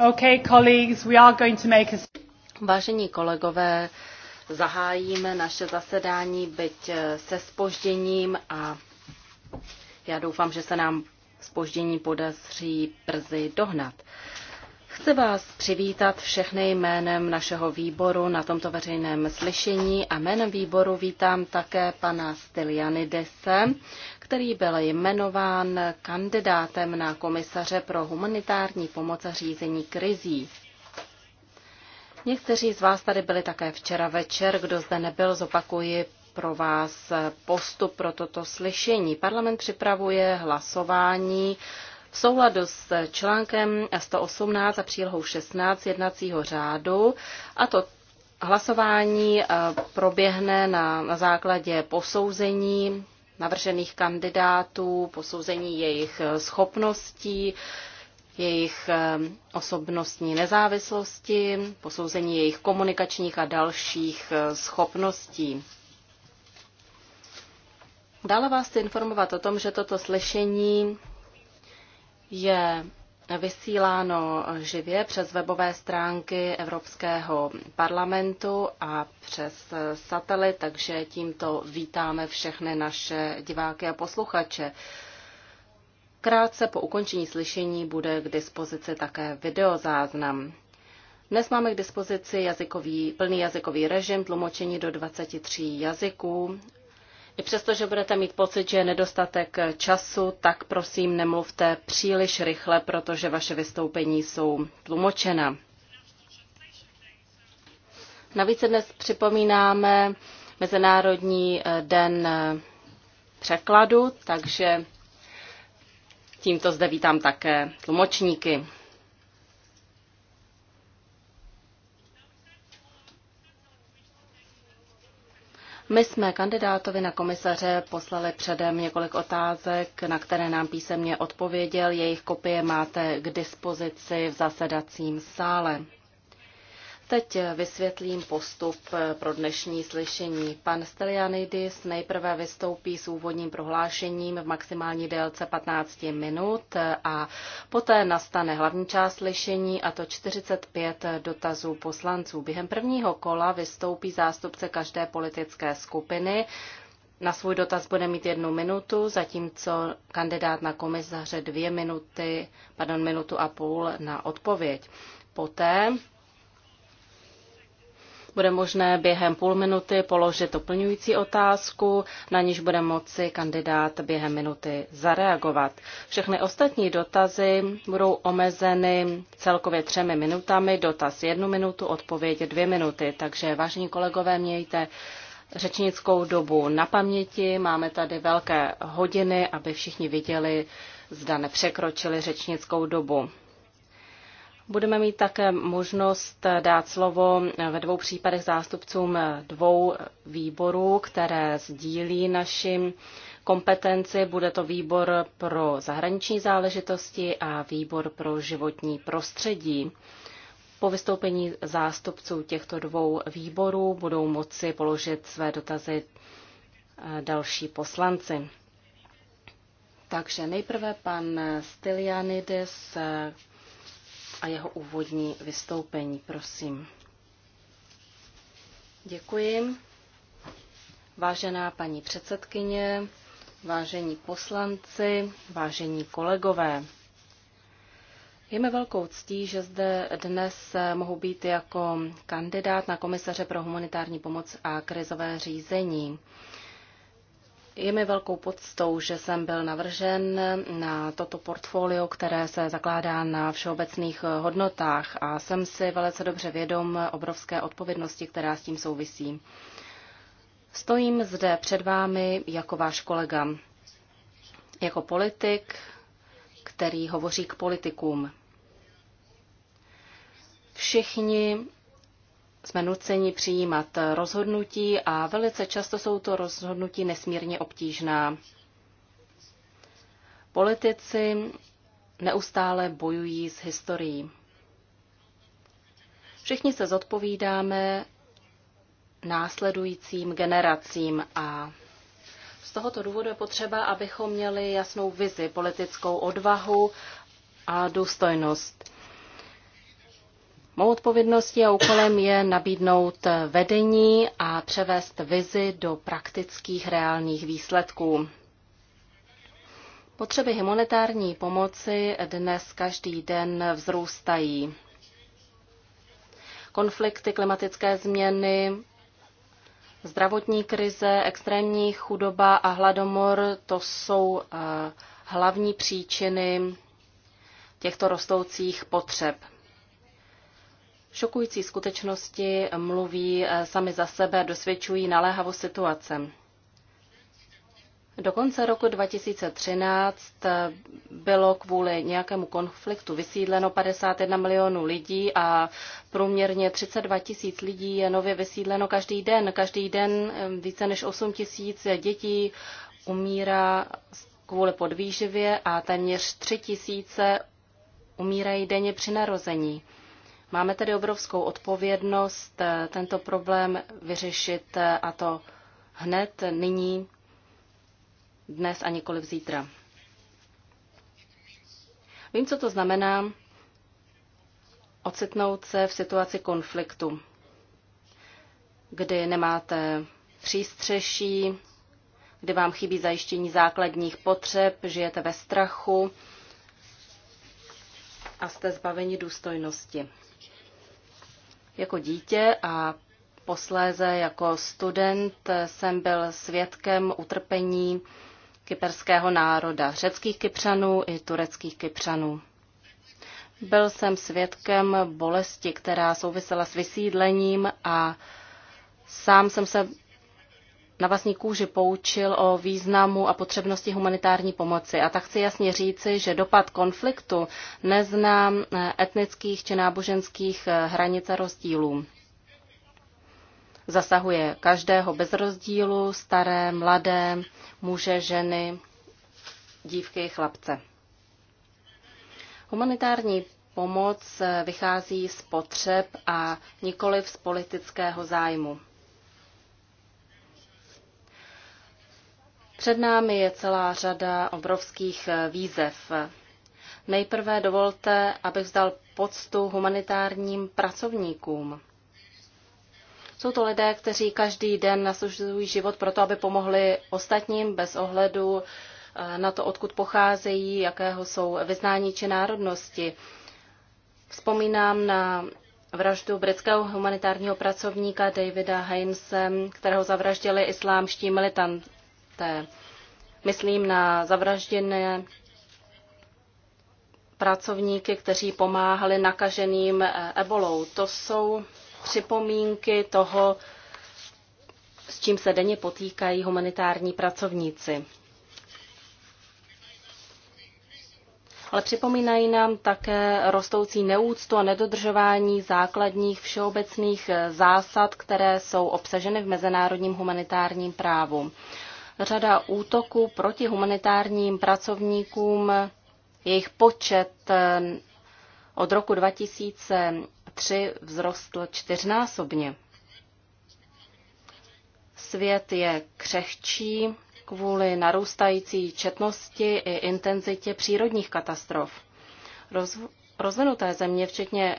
Okay, colleagues, we are going to make a... Vážení kolegové, zahájíme naše zasedání, byť eh, se spožděním a já doufám, že se nám spoždění podaří brzy dohnat. Chci vás přivítat všechny jménem našeho výboru na tomto veřejném slyšení a jménem výboru vítám také pana Stylianidese, který byl jmenován kandidátem na komisaře pro humanitární pomoc a řízení krizí. Někteří z vás tady byli také včera večer, kdo zde nebyl, zopakuji pro vás postup pro toto slyšení. Parlament připravuje hlasování v souladu s článkem 118 a přílohou 16 jednacího řádu a to hlasování eh, proběhne na základě posouzení navržených kandidátů, posouzení jejich eh, schopností, jejich eh, osobnostní nezávislosti, posouzení jejich komunikačních a dalších schopností. Dále vás chci informovat o tom, že toto slyšení je vysíláno živě přes webové stránky Evropského parlamentu a přes satelit, takže tímto vítáme všechny naše diváky a posluchače. Krátce po ukončení slyšení bude k dispozici také videozáznam. Dnes máme k dispozici jazykový, plný jazykový režim, tlumočení do 23 jazyků i přesto, že budete mít pocit, že je nedostatek času, tak prosím nemluvte příliš rychle, protože vaše vystoupení jsou tlumočena. Navíc dnes připomínáme Mezinárodní eh, den eh, překladu, takže tímto zde vítám také tlumočníky. My jsme kandidátovi na komisaře poslali předem několik otázek, na které nám písemně odpověděl. Jejich kopie máte k dispozici v zasedacím sále. Teď vysvětlím postup pro dnešní slyšení. Pan Stelianidis nejprve vystoupí s úvodním prohlášením v maximální délce 15 minut a poté nastane hlavní část slyšení a to 45 dotazů poslanců. Během prvního kola vystoupí zástupce každé politické skupiny. Na svůj dotaz bude mít jednu minutu, zatímco kandidát na komisaře dvě minuty, pardon, minutu a půl na odpověď. Poté bude možné během půl minuty položit doplňující otázku, na níž bude moci kandidát během minuty zareagovat. Všechny ostatní dotazy budou omezeny celkově třemi minutami, dotaz jednu minutu, odpověď dvě minuty. Takže, vážení kolegové, mějte řečnickou dobu na paměti. Máme tady velké hodiny, aby všichni viděli, zda nepřekročili řečnickou dobu. Budeme mít také možnost dát slovo ve dvou případech zástupcům dvou výborů, které sdílí naši kompetenci. Bude to výbor pro zahraniční záležitosti a výbor pro životní prostředí. Po vystoupení zástupců těchto dvou výborů budou moci položit své dotazy eh, další poslanci. Takže nejprve pan Stylianides eh, a jeho úvodní vystoupení. Prosím. Děkuji. Vážená paní předsedkyně, vážení poslanci, vážení kolegové. Je mi velkou ctí, že zde dnes mohu být jako kandidát na komisaře pro humanitární pomoc a krizové řízení. Je mi velkou poctou, že jsem byl navržen na toto portfolio, které se zakládá na všeobecných hodnotách a jsem si velice dobře vědom obrovské odpovědnosti, která s tím souvisí. Stojím zde před vámi jako váš kolega, jako politik, který hovoří k politikům. Všichni jsme nuceni přijímat rozhodnutí a velice často jsou to rozhodnutí nesmírně obtížná. Politici neustále bojují s historií. Všichni se zodpovídáme následujícím generacím a z tohoto důvodu je potřeba, abychom měli jasnou vizi, politickou odvahu a důstojnost. Mou odpovědností a úkolem je nabídnout vedení a převést vizi do praktických reálných výsledků. Potřeby humanitární pomoci dnes každý den vzrůstají. Konflikty, klimatické změny, zdravotní krize, extrémní chudoba a hladomor, to jsou eh, hlavní příčiny těchto rostoucích potřeb. Šokující skutečnosti mluví eh, sami za sebe, dosvědčují naléhavou situace. Do konce roku 2013 eh, bylo kvůli nějakému konfliktu vysídleno 51 milionů lidí a průměrně 32 tisíc lidí je nově vysídleno každý den. Každý den eh, více než 8 tisíc dětí umírá kvůli podvýživě a téměř 3 tisíce umírají denně při narození. Máme tedy obrovskou odpovědnost eh, tento problém vyřešit eh, a to hned, nyní, dnes a nikoliv zítra. Vím, co to znamená ocitnout se v situaci konfliktu, kdy nemáte přístřeší, kdy vám chybí zajištění základních potřeb, žijete ve strachu a jste zbaveni důstojnosti. Jako dítě a posléze jako student jsem byl svědkem utrpení kyperského národa, řeckých kypřanů i tureckých kypřanů. Byl jsem svědkem bolesti, která souvisela s vysídlením a sám jsem se na vlastní kůži poučil o významu a potřebnosti humanitární pomoci. A tak chci jasně říci, že dopad konfliktu nezná eh, etnických či náboženských eh, hranic a rozdílů. Zasahuje každého bez rozdílu, staré, mladé, muže, ženy, dívky, chlapce. Humanitární pomoc eh, vychází z potřeb a nikoli z politického zájmu. Před námi je celá řada obrovských výzev. Nejprve dovolte, abych vzdal poctu humanitárním pracovníkům. Jsou to lidé, kteří každý den nasužují život proto, aby pomohli ostatním bez ohledu eh, na to, odkud pocházejí, jakého jsou vyznání či národnosti. Vzpomínám na vraždu britského humanitárního pracovníka Davida Heinse, kterého zavraždili islámští militant teroristé. Myslím na zavražděné pracovníky, kteří pomáhali nakaženým eh, ebolou. To jsou připomínky toho, s čím se denně potýkají humanitární pracovníci. ale připomínají nám také rostoucí neúctu a nedodržování základních všeobecných eh, zásad, které jsou obsaženy v mezinárodním humanitárním právu řada útoků proti humanitárním pracovníkům. Jejich počet eh, od roku 2003 vzrostl čtyřnásobně. Svět je křehčí kvůli narůstající četnosti i intenzitě přírodních katastrof. Rozv- rozvinuté země, včetně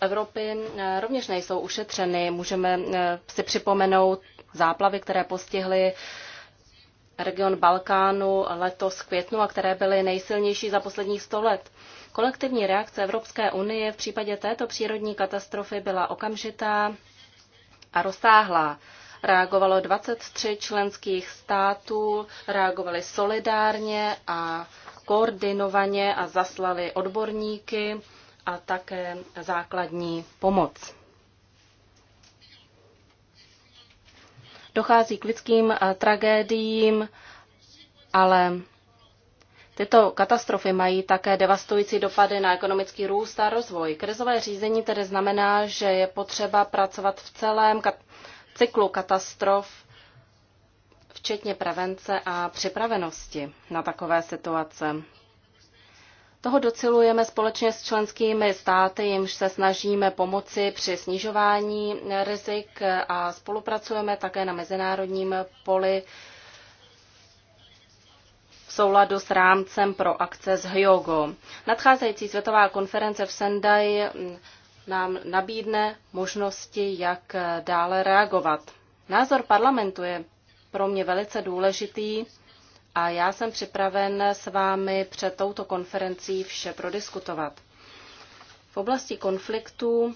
Evropy, eh, rovněž nejsou ušetřeny. Můžeme eh, si připomenout záplavy, které postihly region Balkánu letos v květnu a které byly nejsilnější za posledních 100 let. Kolektivní reakce Evropské unie v případě této přírodní katastrofy byla okamžitá a rozsáhlá. Reagovalo 23 členských států, reagovali solidárně a koordinovaně a zaslali odborníky a také základní pomoc. dochází k lidským eh, tragédiím, ale tyto katastrofy mají také devastující dopady na ekonomický růst a rozvoj. Krizové řízení tedy znamená, že je potřeba pracovat v celém kat- cyklu katastrof, včetně prevence a připravenosti na takové situace. Toho docilujeme společně s členskými státy, jimž se snažíme pomoci při snižování rizik a spolupracujeme také na mezinárodním poli v souladu s rámcem pro akce z Hyogo. Nadcházející světová konference v Sendai nám nabídne možnosti, jak dále reagovat. Názor parlamentu je pro mě velice důležitý a já jsem připraven s vámi před touto konferencí vše prodiskutovat. V oblasti konfliktu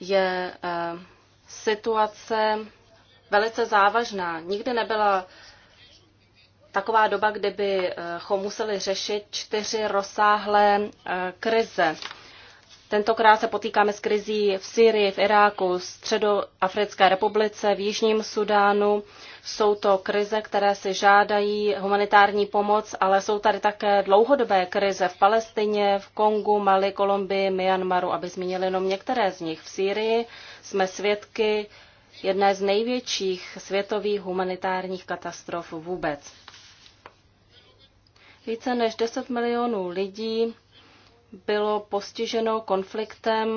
je eh, situace velice závažná. Nikdy nebyla taková doba, kdy bychom museli řešit čtyři rozsáhlé eh, krize. Tentokrát se potýkáme s krizí v Syrii, v Iráku, v Středoafrické republice, v Jižním Sudánu. Jsou to krize, které si žádají humanitární pomoc, ale jsou tady také dlouhodobé krize v Palestině, v Kongu, Mali, Kolumbii, Myanmaru, aby zmínili jenom některé z nich. V Syrii jsme svědky jedné z největších světových humanitárních katastrof vůbec. Více než 10 milionů lidí bylo postiženo konfliktem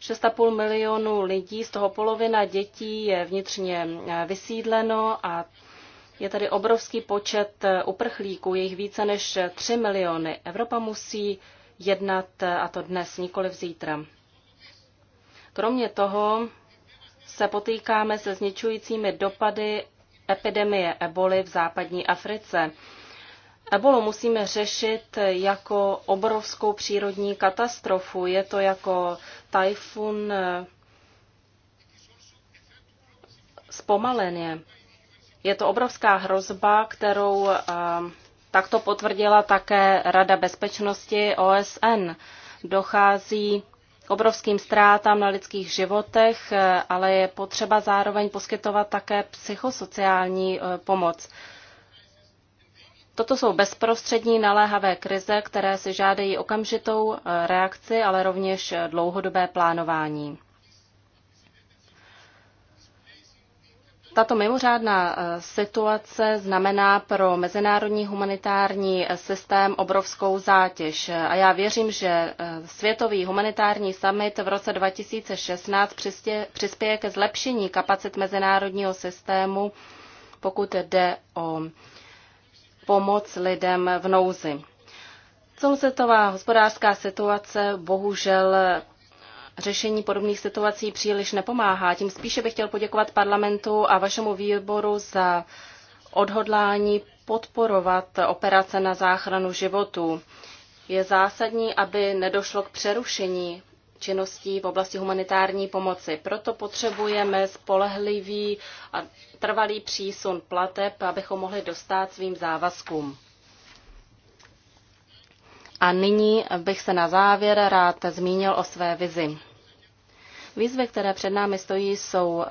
6,5 milionů lidí, z toho polovina dětí je vnitřně eh, vysídleno a je tady obrovský počet eh, uprchlíků, jejich více než 3 miliony. Evropa musí jednat, eh, a to dnes, nikoli zítra. Kromě toho se potýkáme se zničujícími dopady epidemie eboli v západní Africe. Ebolu musíme řešit jako obrovskou přírodní katastrofu. Je to jako tajfun eh, zpomaleně. Je to obrovská hrozba, kterou eh, takto potvrdila také Rada bezpečnosti OSN. Dochází k obrovským ztrátám na lidských životech, eh, ale je potřeba zároveň poskytovat také psychosociální pomoc. Toto jsou bezprostřední naléhavé krize, které si žádají okamžitou eh, reakci, ale rovněž eh, dlouhodobé plánování. Tato mimořádná eh, situace znamená pro mezinárodní humanitární systém obrovskou zátěž a já věřím, že Světový humanitární summit v roce 2016 přispěje ke zlepšení kapacit mezinárodního systému, pokud jde o pomoc lidem v nouzi. Celosvětová hospodářská situace bohužel řešení podobných situací příliš nepomáhá. Tím spíše bych chtěl poděkovat parlamentu a vašemu výboru za odhodlání podporovat operace na záchranu životů. Je zásadní, aby nedošlo k přerušení činností v oblasti humanitární pomoci. Proto potřebujeme spolehlivý a trvalý přísun plateb, abychom mohli dostat svým závazkům. A nyní bych se na závěr rád zmínil o své vizi. Výzvy, které před námi stojí, jsou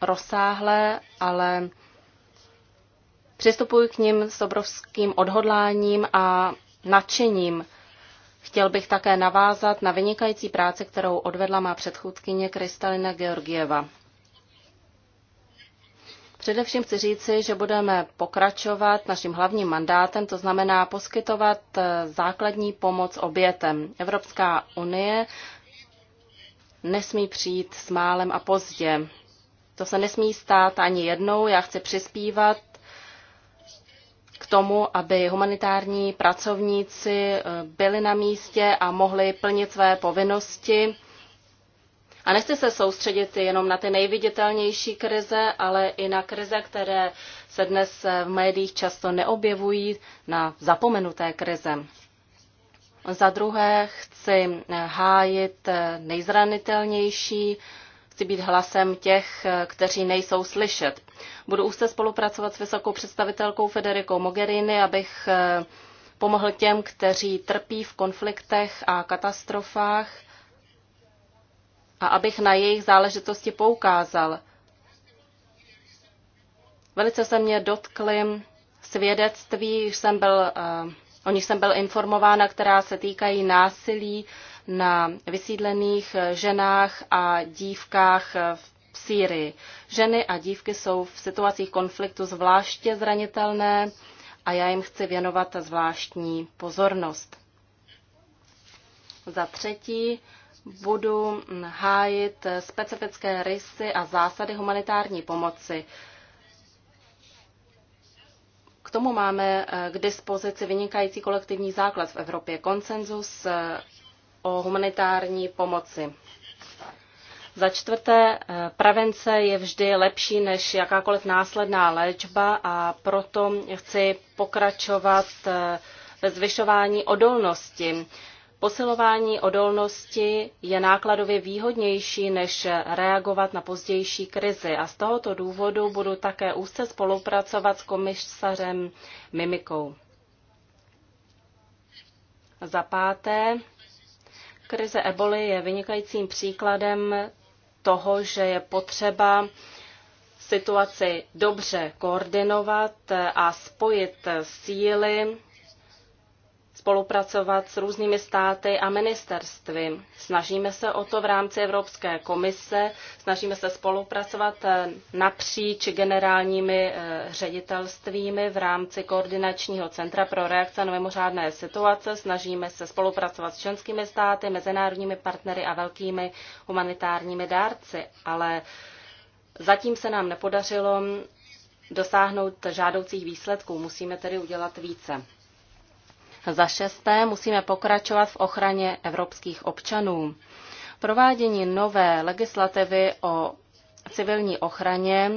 rozsáhlé, ale přistupuji k nim s obrovským odhodláním a nadšením. Chtěl bych také navázat na vynikající práci, kterou odvedla má předchůdkyně Kristalina Georgieva. Především chci říci, že budeme pokračovat naším hlavním mandátem, to znamená poskytovat eh, základní pomoc obětem. Evropská unie nesmí přijít s málem a pozdě. To se nesmí stát ani jednou. Já chci přispívat k tomu, aby humanitární pracovníci eh, byli na místě a mohli plnit své povinnosti. A nechci se soustředit jenom na ty nejviditelnější krize, ale i na krize, které se dnes eh, v médiích často neobjevují, na zapomenuté krize. Za druhé chci eh, hájit nejzranitelnější Chci být hlasem těch, eh, kteří nejsou slyšet. Budu úzce spolupracovat s vysokou představitelkou Federikou Mogherini, abych eh, pomohl těm, kteří trpí v konfliktech a katastrofách a abych na jejich záležitosti poukázal. Velice se mě dotkly svědectví, jsem byl, eh, o nich jsem byl informována, která se týkají násilí na vysídlených ženách a dívkách v Sýrii. Ženy a dívky jsou v situacích konfliktu zvláště zranitelné a já jim chci věnovat zvláštní pozornost. Za třetí budu hájit specifické rysy a zásady humanitární pomoci. K tomu máme k dispozici vynikající kolektivní základ v Evropě, konsenzus o humanitární pomoci. Za čtvrté, prevence je vždy lepší než jakákoliv následná léčba a proto chci pokračovat eh, ve zvyšování odolnosti. Posilování odolnosti je nákladově výhodnější, než reagovat na pozdější krizi a z tohoto důvodu budu také úzce spolupracovat s komisařem Mimikou. Za páté, Krize eboli je vynikajícím příkladem toho, že je potřeba situaci dobře koordinovat a spojit síly spolupracovat s různými státy a ministerstvy. Snažíme se o to v rámci Evropské komise, snažíme se spolupracovat eh, napříč generálními eh, ředitelstvími v rámci koordinačního centra pro reakce na mimořádné situace, snažíme se spolupracovat s členskými státy, mezinárodními partnery a velkými humanitárními dárci, ale zatím se nám nepodařilo dosáhnout žádoucích výsledků. Musíme tedy udělat více. Za šesté musíme pokračovat v ochraně evropských občanů. Provádění nové legislativy o civilní ochraně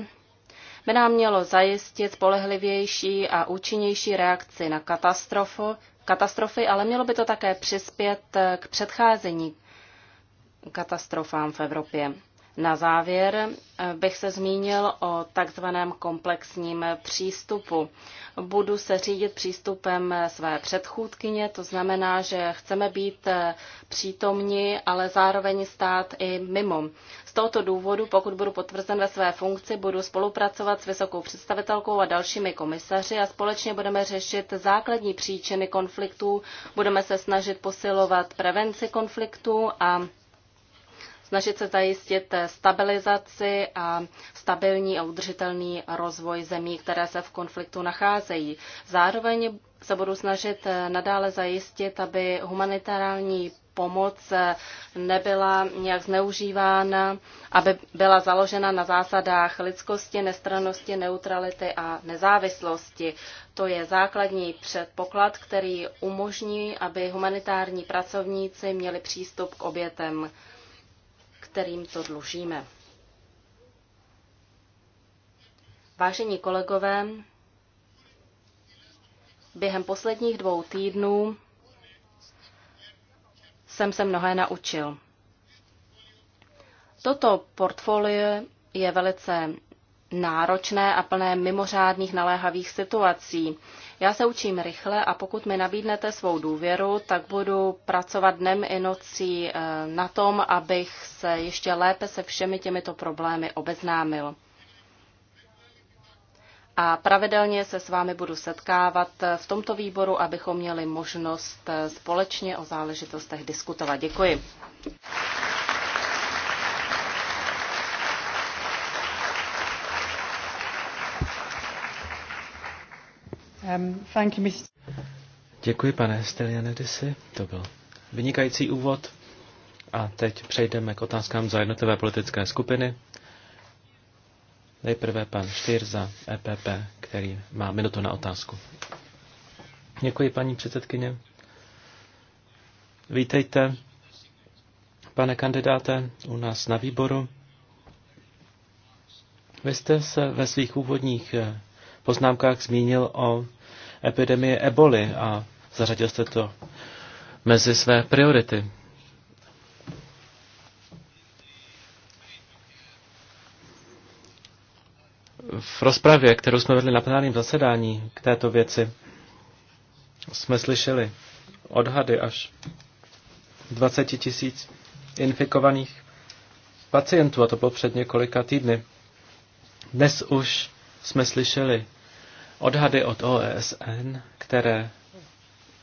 by nám mělo zajistit spolehlivější a účinnější reakci na katastrofu, katastrofy, ale mělo by to také přispět k předcházení katastrofám v Evropě. Na závěr eh, bych se zmínil o takzvaném komplexním přístupu. Budu se řídit přístupem své předchůdkyně, to znamená, že chceme být eh, přítomni, ale zároveň stát i mimo. Z tohoto důvodu, pokud budu potvrzen ve své funkci, budu spolupracovat s vysokou představitelkou a dalšími komisaři a společně budeme řešit základní příčiny konfliktů, budeme se snažit posilovat prevenci konfliktů a snažit se zajistit stabilizaci a stabilní a udržitelný rozvoj zemí, které se v konfliktu nacházejí. Zároveň se budu snažit nadále zajistit, aby humanitární pomoc nebyla nějak zneužívána, aby byla založena na zásadách lidskosti, nestranosti, neutrality a nezávislosti. To je základní předpoklad, který umožní, aby humanitární pracovníci měli přístup k obětem kterým to dlužíme. Vážení kolegové, během posledních dvou týdnů jsem se mnohé naučil. Toto portfolio je velice náročné a plné mimořádných naléhavých situací. Já se učím rychle a pokud mi nabídnete svou důvěru, tak budu pracovat dnem i nocí eh, na tom, abych se ještě lépe se všemi těmito problémy obeznámil. A pravidelně se s vámi budu setkávat v tomto výboru, abychom měli možnost eh, společně o záležitostech diskutovat. Děkuji. Um, Děkuji, pane Stelianedisi. To byl vynikající úvod. A teď přejdeme k otázkám za jednotlivé politické skupiny. Nejprve pan Štyr za EPP, který má minutu na otázku. Děkuji, paní předsedkyně. Vítejte, pane kandidáte, u nás na výboru. Vy jste se ve svých úvodních eh, poznámkách zmínil o epidemie eboli a zařadil jste to mezi své priority. V rozpravě, kterou jsme vedli na plenárním zasedání k této věci, jsme slyšeli odhady až 20 tisíc infikovaných pacientů, a to bylo před několika týdny. Dnes už jsme slyšeli odhady od OSN, které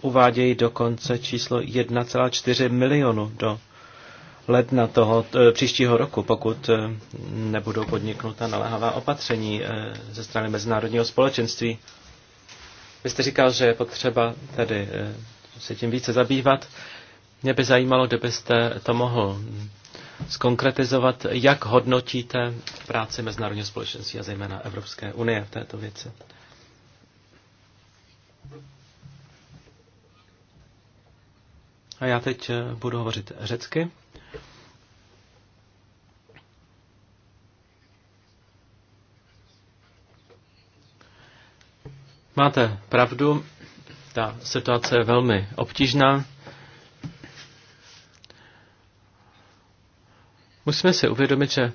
uvádějí dokonce číslo 1,4 milionu do ledna toho příštího roku, pokud e, nebudou podniknuta naléhavá opatření e, ze strany mezinárodního společenství. Vy jste říkal, že je potřeba tedy e, se tím více zabývat. Mě by zajímalo, kdybyste to mohl zkonkretizovat, jak hodnotíte práci mezinárodního společenství a zejména Evropské unie v této věci. A já teď eh, budu hovořit řecky. Máte pravdu, ta situace je velmi obtížná. Musíme si uvědomit, že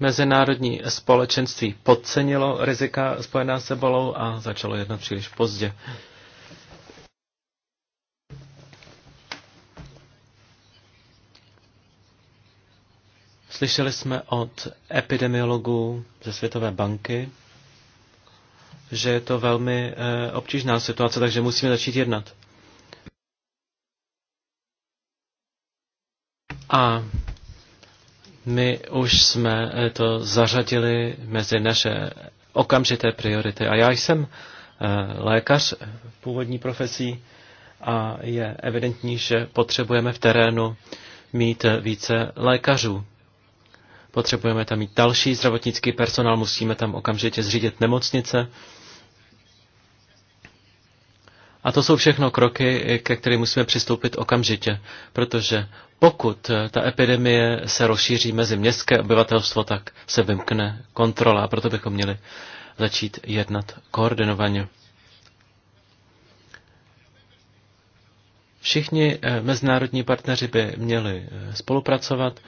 mezinárodní společenství podcenilo rizika spojená s ebolou a začalo jednat příliš pozdě. Slyšeli jsme od epidemiologů ze Světové banky, že je to velmi eh, obtížná situace, takže musíme začít jednat. A my už jsme eh, to zařadili mezi naše okamžité priority. A já jsem eh, lékař původní profesí a je evidentní, že potřebujeme v terénu mít více lékařů. Potřebujeme tam mít další zdravotnický personál, musíme tam okamžitě zřídit nemocnice. A to jsou všechno kroky, ke kterým musíme přistoupit okamžitě, protože pokud ta epidemie se rozšíří mezi městské obyvatelstvo, tak se vymkne kontrola a proto bychom měli začít jednat koordinovaně. Všichni eh, mezinárodní partneři by měli eh, spolupracovat,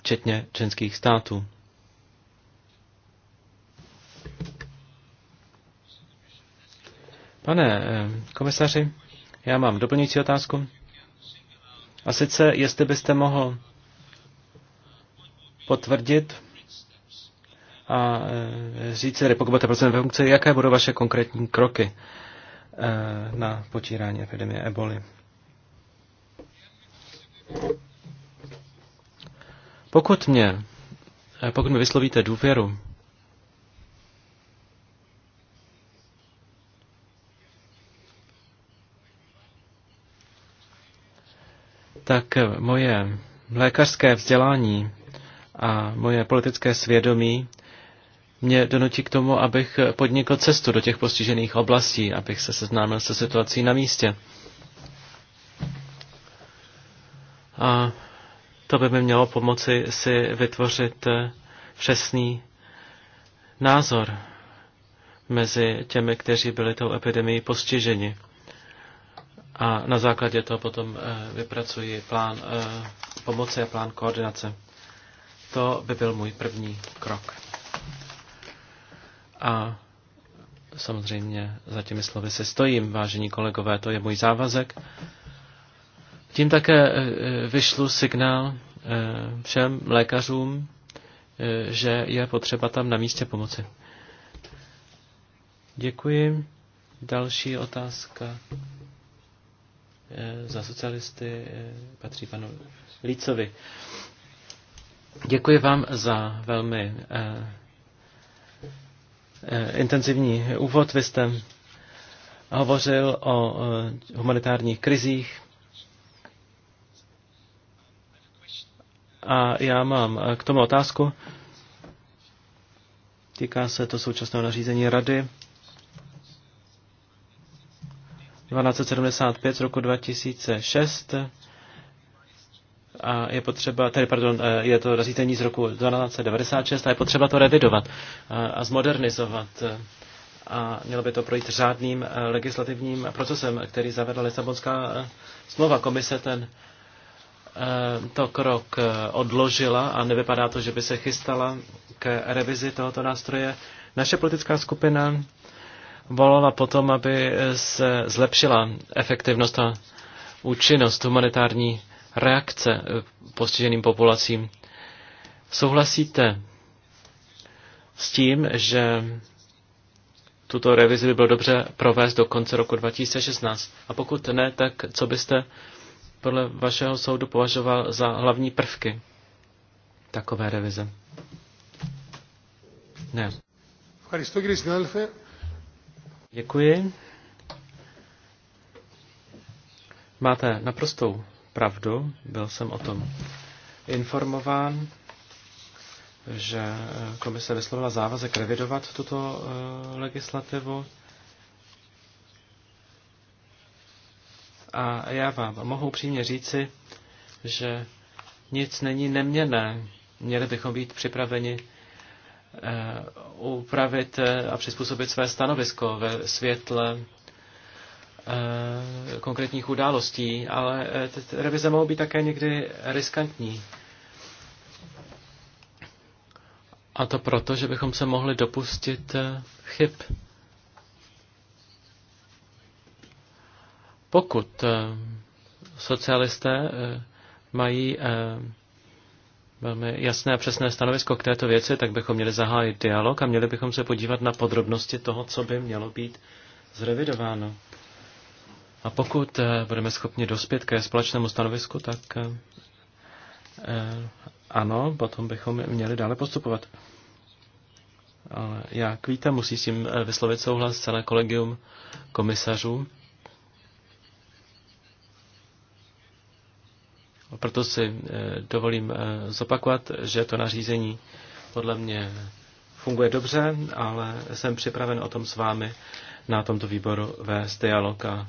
včetně členských států. Pane eh, komisaři, já mám doplňující otázku. A sice, jestli byste mohl potvrdit a eh, říct, tedy pokud budete pracovat ve funkci, jaké budou vaše konkrétní kroky eh, na potírání epidemie eboli. Pokud mě, eh, pokud mi vyslovíte důvěru, tak eh, moje lékařské vzdělání a moje politické svědomí mě donutí k tomu, abych podnikl cestu do těch postižených oblastí, abych se seznámil se situací na místě. A to by mi mělo pomoci si vytvořit eh, přesný názor mezi těmi, kteří byli tou epidemií postiženi. A na základě toho potom eh, vypracuji plán eh, pomoci a plán koordinace. To by byl můj první krok. A samozřejmě za těmi slovy se stojím, vážení kolegové, to je můj závazek. Tím také eh, eh, vyšlu signál eh, všem lékařům, že je potřeba tam na místě pomoci. Děkuji. Další otázka za socialisty patří panu Lícovi. Děkuji vám za velmi intenzivní úvod. Vy jste hovořil o humanitárních krizích A já mám eh, k tomu otázku. Týká se to současného nařízení Rady 1275 z roku 2006 a je potřeba, tedy pardon, eh, je to nařízení z roku 1296 a je potřeba to revidovat a, zmodernizovat a mělo by to projít řádným eh, legislativním procesem, který zavedla Lisabonská smlouva. Komise ten Eh, to krok eh, odložila a nevypadá to, že by se chystala k revizi tohoto nástroje. Naše politická skupina volala potom, aby se zlepšila efektivnost a účinnost humanitární reakce eh, postiženým populacím. Souhlasíte s tím, že tuto revizi by bylo dobře provést do konce roku 2016? A pokud ne, tak co byste podle vašeho soudu považoval za hlavní prvky takové revize? Ne. Děkuji. Máte naprostou pravdu, byl jsem o tom informován, že komise vyslovila závazek revidovat tuto eh, legislativu. a já vám mohu přímě říci, že nic není neměné. Měli bychom být připraveni eh, upravit eh, a přizpůsobit své stanovisko ve světle eh, konkrétních událostí, ale revize mohou být také někdy riskantní. A to proto, že bychom se mohli dopustit chyb. Pokud eh, socialisté eh, mají eh, velmi jasné a přesné stanovisko k této věci, tak bychom měli zahájit dialog a měli bychom se podívat na podrobnosti toho, co by mělo být zrevidováno. A pokud budeme schopni dospět ke společnému stanovisku, tak ano, potom bychom měli dále postupovat. Ale jak víte, musí s tím vyslovit souhlas celé kolegium komisařů. Proto si eh, dovolím eh, zopakovat, že to nařízení podle mě funguje dobře, ale jsem připraven o tom s vámi na tomto výboru vést dialog a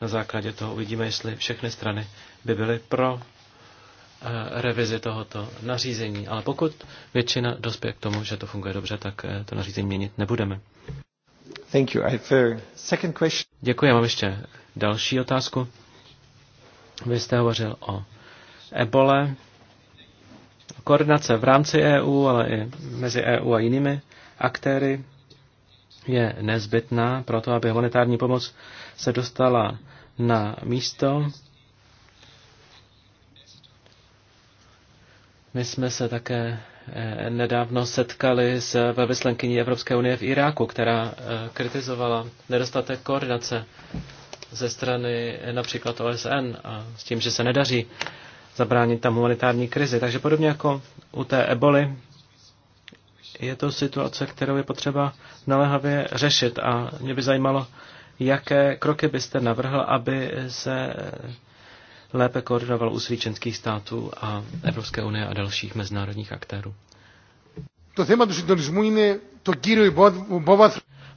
na základě toho uvidíme, jestli všechny strany by byly pro eh, revizi tohoto nařízení. Ale pokud většina dospěje k tomu, že to funguje dobře, tak to nařízení měnit nebudeme. Thank you. I have a second question. Děkuji, já mám ještě další otázku. Vy jste hovořil o ebole, koordinace v rámci EU, ale i mezi EU a jinými aktéry je nezbytná pro to, aby humanitární pomoc se dostala na místo. My jsme se také eh, nedávno setkali s eh, velvyslankyní Evropské unie v Iráku, která eh, kritizovala nedostatek koordinace ze strany například OSN a s tím, že se nedaří zabránit tam humanitární krizi. Takže podobně jako u té eboli, je to situace, kterou je potřeba naléhavě řešit. A mě by zajímalo, jaké kroky byste navrhl, aby se lépe koordinoval u svíčenských států a Evropské unie a dalších mezinárodních aktérů. To téma to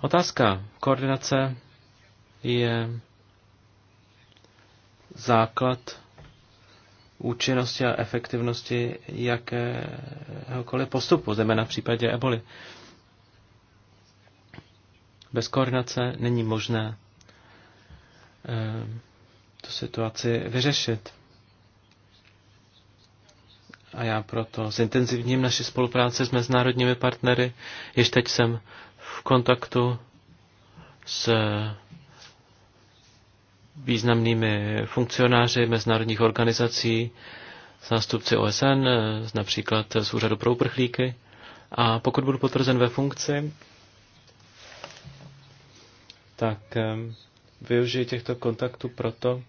Otázka koordinace je základ účinnosti a efektivnosti jakéhokoliv postupu, zejména v případě eboli. Bez koordinace není možné eh, tu situaci vyřešit. A já proto zintenzivním naši spolupráci s mezinárodními partnery. Již teď jsem v kontaktu s významnými funkcionáři mezinárodních organizací, zástupci OSN, eh, například z Úřadu pro uprchlíky. A pokud budu potvrzen ve funkci, tak eh, využiji těchto kontaktů proto,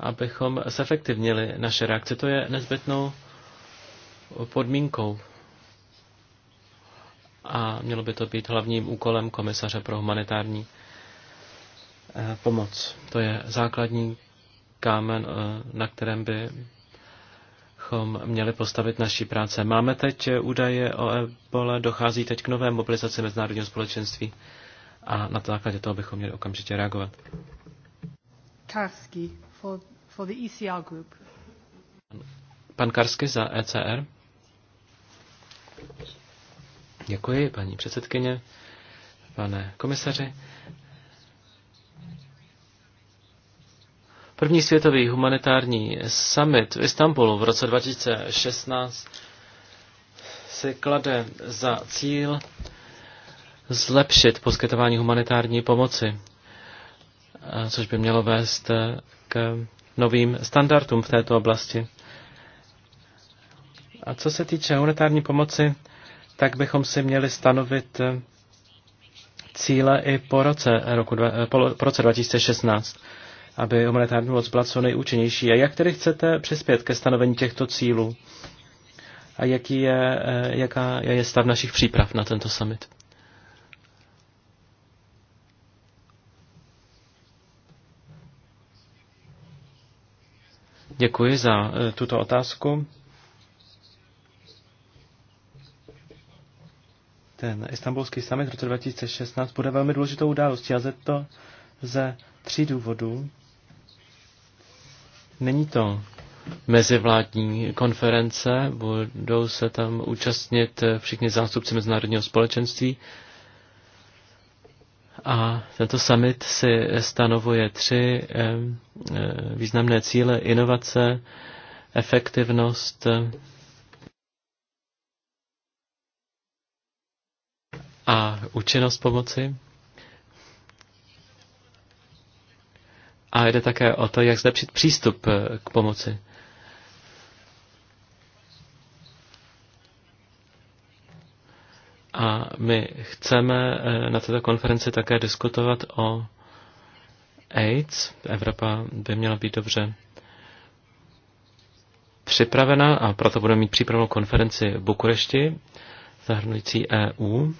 abychom zefektivnili naše reakce. To je nezbytnou podmínkou a mělo by to být hlavním úkolem komisaře pro humanitární Eh, pomoc. To je základní kámen, eh, na kterém bychom měli postavit naší práce. Máme teď eh, údaje o ebole, dochází teď k nové mobilizaci mezinárodního společenství a na to základě toho bychom měli okamžitě reagovat. Karsky for, for the ECR group. Pan Karsky za ECR. Děkuji, paní předsedkyně, pane komisaři. První světový humanitární summit v Istanbulu v roce 2016 se klade za cíl zlepšit poskytování humanitární pomoci, což by mělo vést k novým standardům v této oblasti. A co se týče humanitární pomoci, tak bychom si měli stanovit cíle i po roce, roku, po roce 2016 aby humanitární pomoc byla co nejúčinnější. A jak tedy chcete přispět ke stanovení těchto cílů? A jaký je, eh, jaká je stav našich příprav na tento summit? Děkuji za eh, tuto otázku. Ten istambulský summit v roce 2016 bude velmi důležitou událostí a ze to ze tří důvodů. Není to mezivládní konference, budou se tam účastnit všichni zástupci mezinárodního společenství. A tento summit si stanovuje tři eh, eh, významné cíle. Inovace, efektivnost a účinnost pomoci. a jde také o to, jak zlepšit přístup eh, k pomoci. A my chceme eh, na této konferenci také diskutovat o AIDS. Evropa by měla být dobře připravena a proto budeme mít přípravnou konferenci v Bukurešti zahrnující EU.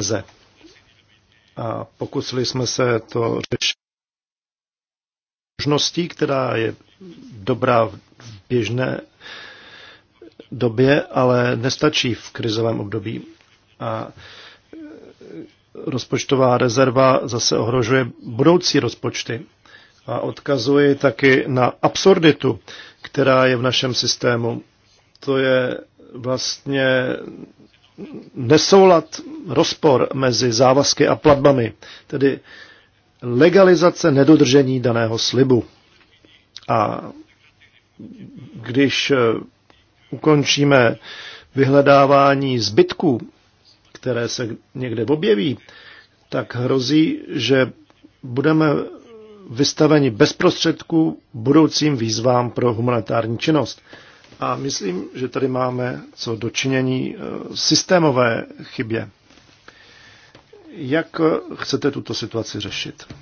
krize. A pokusili jsme se to řešit možností, která je dobrá v běžné době, ale nestačí v krizovém období. A rozpočtová rezerva zase ohrožuje budoucí rozpočty. A odkazuji taky na absurditu, která je v našem systému. To je vlastně nesoulad, rozpor mezi závazky a platbami, tedy legalizace nedodržení daného slibu. A když eh, ukončíme vyhledávání zbytků, které se někde objeví, tak hrozí, že budeme vystaveni bezprostředku budoucím výzvám pro humanitární činnost. A myslím, že tady máme co dočinění eh, systémové chybě. Jak eh, chcete tuto situaci řešit?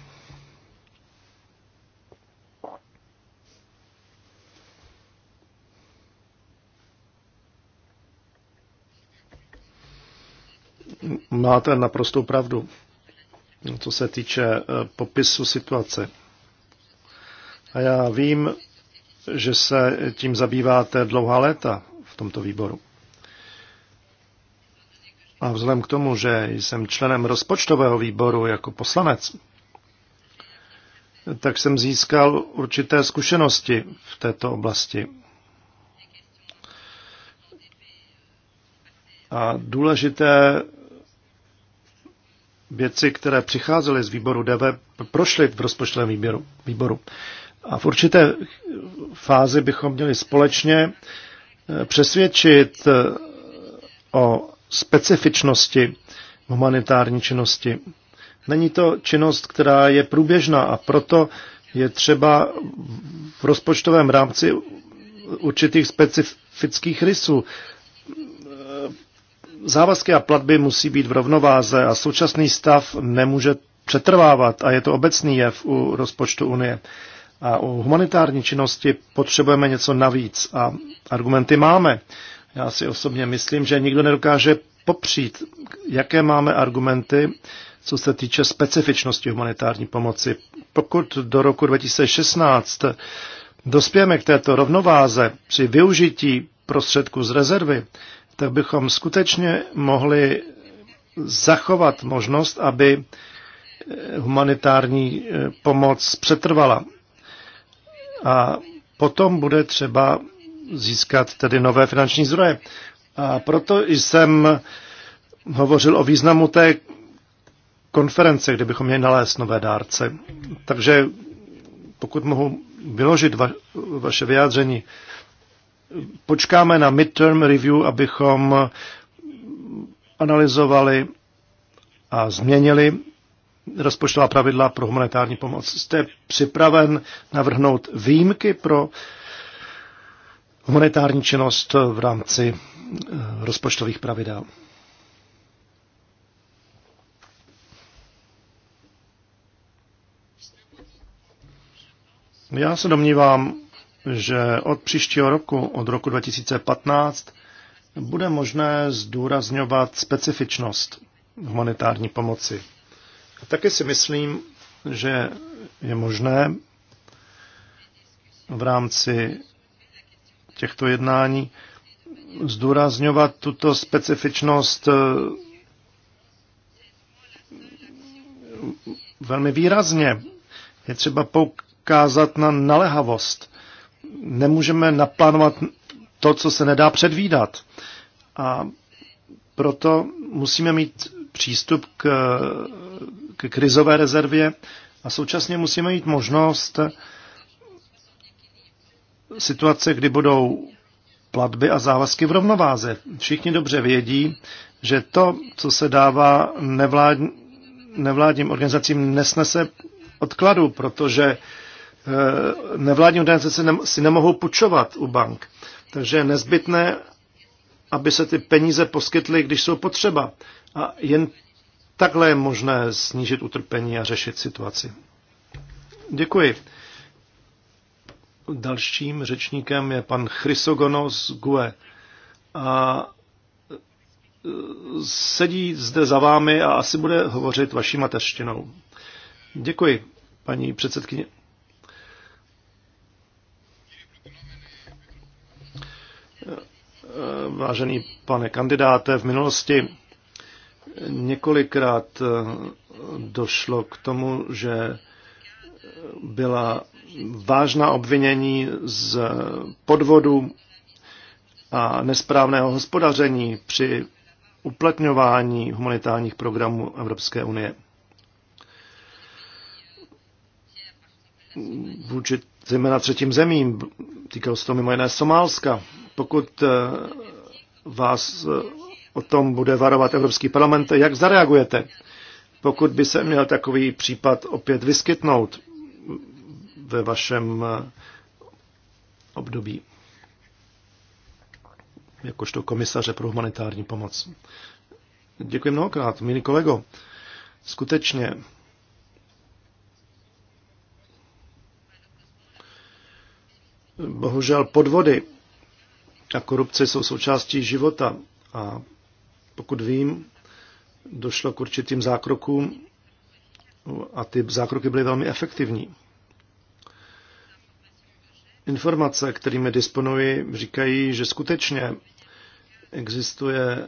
Máte naprostou pravdu, co se týče eh, popisu situace. A já vím, že se tím zabýváte dlouhá léta v tomto výboru. A vzhledem k tomu, že jsem členem rozpočtového výboru jako poslanec, tak jsem získal určité zkušenosti v této oblasti. A důležité věci, které přicházely z výboru DV, prošly v rozpočtovém výběru, výboru. A v určité fázi bychom měli společně eh, přesvědčit eh, o specifičnosti humanitární činnosti. Není to činnost, která je průběžná a proto je třeba v rozpočtovém rámci určitých specifických rysů. Eh, závazky a platby musí být v rovnováze a současný stav nemůže přetrvávat a je to obecný jev u rozpočtu Unie. A u humanitární činnosti potřebujeme něco navíc a argumenty máme. Já si osobně myslím, že nikdo nedokáže popřít, jaké máme argumenty, co se týče specifičnosti humanitární pomoci. Pokud do roku 2016 dospějeme k této rovnováze při využití prostředků z rezervy, tak bychom skutečně mohli zachovat možnost, aby humanitární eh, pomoc přetrvala a potom bude třeba získat tedy nové finanční zdroje. A proto jsem hovořil o významu té konference, kde bychom měli nalézt nové dárce. Takže pokud mohu vyložit va- vaše vyjádření, počkáme na midterm review, abychom analyzovali a změnili rozpočtová pravidla pro humanitární pomoc. Jste připraven navrhnout výjimky pro humanitární činnost v rámci eh, rozpočtových pravidel? Já se domnívám, že od příštího roku, od roku 2015, bude možné zdůrazňovat specifičnost humanitární pomoci. Taky si myslím, že je možné v rámci těchto jednání zdůrazňovat tuto specifičnost eh, velmi výrazně. Je třeba poukázat na nalehavost. Nemůžeme naplánovat to, co se nedá předvídat. A proto musíme mít přístup k, k krizové rezervě a současně musíme mít možnost situace, kdy budou platby a závazky v rovnováze. Všichni dobře vědí, že to, co se dává nevlád, nevládním organizacím, nesnese odkladu, protože eh, nevládní organizace si nemohou půjčovat u bank. Takže je nezbytné, aby se ty peníze poskytly, když jsou potřeba. A jen takhle je možné snížit utrpení a řešit situaci. Děkuji. Dalším řečníkem je pan Chrysogonos Gue. A e, sedí zde za vámi a asi bude hovořit vaší mateřštinou. Děkuji, paní předsedkyně. E, e, vážený pane kandidáte, v minulosti Několikrát eh, došlo k tomu, že byla vážná obvinění z podvodu a nesprávného hospodaření při uplatňování humanitárních programů Evropské unie. Vůči zejména třetím zemím, týkalo se to mimo jiné Somálska. Pokud eh, vás o tom bude varovat Evropský parlament. Jak zareagujete, pokud by se měl takový případ opět vyskytnout ve vašem eh, období? jakožto komisaře pro humanitární pomoc. Děkuji mnohokrát, milý kolego. Skutečně bohužel podvody a korupce jsou součástí života a pokud vím, došlo k určitým zákrokům a ty zákroky byly velmi efektivní. Informace, kterými disponuji, říkají, že skutečně existuje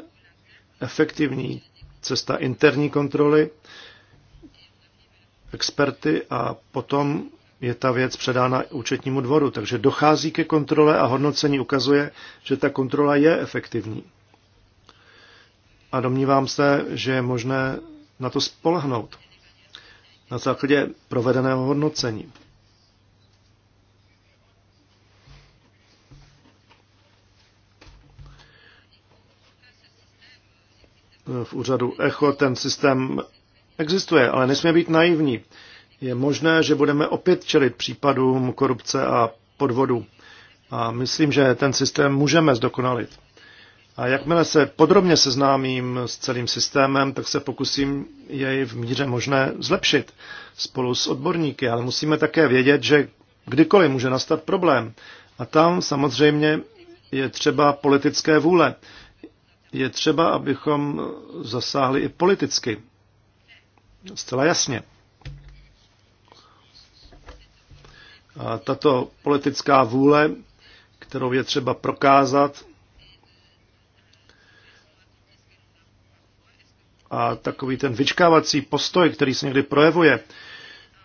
efektivní cesta interní kontroly, experty a potom je ta věc předána účetnímu dvoru. Takže dochází ke kontrole a hodnocení ukazuje, že ta kontrola je efektivní a domnívám se, že je možné na to spolehnout na základě provedeného hodnocení. v úřadu ECHO ten systém existuje, ale nesmí být naivní. Je možné, že budeme opět čelit případům korupce a podvodu. A myslím, že ten systém můžeme zdokonalit. A jakmile se podrobně seznámím s celým systémem, tak se pokusím jej v míře možné zlepšit spolu s odborníky. Ale musíme také vědět, že kdykoliv může nastat problém. A tam samozřejmě je třeba politické vůle. Je třeba, abychom zasáhli i politicky. Zcela jasně. A tato politická vůle, kterou je třeba prokázat, a takový ten vyčkávací postoj, který se někdy projevuje,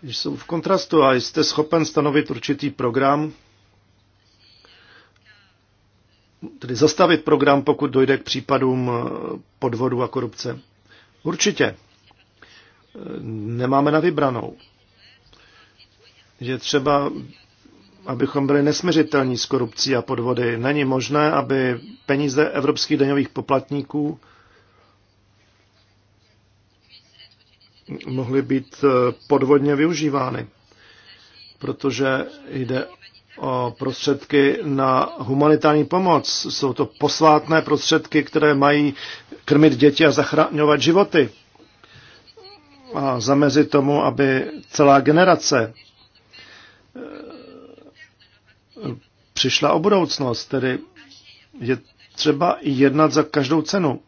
jsou v kontrastu a jste schopen stanovit určitý program, tedy zastavit program, pokud dojde k případům eh, podvodu a korupce. Určitě. Eh, nemáme na vybranou. Je třeba, abychom byli nesměřitelní s korupcí a podvody. Není možné, aby peníze evropských daňových poplatníků mohly být eh, podvodně využívány, protože jde o prostředky na humanitární pomoc. Jsou to posvátné prostředky, které mají krmit děti a zachraňovat životy. A zamezit tomu, aby celá generace eh, přišla o budoucnost. Tedy je třeba jednat za každou cenu.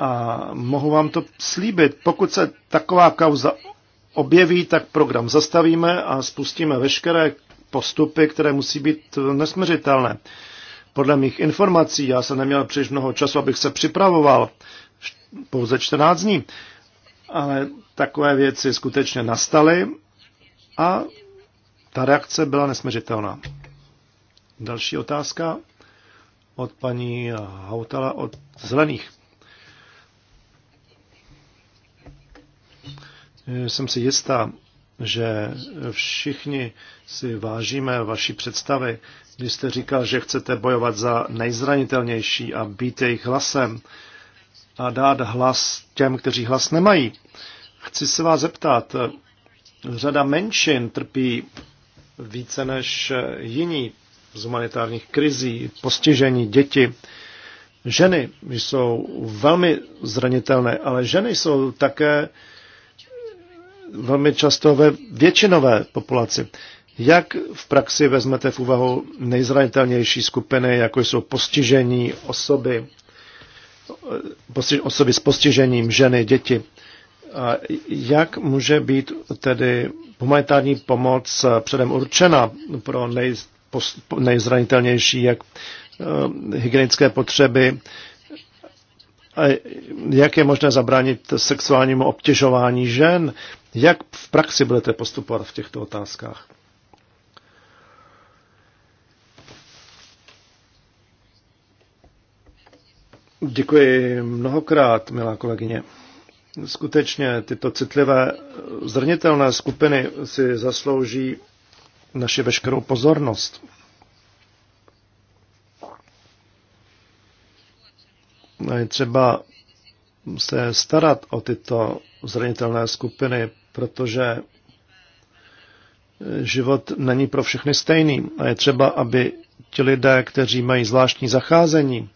A mohu vám to slíbit, pokud se taková kauza objeví, tak program zastavíme a spustíme veškeré postupy, které musí být nesměřitelné. Podle mých informací, já jsem neměl příliš mnoho času, abych se připravoval, pouze 14 dní, ale takové věci skutečně nastaly a ta reakce byla nesměřitelná. Další otázka od paní Hautala od Zelených. Jsem si jistá, že všichni si vážíme vaší představy, když jste říkal, že chcete bojovat za nejzranitelnější a být jejich hlasem a dát hlas těm, kteří hlas nemají. Chci se vás zeptat, řada menšin trpí více než jiní z humanitárních krizí, postižení, děti. Ženy jsou velmi zranitelné, ale ženy jsou také velmi často ve většinové populaci. Jak v praxi vezmete v úvahu nejzranitelnější skupiny, jako jsou postižení osoby, postiž, osoby s postižením, ženy, děti? A jak může být tedy humanitární pomoc předem určena pro nej, post, nejzranitelnější, jak uh, hygienické potřeby, a jak je možné zabránit sexuálnímu obtěžování žen, jak v praxi budete postupovat v těchto otázkách? Děkuji mnohokrát, milá kolegyně. Skutečně tyto citlivé zrnitelné skupiny si zaslouží naši veškerou pozornost. je třeba se starat o tyto zranitelné skupiny, protože život není pro všechny stejný a je třeba, aby ti lidé, kteří mají zvláštní zacházení,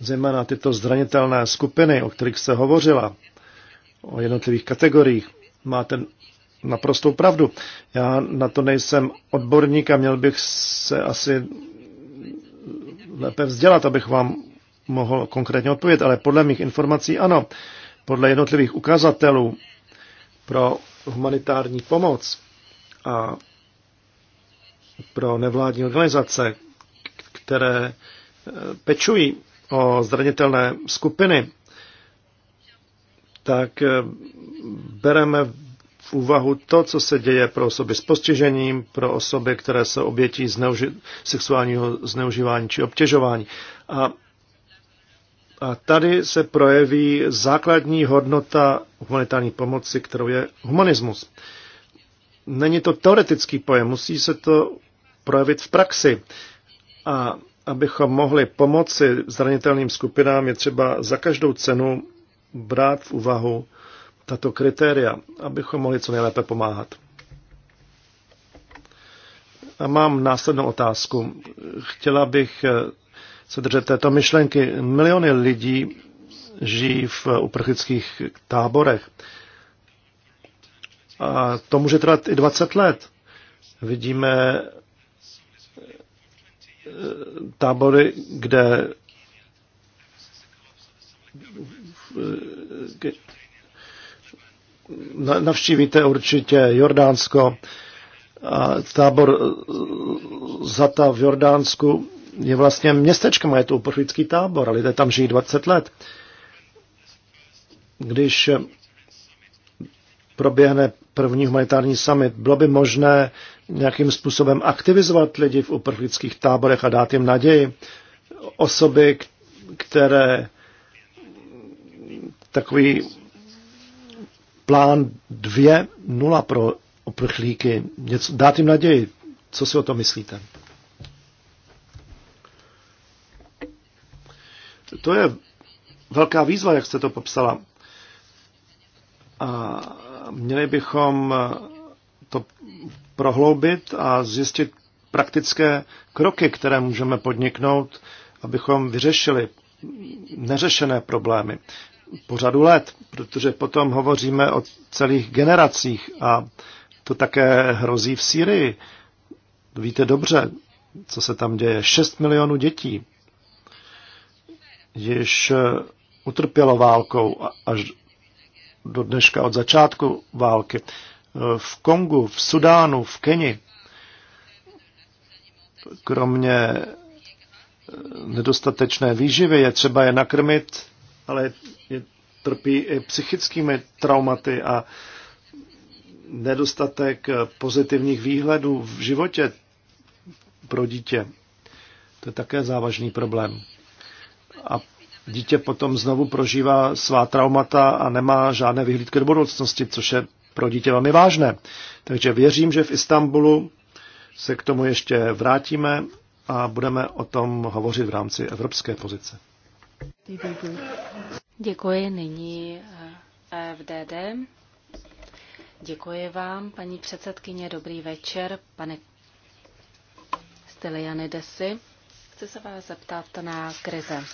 zejména tyto zranitelné skupiny, o kterých se hovořila, o jednotlivých kategoriích, máte naprostou pravdu. Já na to nejsem odborník a měl bych se asi lépe vzdělat, abych vám mohl konkrétně odpovědět, ale podle mých informací ano. Podle jednotlivých ukazatelů pro humanitární pomoc a pro nevládní organizace, které eh, pečují o zranitelné skupiny, tak eh, bereme v úvahu to, co se děje pro osoby s postižením, pro osoby, které se obětí zneuži- sexuálního zneužívání či obtěžování. A a tady se projeví základní hodnota humanitární pomoci, kterou je humanismus. Není to teoretický pojem, musí se to projevit v praxi. A abychom mohli pomoci zranitelným skupinám, je třeba za každou cenu brát v úvahu tato kritéria, abychom mohli co nejlépe pomáhat. A mám následnou otázku. Chtěla bych se držet této myšlenky. Miliony lidí žijí v uprchlických táborech. A to může trvat i 20 let. Vidíme eh, tábory, kde eh, navštívíte určitě Jordánsko, a tábor eh, Zata v Jordánsku, je vlastně městečkem a je to uprchlický tábor, lidé tam žijí 20 let. Když proběhne první humanitární summit, bylo by možné nějakým způsobem aktivizovat lidi v uprchlických táborech a dát jim naději. Osoby, které takový plán 2.0 pro uprchlíky, něco, dát jim naději. Co si o to myslíte? To je velká výzva, jak jste to popsala. A měli bychom to prohloubit a zjistit praktické kroky, které můžeme podniknout, abychom vyřešili neřešené problémy po řadu let, protože potom hovoříme o celých generacích a to také hrozí v Sýrii. Víte dobře, co se tam děje. 6 milionů dětí již eh, utrpělo válkou až do dneška od začátku války. Eh, v Kongu, v Sudánu, v Keni, kromě eh, nedostatečné výživy, je třeba je nakrmit, ale je, trpí i psychickými traumaty a nedostatek pozitivních výhledů v životě pro dítě. To je také závažný problém a dítě potom znovu prožívá svá traumata a nemá žádné vyhlídky do budoucnosti, což je pro dítě velmi vážné. Takže věřím, že v Istanbulu se k tomu ještě vrátíme a budeme o tom hovořit v rámci evropské pozice. Děkuji nyní eh, FDD. Děkuji vám, paní předsedkyně, dobrý večer, pane Stylianidesi. Chci se vás zeptat na krize.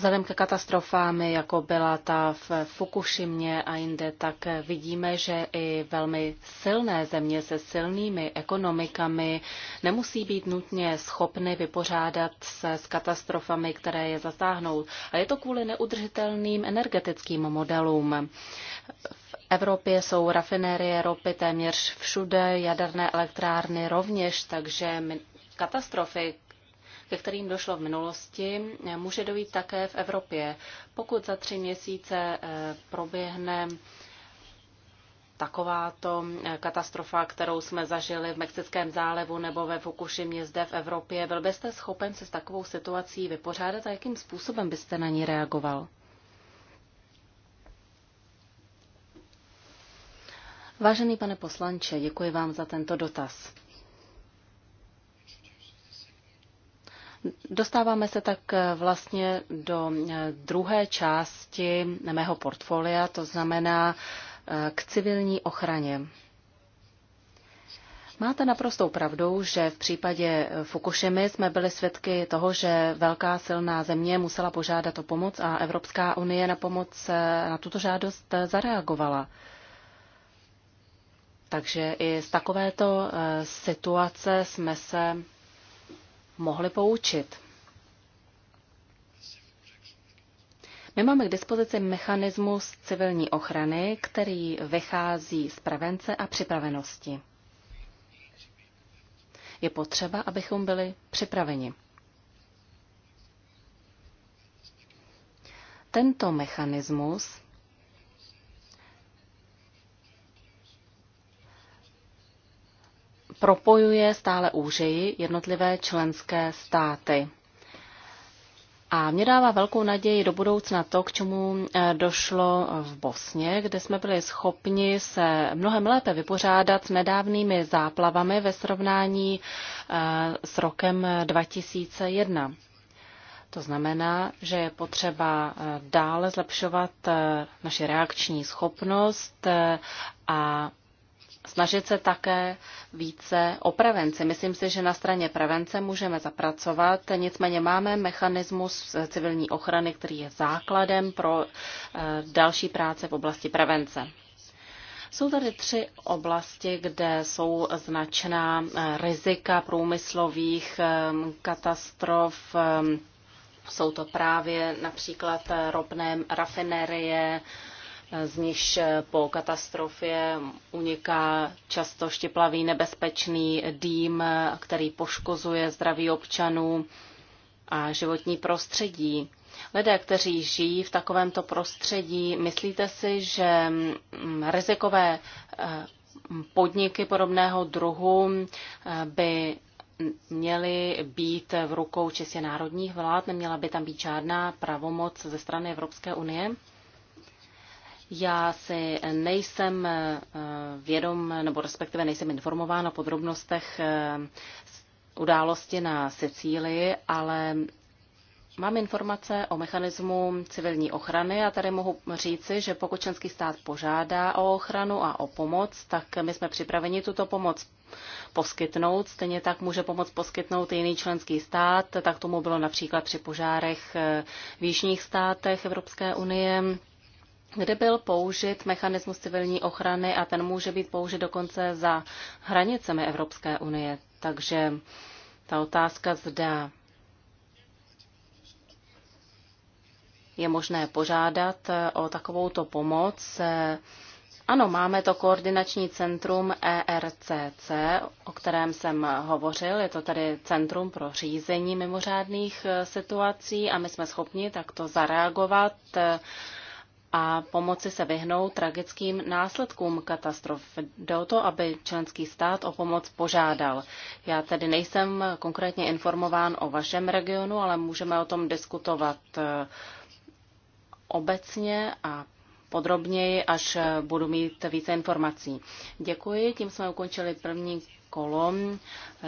Vzhledem ke katastrofám, jako byla ta v Fukušimě a jinde, tak vidíme, že i velmi silné země se silnými ekonomikami nemusí být nutně schopny vypořádat se s katastrofami, které je zasáhnou. A je to kvůli neudržitelným energetickým modelům. V Evropě jsou rafinérie ropy téměř všude, jaderné elektrárny rovněž, takže katastrofy, ke kterým došlo v minulosti, eh, může dojít také v Evropě. Pokud za tři měsíce eh, proběhne takováto eh, katastrofa, kterou jsme zažili v Mexickém zálevu nebo ve Fukushimě zde v Evropě, byl byste schopen se s takovou situací vypořádat a jakým způsobem byste na ní reagoval? Vážený pane poslanče, děkuji vám za tento dotaz. Dostáváme se tak eh, vlastně do eh, druhé části mého portfolia, to znamená eh, k civilní ochraně. Máte naprostou pravdu, že v případě Fukushimy jsme byli svědky toho, že velká silná země musela požádat o pomoc a Evropská unie na pomoc na tuto žádost zareagovala. Takže i z takovéto situace jsme se mohli poučit. My máme k dispozici mechanismus civilní ochrany, který vychází z prevence a připravenosti. Je potřeba, abychom byli připraveni. Tento mechanismus propojuje stále úřeji jednotlivé členské státy. A mě dává velkou naději do budoucna to, k čemu eh, došlo v Bosně, kde jsme byli schopni se mnohem lépe vypořádat s nedávnými záplavami ve srovnání eh, s rokem 2001. Eh, to znamená, že je potřeba dále zlepšovat naši reakční schopnost a snažit se také více o prevenci. Myslím si, že na straně prevence můžeme zapracovat, nicméně máme mechanismus civilní ochrany, který je základem pro eh, další práce v oblasti prevence. Jsou tady tři oblasti, kde jsou značná eh, rizika průmyslových eh, katastrof. Jsou to právě například ropné rafinerie, z nichž eh, po katastrofě uniká často štiplavý nebezpečný dým, který poškozuje zdraví občanů a životní prostředí. Lidé, kteří žijí v takovémto prostředí, myslíte si, že mm, rizikové eh, podniky podobného druhu eh, by měly být v rukou čistě národních vlád, neměla by tam být žádná pravomoc ze strany Evropské unie? Já si nejsem eh, vědom, nebo respektive nejsem informován o podrobnostech eh, události na Sicílii, ale Mám informace o mechanismu civilní ochrany a tady mohu říci, že pokud členský stát požádá o ochranu a o pomoc, tak my jsme připraveni tuto pomoc poskytnout. Stejně tak může pomoc poskytnout i jiný členský stát. Tak tomu bylo například při požárech eh, v jižních státech Evropské unie kde byl použit mechanismus civilní ochrany a ten může být použit dokonce za hranicemi Evropské unie. Takže ta otázka zda je možné požádat eh, o takovouto pomoc. Eh, ano, máme to koordinační centrum ERCC, o kterém jsem hovořil. Je to tady centrum pro řízení mimořádných eh, situací a my jsme schopni takto zareagovat a pomoci se vyhnout tragickým následkům katastrof. Jde o to, aby členský stát o pomoc požádal. Já tedy nejsem konkrétně informován o vašem regionu, ale můžeme o tom diskutovat eh, obecně a podrobněji, až eh, budu mít více informací. Děkuji, tím jsme ukončili první kolo eh,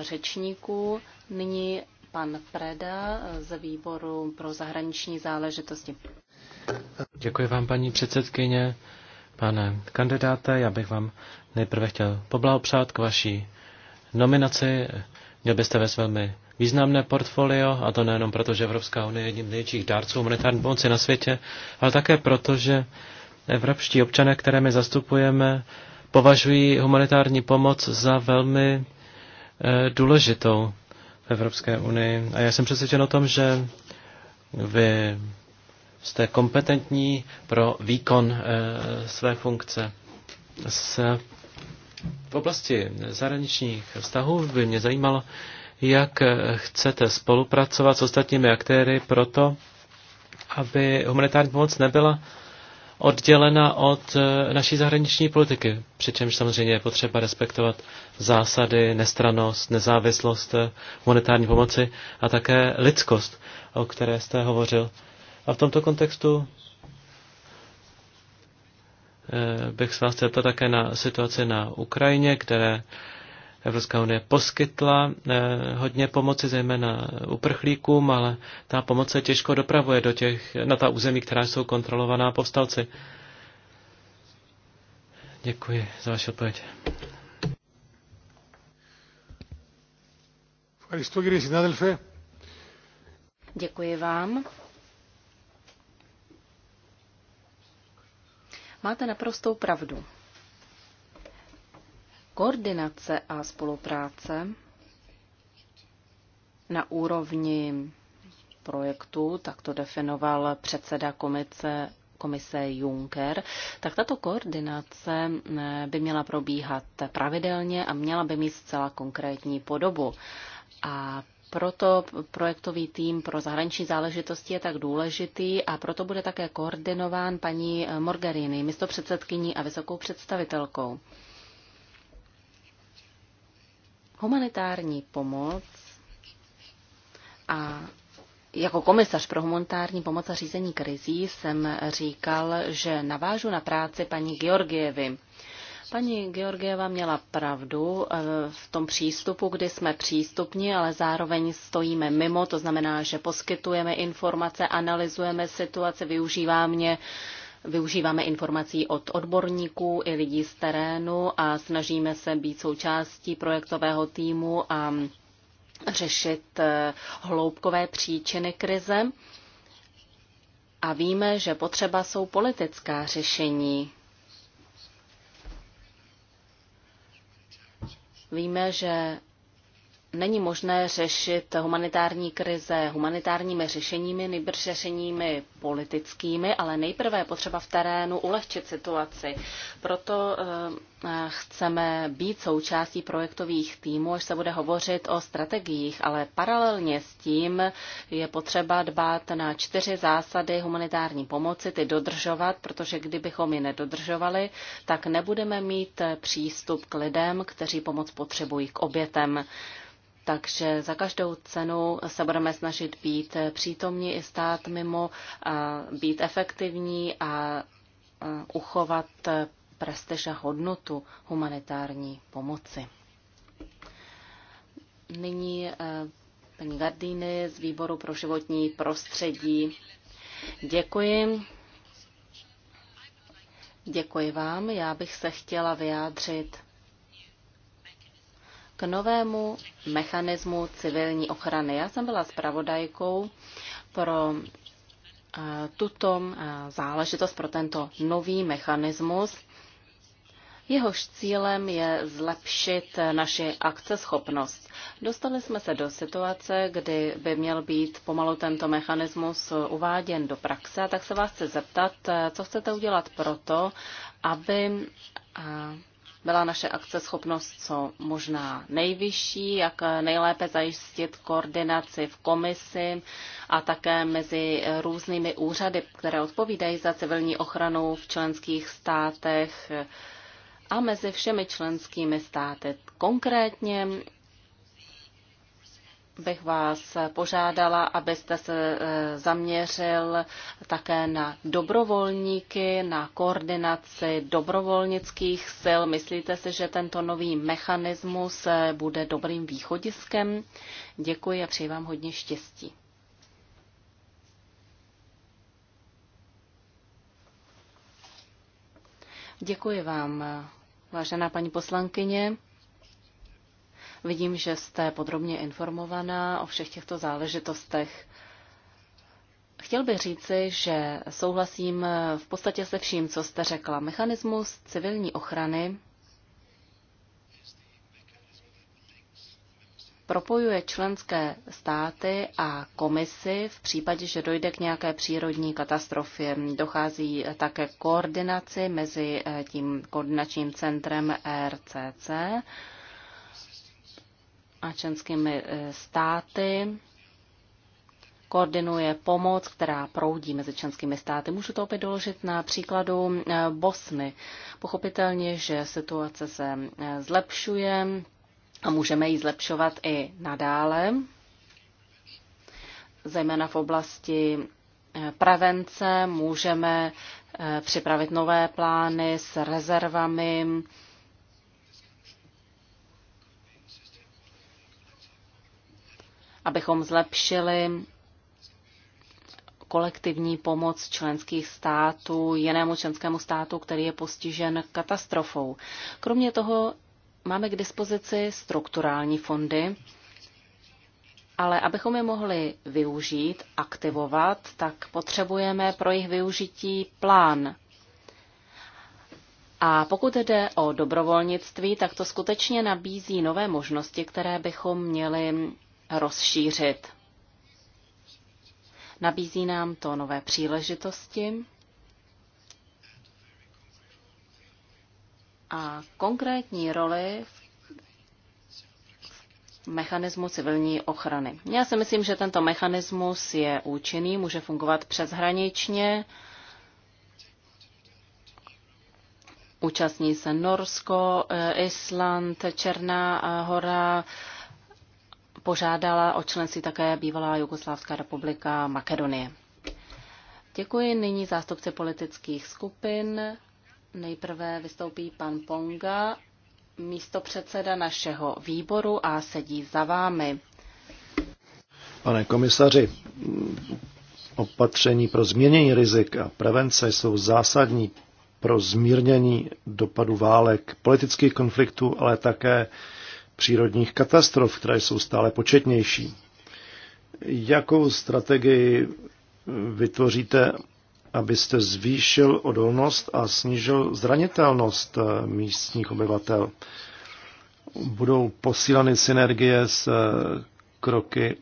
řečníků. Nyní pan Preda z výboru pro zahraniční záležitosti. Děkuji vám, paní předsedkyně, pane kandidáte. Já bych vám nejprve chtěl poblahopřát k vaší nominaci. Měl byste ve velmi významné portfolio, a to nejenom proto, že Evropská unie je jedním z největších dárců humanitární pomoci na světě, ale také proto, že evropští občané, které my zastupujeme, považují humanitární pomoc za velmi eh, důležitou v Evropské unii. A já jsem přesvědčen o tom, že vy jste kompetentní pro výkon e, své funkce. S, v oblasti zahraničních vztahů by mě zajímalo, jak eh, chcete spolupracovat s ostatními aktéry proto, aby humanitární pomoc nebyla oddělena od eh, naší zahraniční politiky, přičemž samozřejmě je potřeba respektovat zásady, nestranost, nezávislost humanitární pomoci a také lidskost, o které jste hovořil. A v tomto kontextu eh, bych se vás chtěl také na situaci na Ukrajině, které Evropská unie poskytla eh, hodně pomoci, zejména uprchlíkům, ale ta pomoc se těžko dopravuje do těch, na ta území, která jsou kontrolovaná povstalci. Děkuji za vaši odpověď. Děkuji vám. Máte naprostou pravdu. Koordinace a spolupráce na úrovni projektu, tak to definoval předseda komice komise Juncker, tak tato koordinace eh, by měla probíhat pravidelně a měla by mít zcela konkrétní podobu. A proto projektový tým pro zahraniční záležitosti je tak důležitý a proto bude také koordinován paní Morgarini, místo předsedkyní a vysokou představitelkou. Humanitární pomoc a jako komisař pro humanitární pomoc a řízení krizí jsem říkal, že navážu na práci paní Georgievy. Paní Georgieva měla pravdu eh, v tom přístupu, kdy jsme přístupní, ale zároveň stojíme mimo, to znamená, že poskytujeme informace, analyzujeme situaci, využíváme Využíváme informací od odborníků i lidí z terénu a snažíme se být součástí projektového týmu a řešit eh, hloubkové příčiny krize. A víme, že potřeba jsou politická řešení Víme, že není možné řešit humanitární krize humanitárními řešeními, nejbrž řešeními politickými, ale nejprve je potřeba v terénu ulehčit situaci. Proto eh, chceme být součástí projektových týmů, až se bude hovořit o strategiích, ale paralelně s tím je potřeba dbát na čtyři zásady humanitární pomoci, ty dodržovat, protože kdybychom je nedodržovali, tak nebudeme mít přístup k lidem, kteří pomoc potřebují, k obětem takže za každou cenu se budeme snažit být přítomní i stát mimo, být efektivní a uchovat prestiž a hodnotu humanitární pomoci. Nyní e, paní Gardíny z Výboru pro životní prostředí. Děkuji. Děkuji vám. Já bych se chtěla vyjádřit k novému mechanismu civilní ochrany. Já jsem byla zpravodajkou pro eh, tuto eh, záležitost, pro tento nový mechanismus. Jehož cílem je zlepšit naši akceschopnost. Dostali jsme se do situace, kdy by měl být pomalu tento mechanismus uváděn do praxe, tak se vás chci zeptat, eh, co chcete udělat proto, aby byla naše akceschopnost co možná nejvyšší, jak nejlépe zajistit koordinaci v komisi a také mezi různými úřady, které odpovídají za civilní ochranu v členských státech a mezi všemi členskými státy. Konkrétně bych vás požádala, abyste se eh, zaměřil také na dobrovolníky, na koordinaci dobrovolnických sil. Myslíte si, že tento nový mechanismus eh, bude dobrým východiskem? Děkuji a přeji vám hodně štěstí. Děkuji vám, eh, vážená paní poslankyně. Vidím, že jste podrobně informovaná o všech těchto záležitostech. Chtěl bych říci, že souhlasím v podstatě se vším, co jste řekla. Mechanismus civilní ochrany propojuje členské státy a komisy v případě, že dojde k nějaké přírodní katastrofě. Dochází také koordinaci mezi eh, tím koordinačním centrem RCC a členskými eh, státy koordinuje pomoc, která proudí mezi členskými státy. Můžu to opět doložit na příkladu eh, Bosny. Pochopitelně, že situace se eh, zlepšuje a můžeme ji zlepšovat i nadále, zejména v oblasti prevence můžeme připravit nové plány s rezervami, abychom zlepšili kolektivní pomoc členských států jinému členskému státu, který je postižen katastrofou. Kromě toho máme k dispozici strukturální fondy, ale abychom je mohli využít, aktivovat, tak potřebujeme pro jejich využití plán. A pokud jde o dobrovolnictví, tak to skutečně nabízí nové možnosti, které bychom měli rozšířit. Nabízí nám to nové příležitosti a konkrétní roli v mechanismu civilní ochrany. Já si myslím, že tento mechanismus je účinný, může fungovat přeshraničně. Účastní se Norsko, eh, Island, Černá eh, hora, požádala o členství také bývalá Jugoslávská republika Makedonie. Děkuji nyní zástupce politických skupin. Nejprve vystoupí pan Ponga, místo předseda našeho výboru a sedí za vámi. Pane komisaři, opatření pro změnění rizik a prevence jsou zásadní pro zmírnění dopadu válek, politických konfliktů, ale také přírodních katastrof, které jsou stále početnější. Jakou strategii vytvoříte, abyste zvýšil odolnost a snížil zranitelnost eh, místních obyvatel? Budou posíleny synergie s eh, kroky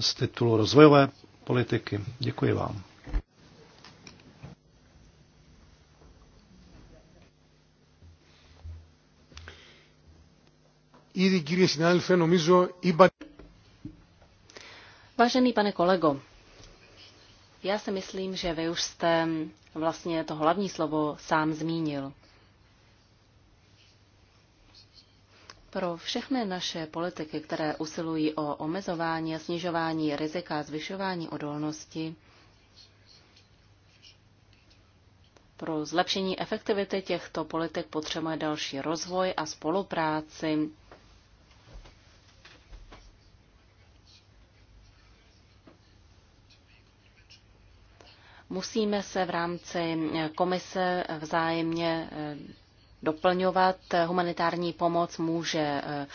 z titulu rozvojové politiky. Děkuji vám. Vážený pane kolego, já si myslím, že vy už jste vlastně to hlavní slovo sám zmínil. Pro všechny naše politiky, které usilují o omezování a snižování rizika a zvyšování odolnosti, pro zlepšení efektivity těchto politik potřebuje další rozvoj a spolupráci Musíme se v rámci komise vzájemně eh, doplňovat. Humanitární pomoc může eh,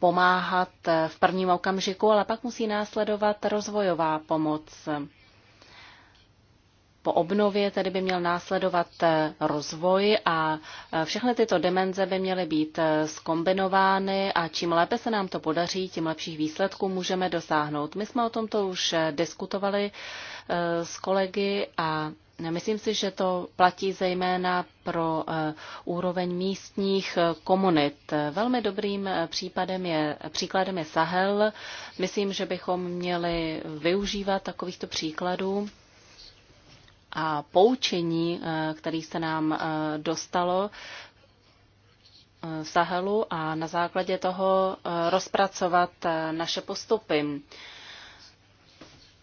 pomáhat eh, v prvním okamžiku, ale pak musí následovat rozvojová pomoc po obnově tedy by měl následovat eh, rozvoj a eh, všechny tyto dimenze by měly být skombinovány eh, a čím lépe se nám to podaří, tím lepších výsledků můžeme dosáhnout. My jsme o tomto už diskutovali s kolegy a myslím si, že to platí zejména pro úroveň místních komunit. Velmi dobrým případem je, příkladem je Sahel. Myslím, že bychom měli využívat takovýchto příkladů a poučení, eh, který se nám eh, dostalo eh, v Sahelu a na základě toho rozpracovat naše postupy.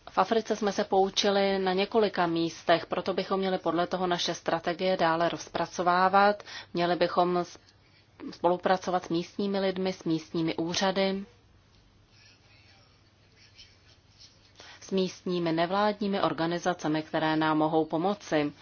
V Africe jsme se poučili na několika místech, proto bychom měli podle toho naše strategie dále rozpracovávat, měli bychom spolupracovat s místními lidmi, s místními úřady s místními nevládními organizacemi, které nám mohou pomoci.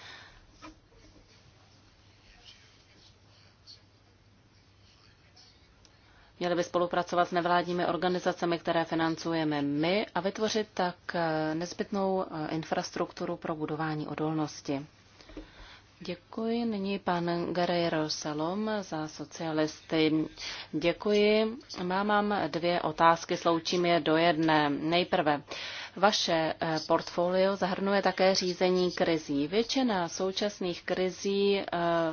Měli by spolupracovat s nevládními organizacemi, které financujeme my a vytvořit tak eh, nezbytnou eh, infrastrukturu pro budování odolnosti. Děkuji. Nyní pan Guerrero Salom za socialisty. Děkuji. Mám, dvě otázky, sloučím je do jedné. Nejprve. Vaše eh, portfolio zahrnuje také řízení krizí. Většina současných krizí eh,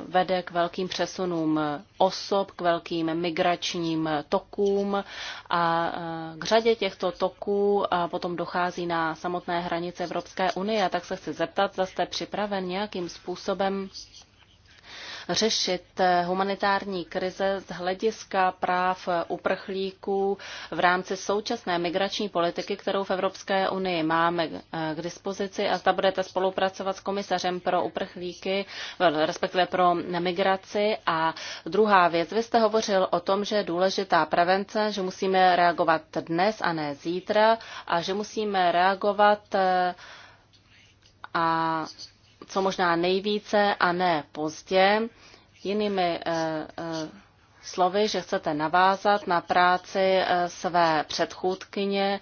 vede k velkým přesunům osob, k velkým migračním tokům a eh, k řadě těchto toků potom dochází na samotné hranice Evropské unie. Tak se chci zeptat, zda jste připraven nějakým způsobem řešit eh, humanitární krize z hlediska práv eh, uprchlíků v rámci současné migrační politiky, kterou v Evropské unii máme eh, k dispozici a zda budete spolupracovat s komisařem pro uprchlíky, respektive pro migraci. A druhá věc, vy jste hovořil o tom, že je důležitá prevence, že musíme reagovat dnes a ne zítra a že musíme reagovat a co možná nejvíce a ne pozdě. Jinými eh, eh, slovy, že chcete navázat na práci eh, své předchůdkyně,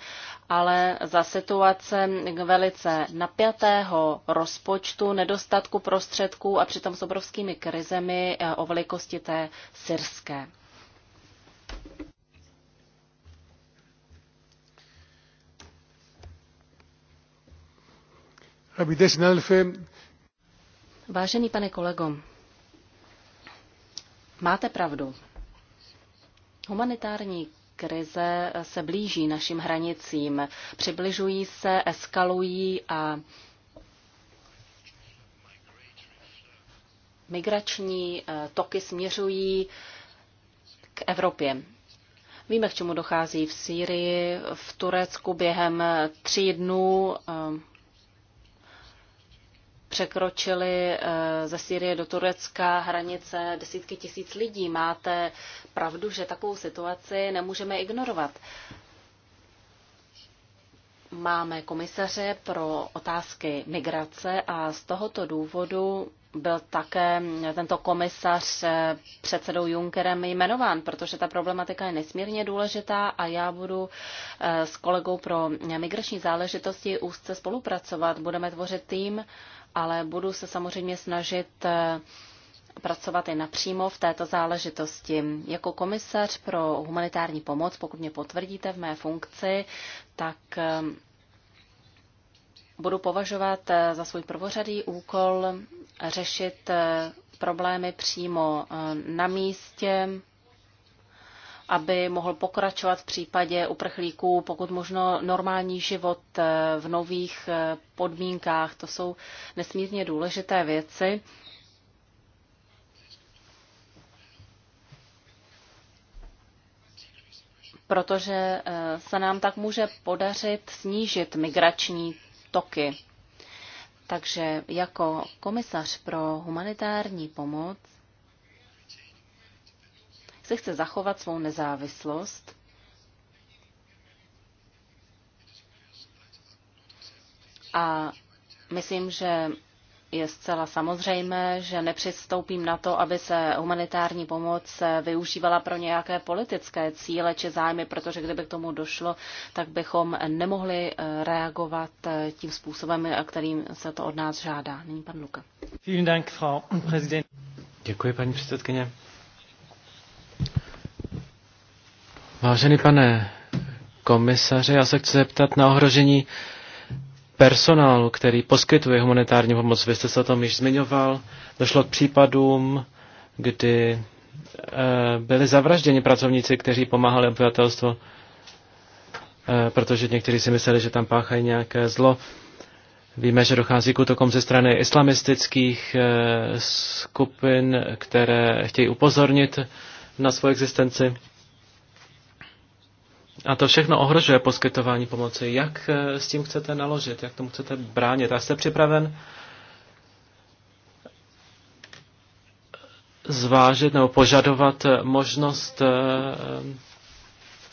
ale za situace velice napjatého rozpočtu, nedostatku prostředků a přitom s obrovskými krizemi o velikosti té syrské. Αγαπητέ συνάδελφε, Vážený pane kolego, máte pravdu. Humanitární krize se blíží našim hranicím, přibližují se, eskalují a migrační eh, toky směřují k Evropě. Víme, k čemu dochází v Sýrii, v Turecku během tří dnů eh, překročili eh, ze Syrie do Turecka hranice desítky tisíc lidí. Máte pravdu, že takovou situaci nemůžeme ignorovat. Máme komisaře pro otázky migrace a z tohoto důvodu byl také tento komisař eh, předsedou Junckerem jmenován, protože ta problematika je nesmírně důležitá a já budu eh, s kolegou pro migrační záležitosti úzce spolupracovat. Budeme tvořit tým, ale budu se samozřejmě snažit eh, pracovat i napřímo v této záležitosti. Jako komisař pro humanitární pomoc, pokud mě potvrdíte v mé funkci, tak eh, budu považovat eh, za svůj prvořadý úkol řešit problémy přímo na místě, aby mohl pokračovat v případě uprchlíků pokud možno normální život eh, v nových eh, podmínkách. To jsou nesmírně důležité věci. protože eh, se nám tak může podařit snížit migrační toky. Takže jako komisař pro humanitární pomoc se chce zachovat svou nezávislost a myslím, že je zcela samozřejmé, že nepřistoupím na to, aby se humanitární pomoc využívala pro nějaké politické cíle či zájmy, protože kdyby k tomu došlo, tak bychom nemohli eh, reagovat eh, tím způsobem, kterým se to od nás žádá. Nyní pan Luka. Děkuji, paní předsedkyně. Vážený pane komisaře, já se chci zeptat na ohrožení personálu, který poskytuje humanitární pomoc. Vy jste se o tom již zmiňoval. Došlo k případům, kdy eh, byli zavražděni pracovníci, kteří pomáhali obyvatelstvu, eh, protože někteří si mysleli, že tam páchají nějaké zlo. Víme, že dochází k útokům ze strany islamistických eh, skupin, které chtějí upozornit na svou existenci. A to všechno ohrožuje poskytování pomoci. Jak eh, s tím chcete naložit? Jak tomu chcete bránit? A jste připraven zvážit nebo požadovat eh, možnost eh,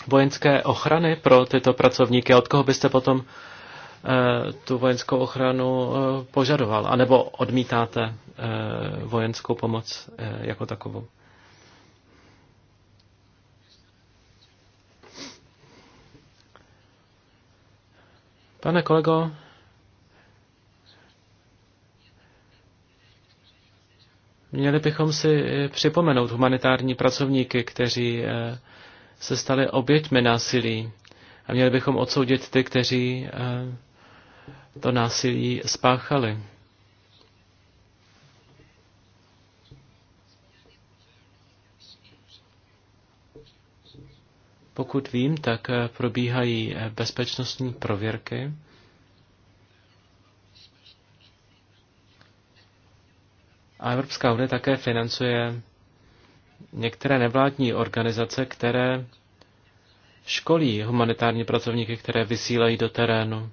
vojenské ochrany pro tyto pracovníky? od koho byste potom tu vojenskou ochranu požadoval? A nebo odmítáte vojenskou pomoc jako takovou? Pane kolego, měli bychom si eh, připomenout humanitární pracovníky, kteří eh, se stali oběťmi násilí a měli bychom odsoudit ty, kteří eh, to násilí spáchali. Pokud vím, tak eh, probíhají eh, bezpečnostní prověrky. A Evropská unie také financuje některé nevládní organizace, které školí humanitární pracovníky, které vysílají do terénu.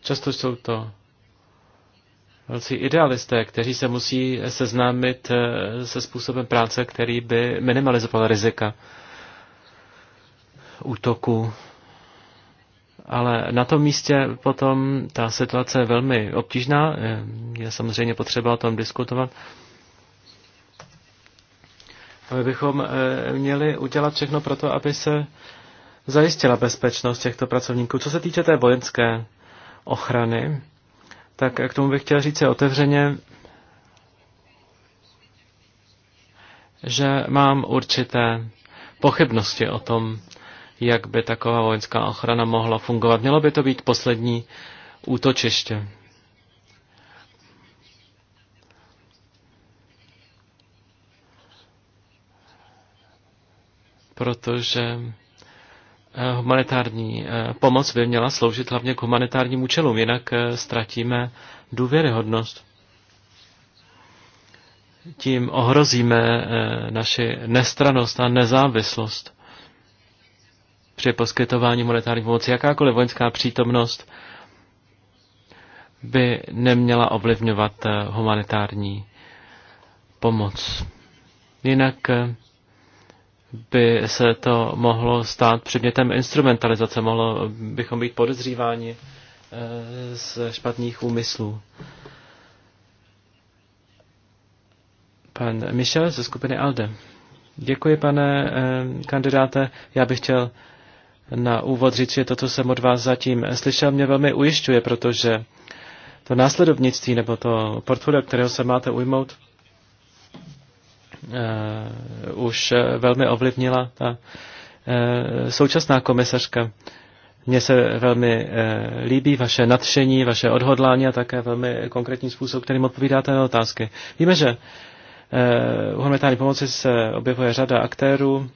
Často jsou to velcí idealisté, kteří se musí seznámit eh, se způsobem práce, který by minimalizoval rizika útoku. Ale na tom místě potom ta situace je velmi obtížná, eh, je samozřejmě potřeba o tom diskutovat. A my bychom eh, měli udělat všechno pro to, aby se zajistila bezpečnost těchto pracovníků. Co se týče té vojenské ochrany, tak k tomu bych chtěl říct se otevřeně, že mám určité pochybnosti o tom, jak by taková vojenská ochrana mohla fungovat. Mělo by to být poslední útočiště. Protože Eh, humanitární eh, pomoc by měla sloužit hlavně k humanitárním účelům, jinak eh, ztratíme důvěryhodnost. Tím ohrozíme naši nestranost a nezávislost při poskytování humanitární pomoci. Jakákoliv vojenská přítomnost by neměla ovlivňovat humanitární pomoc. Jinak by se to mohlo stát předmětem instrumentalizace, mohlo bychom být podezříváni eh, z špatných úmyslů. Pan Michel ze skupiny ALDE. Děkuji, pane eh, kandidáte. Já bych chtěl na úvod říct, že to, co jsem od vás zatím slyšel, mě velmi ujišťuje, protože to následovnictví nebo to portfolio, kterého se máte ujmout, Eh, už velmi ovlivnila ta eh, současná komisařka. Mně se velmi eh, líbí vaše nadšení, vaše odhodlání a také velmi konkrétní způsob, kterým odpovídáte na otázky. Víme, že u humanitární pomoci se objevuje řada aktérů,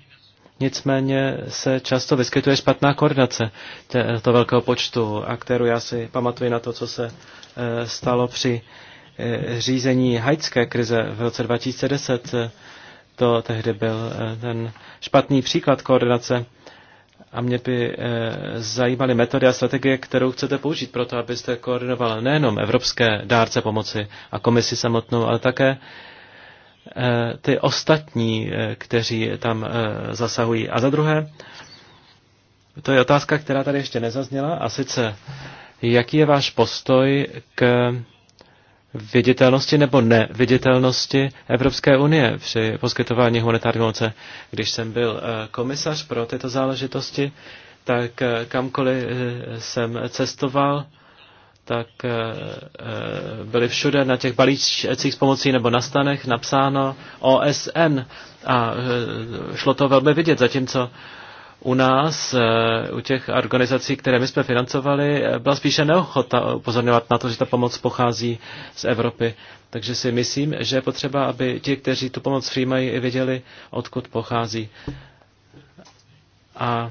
nicméně se často vyskytuje špatná koordinace to velkého počtu aktérů. Já si pamatuji na to, co se stalo při Eh, řízení haitské krize v roce 2010. Eh, to tehdy byl eh, ten špatný příklad koordinace. A mě by zajímaly metody a strategie, kterou chcete použít pro to, abyste koordinoval nejenom evropské dárce pomoci a komisi samotnou, ale také ty ostatní, kteří tam zasahují. A za druhé, to je otázka, která tady ještě nezazněla, a sice, jaký je váš postoj k viditelnosti nebo neviditelnosti Evropské unie při poskytování humanitární pomoci. Když jsem byl eh, komisař pro tyto záležitosti, tak eh, kamkoliv eh, jsem cestoval, tak byly všude na těch balíčcích s pomocí nebo na stanech napsáno OSN a šlo to velmi vidět, zatímco u nás, eh, u těch organizací, které my jsme financovali, eh, byla spíše neochota upozorňovat na to, že ta pomoc pochází z Evropy. Takže si myslím, že je potřeba, aby ti, kteří tu pomoc přijímají, věděli, odkud pochází. A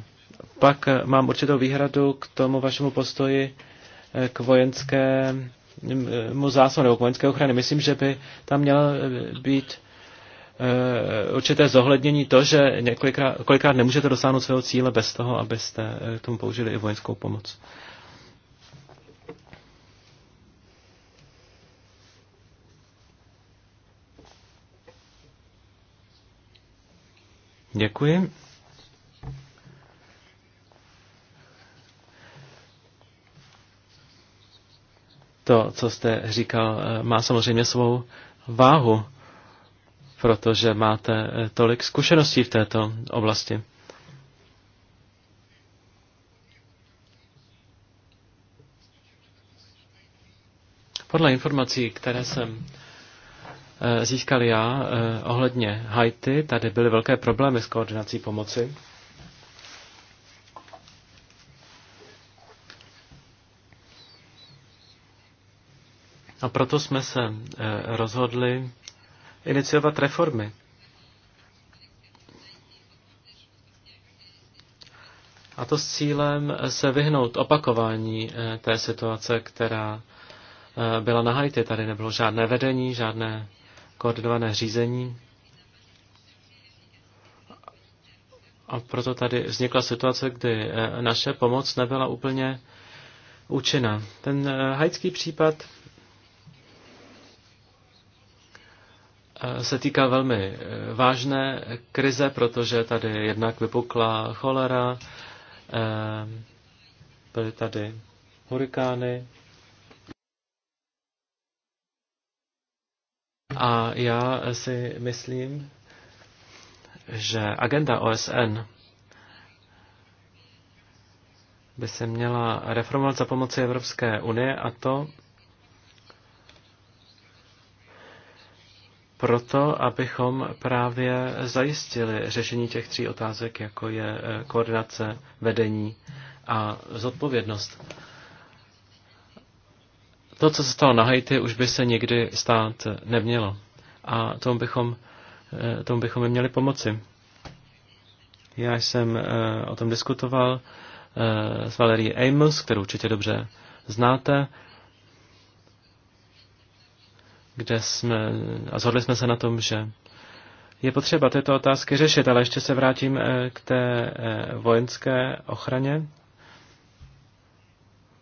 pak eh, mám určitou výhradu k tomu vašemu postoji k vojenskému mm, mu zásahu nebo k vojenské ochraně. Myslím, že by tam měla být Eh, určité zohlednění to, že několikrát, kolikrát nemůžete dosáhnout svého cíle bez toho, abyste eh, k tomu použili i vojenskou pomoc. Děkuji. To, co jste říkal, eh, má samozřejmě svou váhu protože máte eh, tolik zkušeností v této oblasti. Podle informací, které jsem eh, získal já eh, ohledně Haiti, tady byly velké problémy s koordinací pomoci. A proto jsme se rozhodli iniciovat reformy. A to s cílem se vyhnout opakování eh, té situace, která eh, byla na Haiti. Tady nebylo žádné vedení, žádné koordinované řízení. A proto tady vznikla situace, kdy eh, naše pomoc nebyla úplně účinná. Ten haitský případ Eh, se týká velmi eh, vážné krize, protože tady jednak vypukla cholera, eh, byly tady hurikány. A já si myslím, že agenda OSN by se měla reformovat za pomoci Evropské unie a to proto, abychom právě zajistili řešení těch tří otázek, jako je eh, koordinace, vedení a zodpovědnost. To, co se stalo na Haiti, už by se nikdy stát nemělo. A tomu bychom, eh, tomu bychom měli pomoci. Já jsem eh, o tom diskutoval s Valerí Amos, kterou určitě dobře znáte kde jsme, a zhodli jsme se na tom, že je potřeba tyto otázky řešit, ale ještě se vrátím eh, k té eh, vojenské ochraně,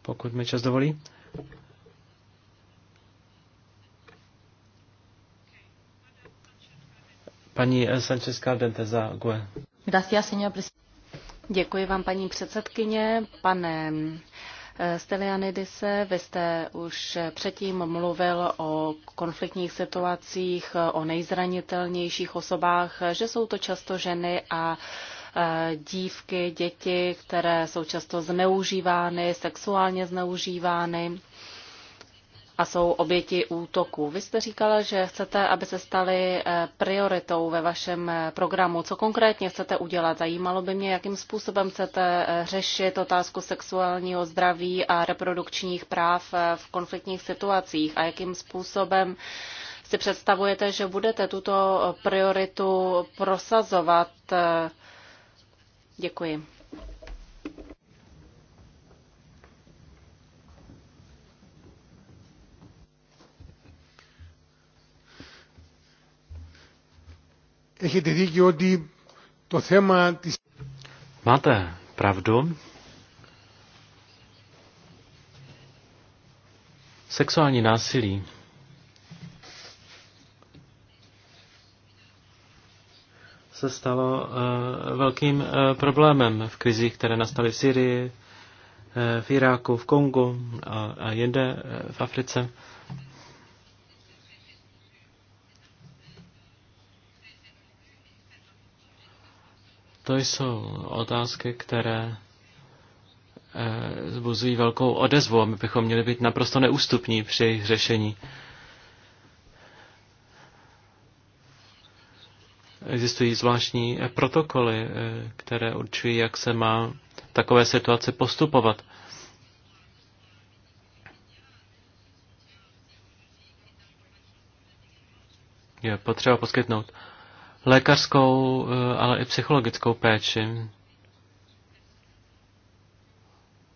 pokud mi čas dovolí. Paní eh, Sanchez Caldente za GUE. Děkuji vám, paní předsedkyně, pane Eh, Stelianidise, vy jste už předtím mluvil o konfliktních situacích, o nejzranitelnějších osobách, že jsou to často ženy a eh, dívky, děti, které jsou často zneužívány, sexuálně zneužívány a jsou oběti útoků. Vy jste říkala, že chcete, aby se staly eh, prioritou ve vašem eh, programu. Co konkrétně chcete udělat? Zajímalo by mě, jakým způsobem chcete eh, řešit otázku sexuálního zdraví a reprodukčních práv v konfliktních situacích a jakým způsobem si představujete, že budete tuto prioritu prosazovat. Děkuji. Έχετε δίκιο ότι το θέμα της... Máte pravdu. Sexuální násilí se stalo uh, velkým uh, problémem v krizích, které nastaly v Syrii, uh, v Iráku, v Kongu a, a jinde uh, v Africe. Uh, To jsou otázky, které eh, zbuzují velkou odezvu a my bychom měli být naprosto neústupní při jejich řešení. Existují zvláštní eh, protokoly, eh, které určují, jak se má takové situace postupovat. Je potřeba poskytnout lékařskou, eh, ale i psychologickou péči,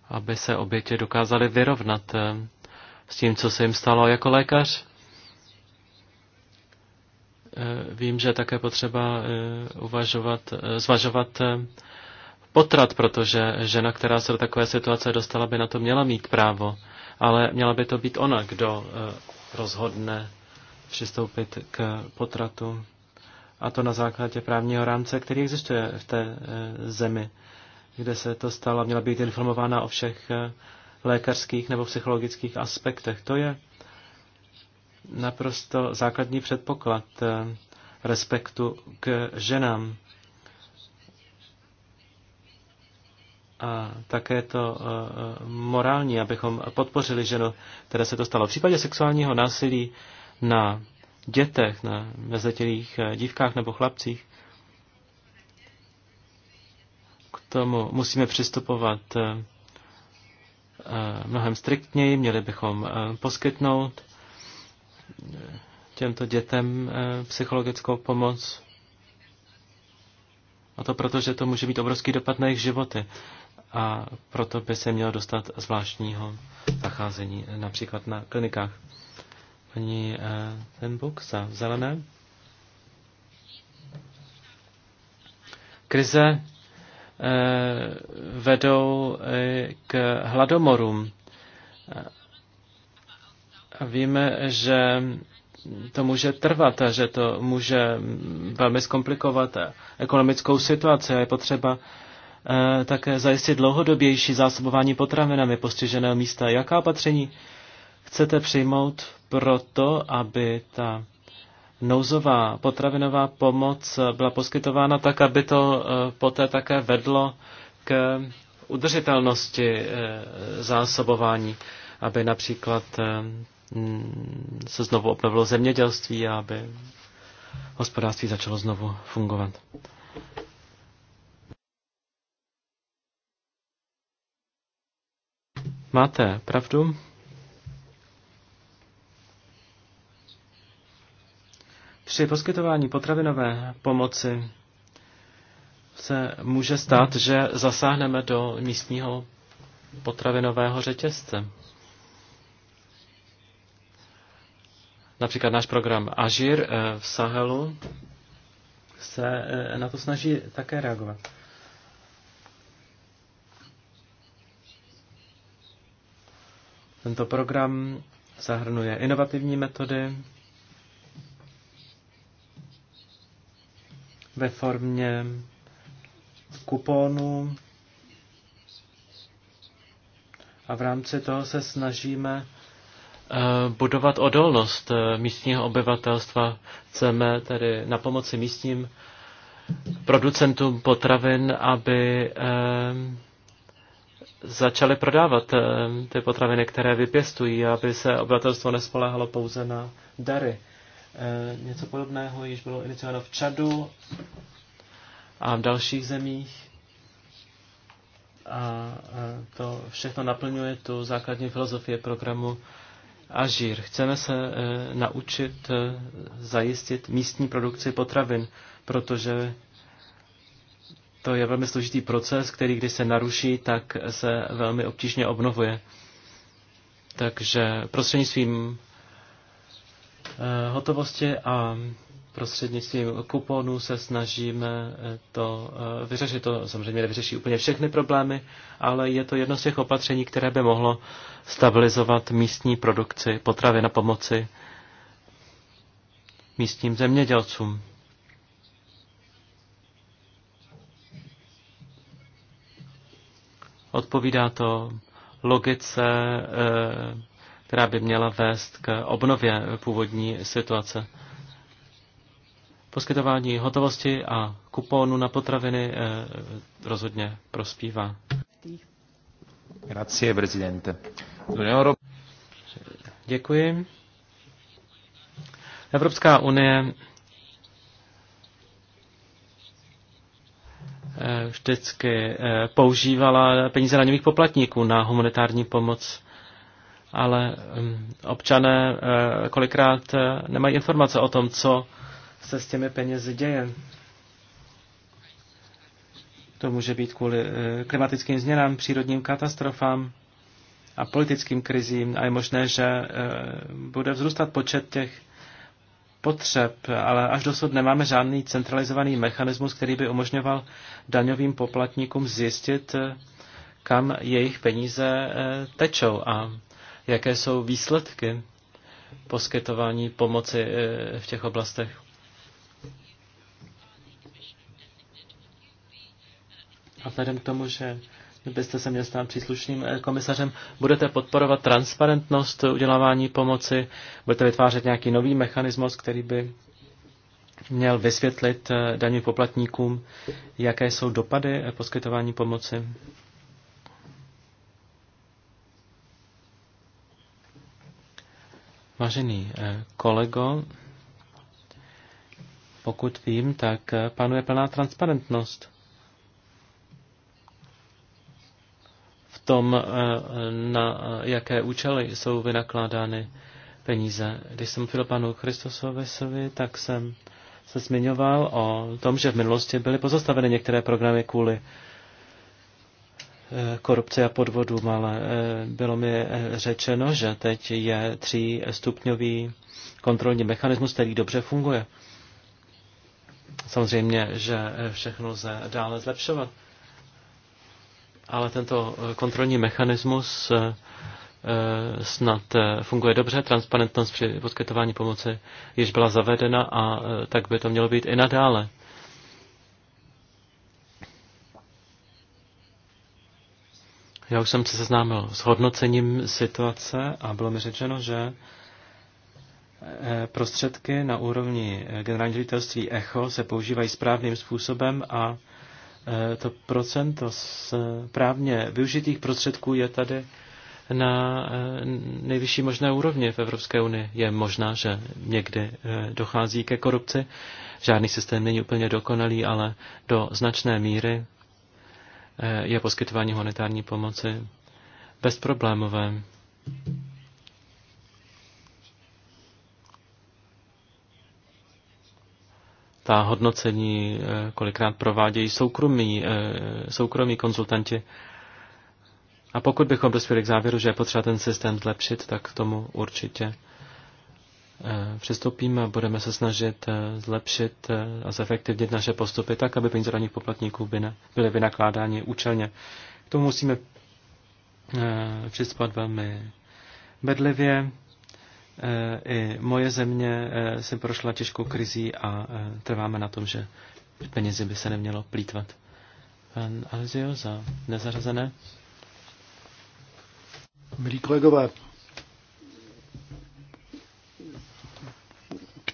aby se oběti dokázaly vyrovnat eh, s tím, co se jim stalo jako lékař. Eh, vím, že je také potřeba uvažovat, zvažovat potrat, protože žena, která se do takové situace dostala, by na to měla mít právo, ale měla by to být ona, kdo rozhodne přistoupit k potratu a to na základě právního rámce, který existuje v té eh, zemi, kde se to stalo. Měla být informována o všech eh, lékařských nebo psychologických aspektech. To je naprosto základní předpoklad eh, respektu k ženám. A také to morální, abychom podpořili ženu, které se to stalo. V případě sexuálního násilí na dětech, na nezletělých eh, dívkách nebo chlapcích. K tomu musíme přistupovat eh, eh, mnohem striktněji, měli bychom poskytnout těmto dětem psychologickou pomoc. A to proto, že to může být obrovský dopad na jejich životy. A proto by se mělo dostat zvláštního zacházení, například na klinikách. Paní eh, Tenbuk za zelené. Krize eh, vedou eh, k hladomorům. A víme, že to může trvat a že to může velmi zkomplikovat ekonomickou situaci a je potřeba také zajistit dlouhodobější zásobování potravinami postiženého místa. Jaká opatření chcete přijmout proto, aby ta nouzová potravinová pomoc byla poskytována tak, aby to eh, poté také vedlo k udržitelnosti eh, zásobování, aby například eh, mm, se znovu obnovilo zemědělství a aby hospodářství začalo znovu fungovat. Máte pravdu. Při poskytování potravinové pomoci se může stát, že zasáhneme do místního potravinového řetězce. Například náš program Ažir eh, v Sahelu se eh, na to snaží také reagovat. Tento program zahrnuje inovativní metody, ve formě kuponů a v rámci toho se snažíme eh, budovat odolnost eh, místního obyvatelstva. Chceme tedy na pomoci místním producentům potravin, aby eh, začali prodávat ty potraviny, které vypěstují, aby se obyvatelstvo nespoléhalo pouze na dary. Eh, něco podobného již bylo iniciováno v Čadu a v dalších zemích. A eh, to všechno naplňuje tu základní filozofie programu Ažír. Chceme se eh, naučit zajistit místní produkci potravin, protože to je velmi složitý proces, který když se naruší, tak se velmi obtížně obnovuje. Takže prostřednictvím Eh, hotovosti a prostřednictvím kuponů se snažíme eh, to eh, vyřešit. To samozřejmě nevyřeší úplně všechny problémy, ale je to jedno z těch opatření, které by mohlo stabilizovat místní produkci potravy na pomoci místním zemědělcům. Odpovídá to logice která by měla vést k obnově původní situace. Poskytování hotovosti a kupónu na potraviny eh, rozhodně prospívá. Grazie, prezidente. Děkuji. Evropská unie eh, vždycky eh, používala peníze daňových poplatníků na humanitární pomoc ale občané eh, kolikrát eh, nemají informace o tom, co se s těmi penězi děje. To může být kvůli eh, klimatickým změnám, přírodním katastrofám a politickým krizím a je možné, že bude vzrůstat počet těch potřeb, ale až dosud nemáme žádný centralizovaný mechanismus, který by umožňoval daňovým poplatníkům zjistit, kam jejich peníze tečou. A jaké jsou výsledky poskytování pomoci eh, v těch oblastech. A vzhledem k tomu, že byste se měl stát příslušným eh, komisařem, budete podporovat transparentnost udělávání pomoci, budete vytvářet nějaký nový mechanismus, který by měl vysvětlit eh, daním poplatníkům, jaké jsou dopady poskytování pomoci. Vážený eh, kolego, pokud vím, tak eh, panuje plná transparentnost v tom, eh, na jaké účely jsou vynakládány peníze. Když jsem mluvil panu Christosovisovi, tak jsem se zmiňoval o tom, že v minulosti byly pozastaveny některé programy kvůli Eh, korupce a podvodům, ale eh, bylo mi eh, řečeno, že teď je třístupňový kontrolní mechanismus, který dobře funguje. Samozřejmě, že všechno lze dále zlepšovat. Ale tento kontrolní mechanismus snad funguje dobře. Transparentnost při poskytování pomoci již byla zavedena a tak by to mělo být i nadále. Já už jsem se seznámil s hodnocením situace a bylo mi řečeno, že eh, prostředky na úrovni eh, generální ředitelství ECHO se používají správným způsobem a eh, to procento z právně využitých prostředků je tady na nejvyšší možné úrovni v Evropské unii. Je možná, že někdy dochází ke korupci. Žádný systém není úplně dokonalý, ale do značné míry je poskytování humanitární pomoci bezproblémové. Ta hodnocení eh, kolikrát provádějí soukromí, eh, soukromí konzultanti. A pokud bychom dospěli k závěru, že je potřeba ten systém zlepšit, tak k tomu určitě Eh, přistoupíme a budeme se snažit eh, zlepšit eh, a zefektivnit naše postupy tak, aby peníze daných poplatníků byly vynakládány účelně. K tomu musíme přistupovat velmi bedlivě. I moje země si prošla těžkou krizí a trváme na tom, že penězi by se nemělo plítvat. Pan Alizio za nezařazené. Milí kolegové,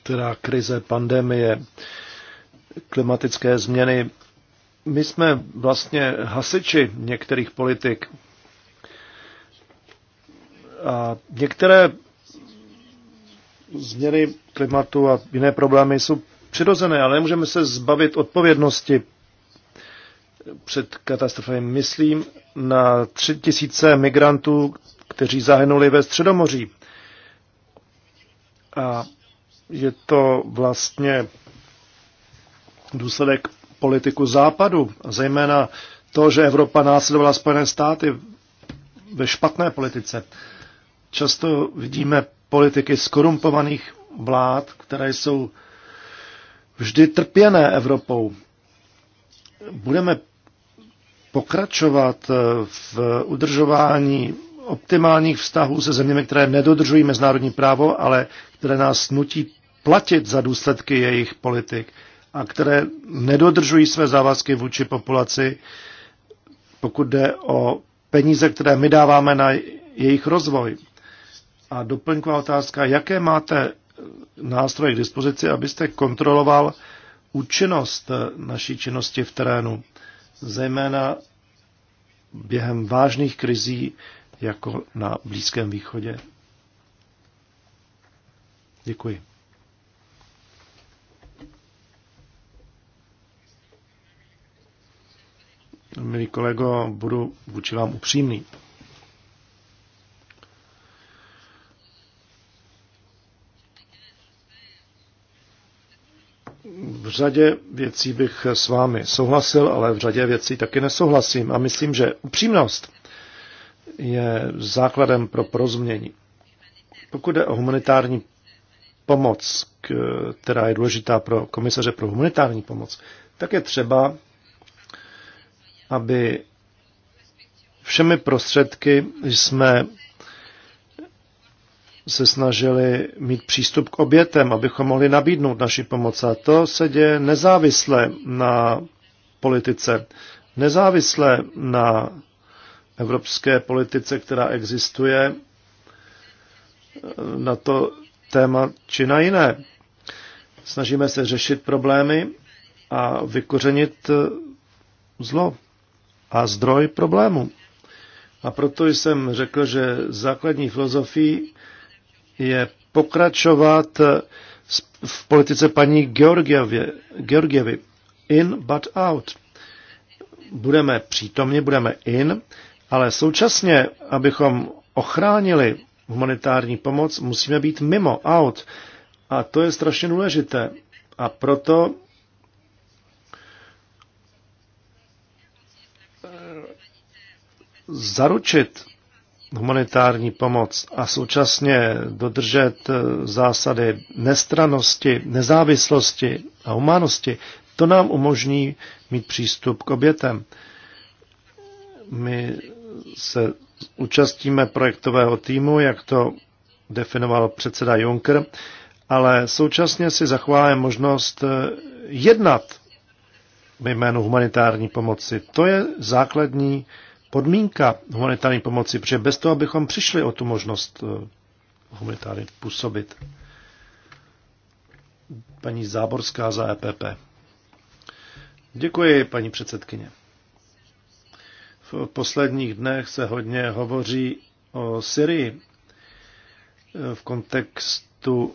která krize, pandemie, klimatické změny. My jsme vlastně hasiči některých politik. A některé změny klimatu a jiné problémy jsou přirozené, ale nemůžeme se zbavit odpovědnosti před katastrofami. Myslím na tři tisíce migrantů, kteří zahynuli ve Středomoří. A je to vlastně důsledek politiku západu, zejména to, že Evropa následovala Spojené státy ve špatné politice. Často vidíme politiky skorumpovaných vlád, které jsou vždy trpěné Evropou. Budeme pokračovat v udržování optimálních vztahů se zeměmi, které nedodržují mezinárodní právo, ale které nás nutí platit za důsledky jejich politik a které nedodržují své závazky vůči populaci, pokud jde o peníze, které my dáváme na jejich rozvoj. A doplňková otázka, jaké máte nástroje k dispozici, abyste kontroloval účinnost naší činnosti v terénu, zejména během vážných krizí, jako na Blízkém východě. Děkuji. Milí kolego, budu vůči vám upřímný. V řadě věcí bych s vámi souhlasil, ale v řadě věcí taky nesouhlasím. A myslím, že upřímnost je základem pro porozumění. Pokud jde o humanitární pomoc, která je důležitá pro komisaře pro humanitární pomoc, tak je třeba, aby všemi prostředky jsme se snažili mít přístup k obětem, abychom mohli nabídnout naši pomoc. A to se děje nezávisle na politice, nezávisle na evropské politice, která existuje na to téma či na jiné. Snažíme se řešit problémy a vykořenit zlo a zdroj problému. A proto jsem řekl, že základní filozofií je pokračovat v politice paní Georgievy, Georgievy. In, but out. Budeme přítomni, budeme in, ale současně, abychom ochránili humanitární pomoc, musíme být mimo out A to je strašně důležité. A proto eh, zaručit humanitární pomoc a současně dodržet eh, zásady nestranosti, nezávislosti a humánosti, to nám umožní mít přístup k obětem. My se účastníme projektového týmu, jak to definoval předseda Juncker, ale současně si zachováme možnost eh, jednat v jménu humanitární pomoci. To je základní podmínka humanitární pomoci, protože bez toho, abychom přišli o tu možnost eh, humanitárně působit. Paní Záborská za EPP. Děkuji, paní předsedkyně. V posledních dnech se hodně hovoří o Syrii v kontextu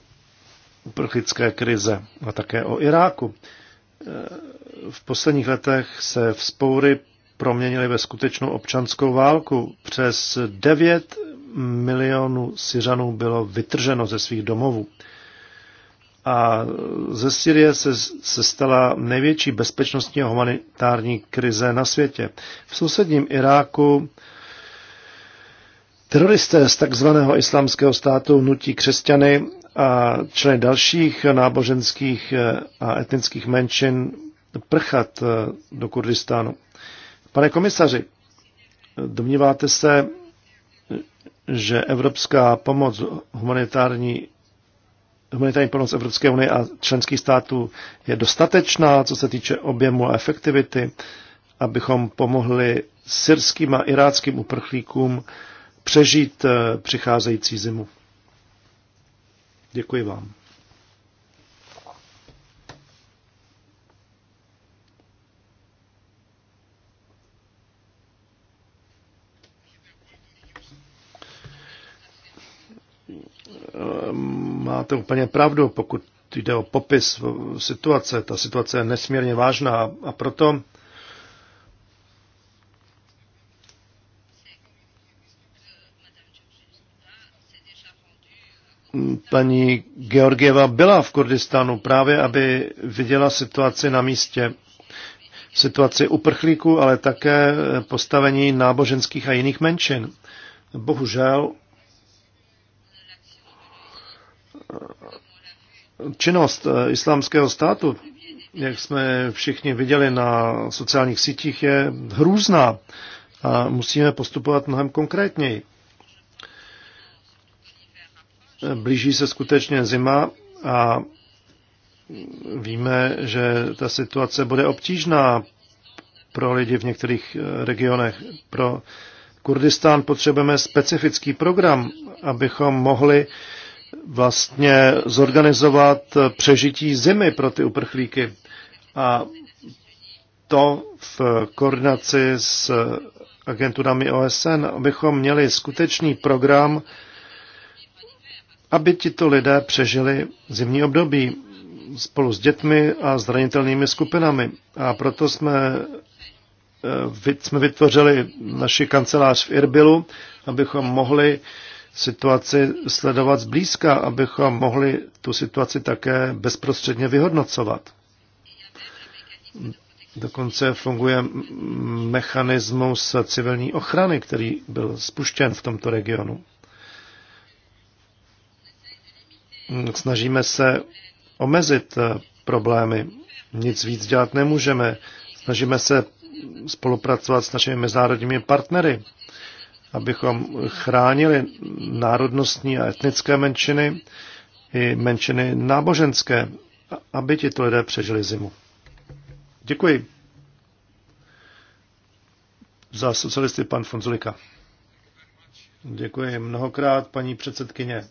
uprchlické krize a také o Iráku. V posledních letech se vzpoury proměnily ve skutečnou občanskou válku. Přes 9 milionů Syřanů bylo vytrženo ze svých domovů a ze Syrie se, se stala největší bezpečnostní a humanitární krize na světě. V sousedním Iráku teroristé z takzvaného islámského státu nutí křesťany a členy dalších náboženských eh, a etnických menšin prchat eh, do Kurdistánu. Pane komisaři, domníváte se, že evropská pomoc humanitární humanitární pomoc Evropské unie a členských států je dostatečná, co se týče objemu a efektivity, abychom pomohli syrským a iráckým uprchlíkům přežít eh, přicházející zimu. Děkuji vám máte úplně pravdu, pokud jde o popis situace. Ta situace je nesmírně vážná a proto paní Georgieva byla v Kurdistánu právě, aby viděla situaci na místě. Situaci uprchlíků, ale také postavení náboženských a jiných menšin. Bohužel činnost eh, islámského státu, jak jsme všichni viděli na sociálních sítích, je hrůzná a musíme postupovat mnohem konkrétněji. Blíží se skutečně zima a víme, že ta situace bude obtížná pro lidi v některých eh, regionech. Pro Kurdistán potřebujeme specifický program, abychom mohli uh, vlastně zorganizovat přežití zimy pro ty uprchlíky. A to v koordinaci s agenturami OSN, abychom měli skutečný program, aby tito lidé přežili zimní období spolu s dětmi a zranitelnými skupinami. A proto jsme, eh, jsme vytvořili naši kancelář v Irbilu, abychom mohli situaci sledovat zblízka, abychom mohli tu situaci také bezprostředně vyhodnocovat. Dokonce funguje mechanismus civilní ochrany, který byl spuštěn v tomto regionu. Snažíme se omezit problémy. Nic víc dělat nemůžeme. Snažíme se spolupracovat s našimi mezinárodními partnery abychom chránili národnostní a etnické menšiny i menšiny náboženské, aby tito lidé přežili zimu. Děkuji. Za socialisty pan Fonzulika. Děkuji mnohokrát, paní předsedkyně.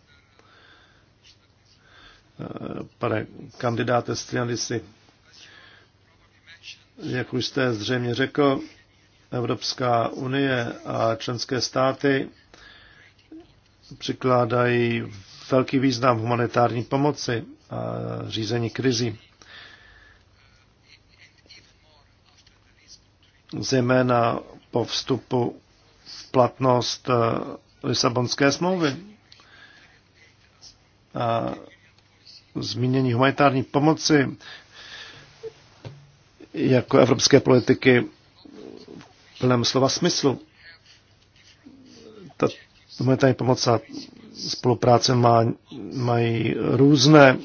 Pane kandidáte Strianisi, jak už jste zřejmě řekl, Evropská unie a členské státy přikládají velký význam humanitární pomoci a řízení krizí. Zejména po vstupu v platnost eh, Lisabonské smlouvy. A zmínění humanitární pomoci jako evropské politiky plném slova smyslu. Ta humanitární pomoc a spolupráce má, mají různé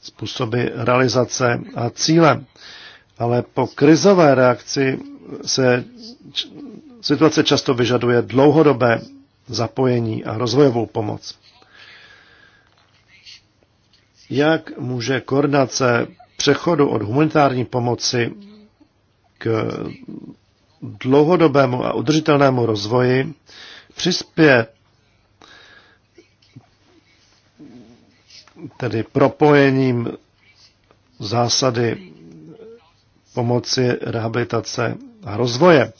způsoby realizace a cíle. Ale po krizové reakci se situace často vyžaduje dlouhodobé zapojení a rozvojovou pomoc. Jak může koordinace přechodu od humanitární pomoci k dlouhodobému a udržitelnému rozvoji přispěje tedy propojením zásady pomoci rehabilitace a rozvoje.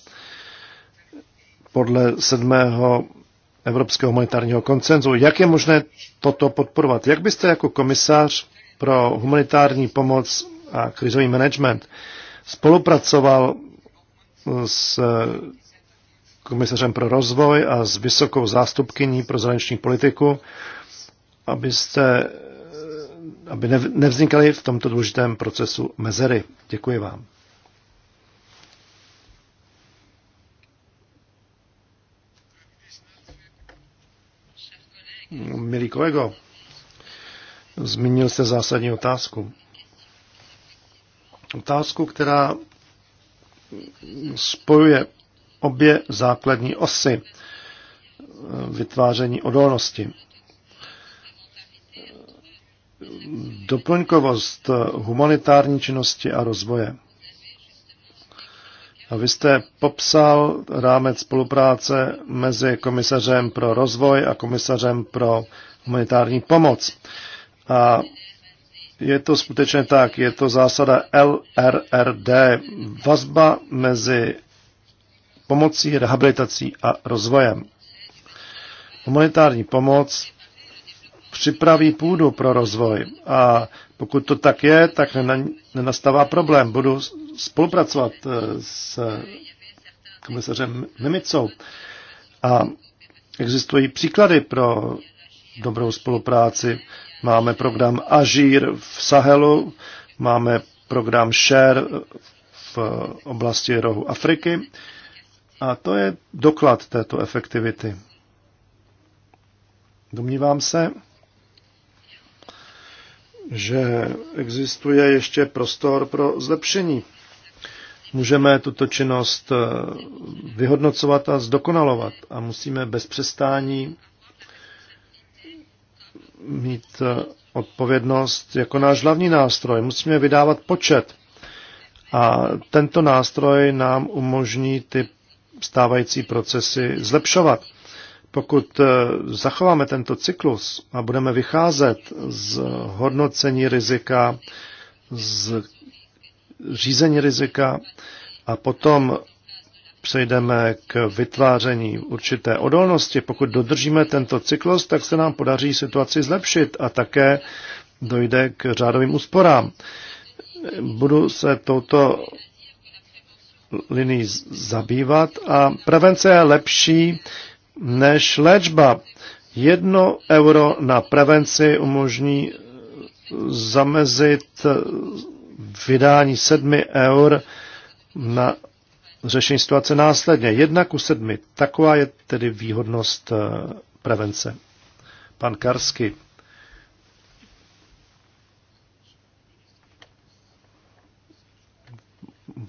Podle sedmého Evropského humanitárního koncenzu. Jak je možné toto podporovat? Jak byste jako komisář pro humanitární pomoc a krizový management spolupracoval s komisařem pro rozvoj a s vysokou zástupkyní pro zahraniční politiku, abyste, aby nevznikaly v tomto důležitém procesu mezery. Děkuji vám. Milý kolego, zmínil jste zásadní otázku. Otázku, která spojuje obě základní osy eh, vytváření odolnosti. Doplňkovost eh, humanitární činnosti a rozvoje. A vy jste popsal rámec spolupráce mezi komisařem pro rozvoj a komisařem pro humanitární pomoc. A je to skutečně tak, je to zásada LRRD, vazba mezi pomocí, rehabilitací a rozvojem. Humanitární pomoc připraví půdu pro rozvoj a pokud to tak je, tak nenastává problém. Budu spolupracovat eh, s komisařem Mimicou a existují příklady pro dobrou spolupráci Máme program Azure v Sahelu, máme program Share v oblasti rohu Afriky a to je doklad této efektivity. Domnívám se, že existuje ještě prostor pro zlepšení. Můžeme tuto činnost eh, vyhodnocovat a zdokonalovat a musíme bez přestání mít eh, odpovědnost jako náš hlavní nástroj. Musíme vydávat počet. A tento nástroj nám umožní ty stávající procesy zlepšovat. Pokud eh, zachováme tento cyklus a budeme vycházet z hodnocení rizika, z řízení rizika a potom přejdeme k vytváření určité odolnosti, pokud dodržíme tento cyklus, tak se nám podaří situaci zlepšit a také dojde k řádovým úsporám. Budu se touto linií zabývat a prevence je lepší než léčba. Jedno euro na prevenci umožní zamezit vydání sedmi eur na řešení situace následně. Jedna ku sedmi. Taková je tedy výhodnost eh, prevence. Pan Karsky.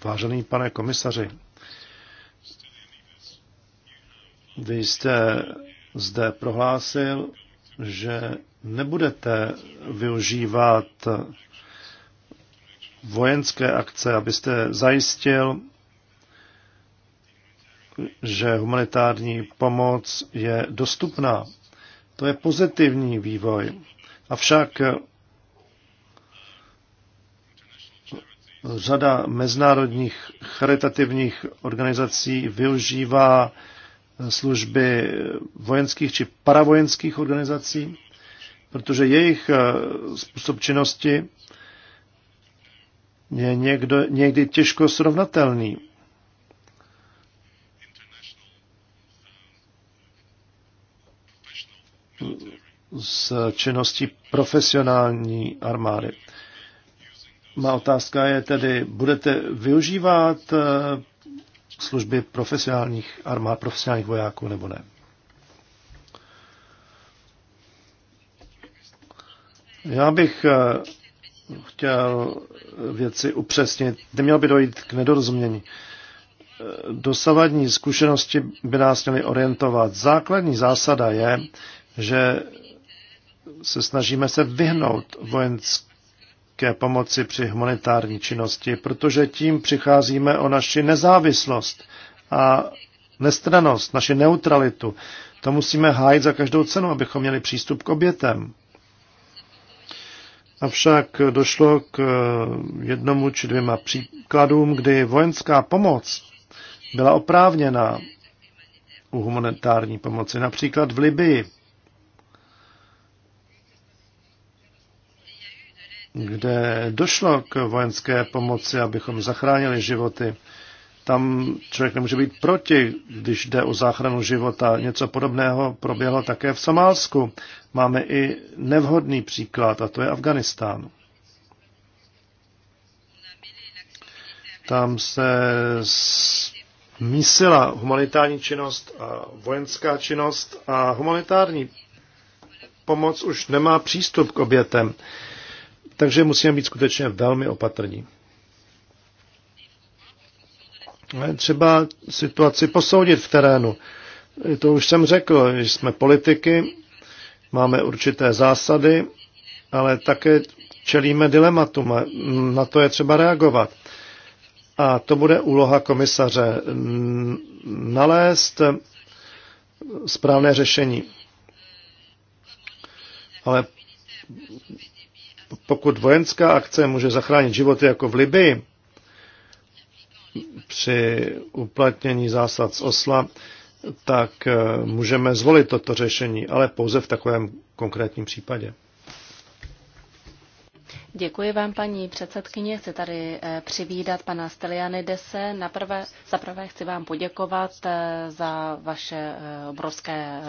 Vážený pane komisaři, vy jste zde prohlásil, že nebudete využívat vojenské akce, abyste zajistil že humanitární pomoc je dostupná. To je pozitivní vývoj. Avšak řada mezinárodních charitativních organizací využívá služby vojenských či paravojenských organizací, protože jejich eh, způsob činnosti je někdo, někdy těžko srovnatelný s činnosti profesionální armády. Má otázka je tedy, budete využívat eh, služby profesionálních armád, profesionálních vojáků nebo ne? Já bych eh, chtěl věci upřesnit. Neměl by dojít k nedorozumění. Eh, dosavadní zkušenosti by nás měly orientovat. Základní zásada je, že se snažíme se vyhnout vojenské pomoci při humanitární činnosti, protože tím přicházíme o naši nezávislost a nestranost, naši neutralitu. To musíme hájit za každou cenu, abychom měli přístup k obětem. Avšak došlo k jednomu či dvěma příkladům, kdy vojenská pomoc byla oprávněná u humanitární pomoci, například v Libii kde došlo k vojenské pomoci, abychom zachránili životy. Tam člověk nemůže být proti, když jde o záchranu života. Něco podobného proběhlo také v Somálsku. Máme i nevhodný příklad, a to je Afganistán. Tam se mísila humanitární činnost a vojenská činnost a humanitární pomoc už nemá přístup k obětem. Takže musíme být skutečně velmi opatrní. Třeba situaci posoudit v terénu. To už jsem řekl, že jsme politiky, máme určité zásady, ale také čelíme dilematům. Na to je třeba reagovat. A to bude úloha komisaře nalézt správné řešení. Ale pokud vojenská akce může zachránit životy jako v Libii, při uplatnění zásad z Osla, tak eh, můžeme zvolit toto řešení, ale pouze v takovém konkrétním případě. Děkuji vám, paní předsedkyně. Chci tady eh, přivídat pana Stelianidese. Naprvé, zaprvé chci vám poděkovat eh, za vaše obrovské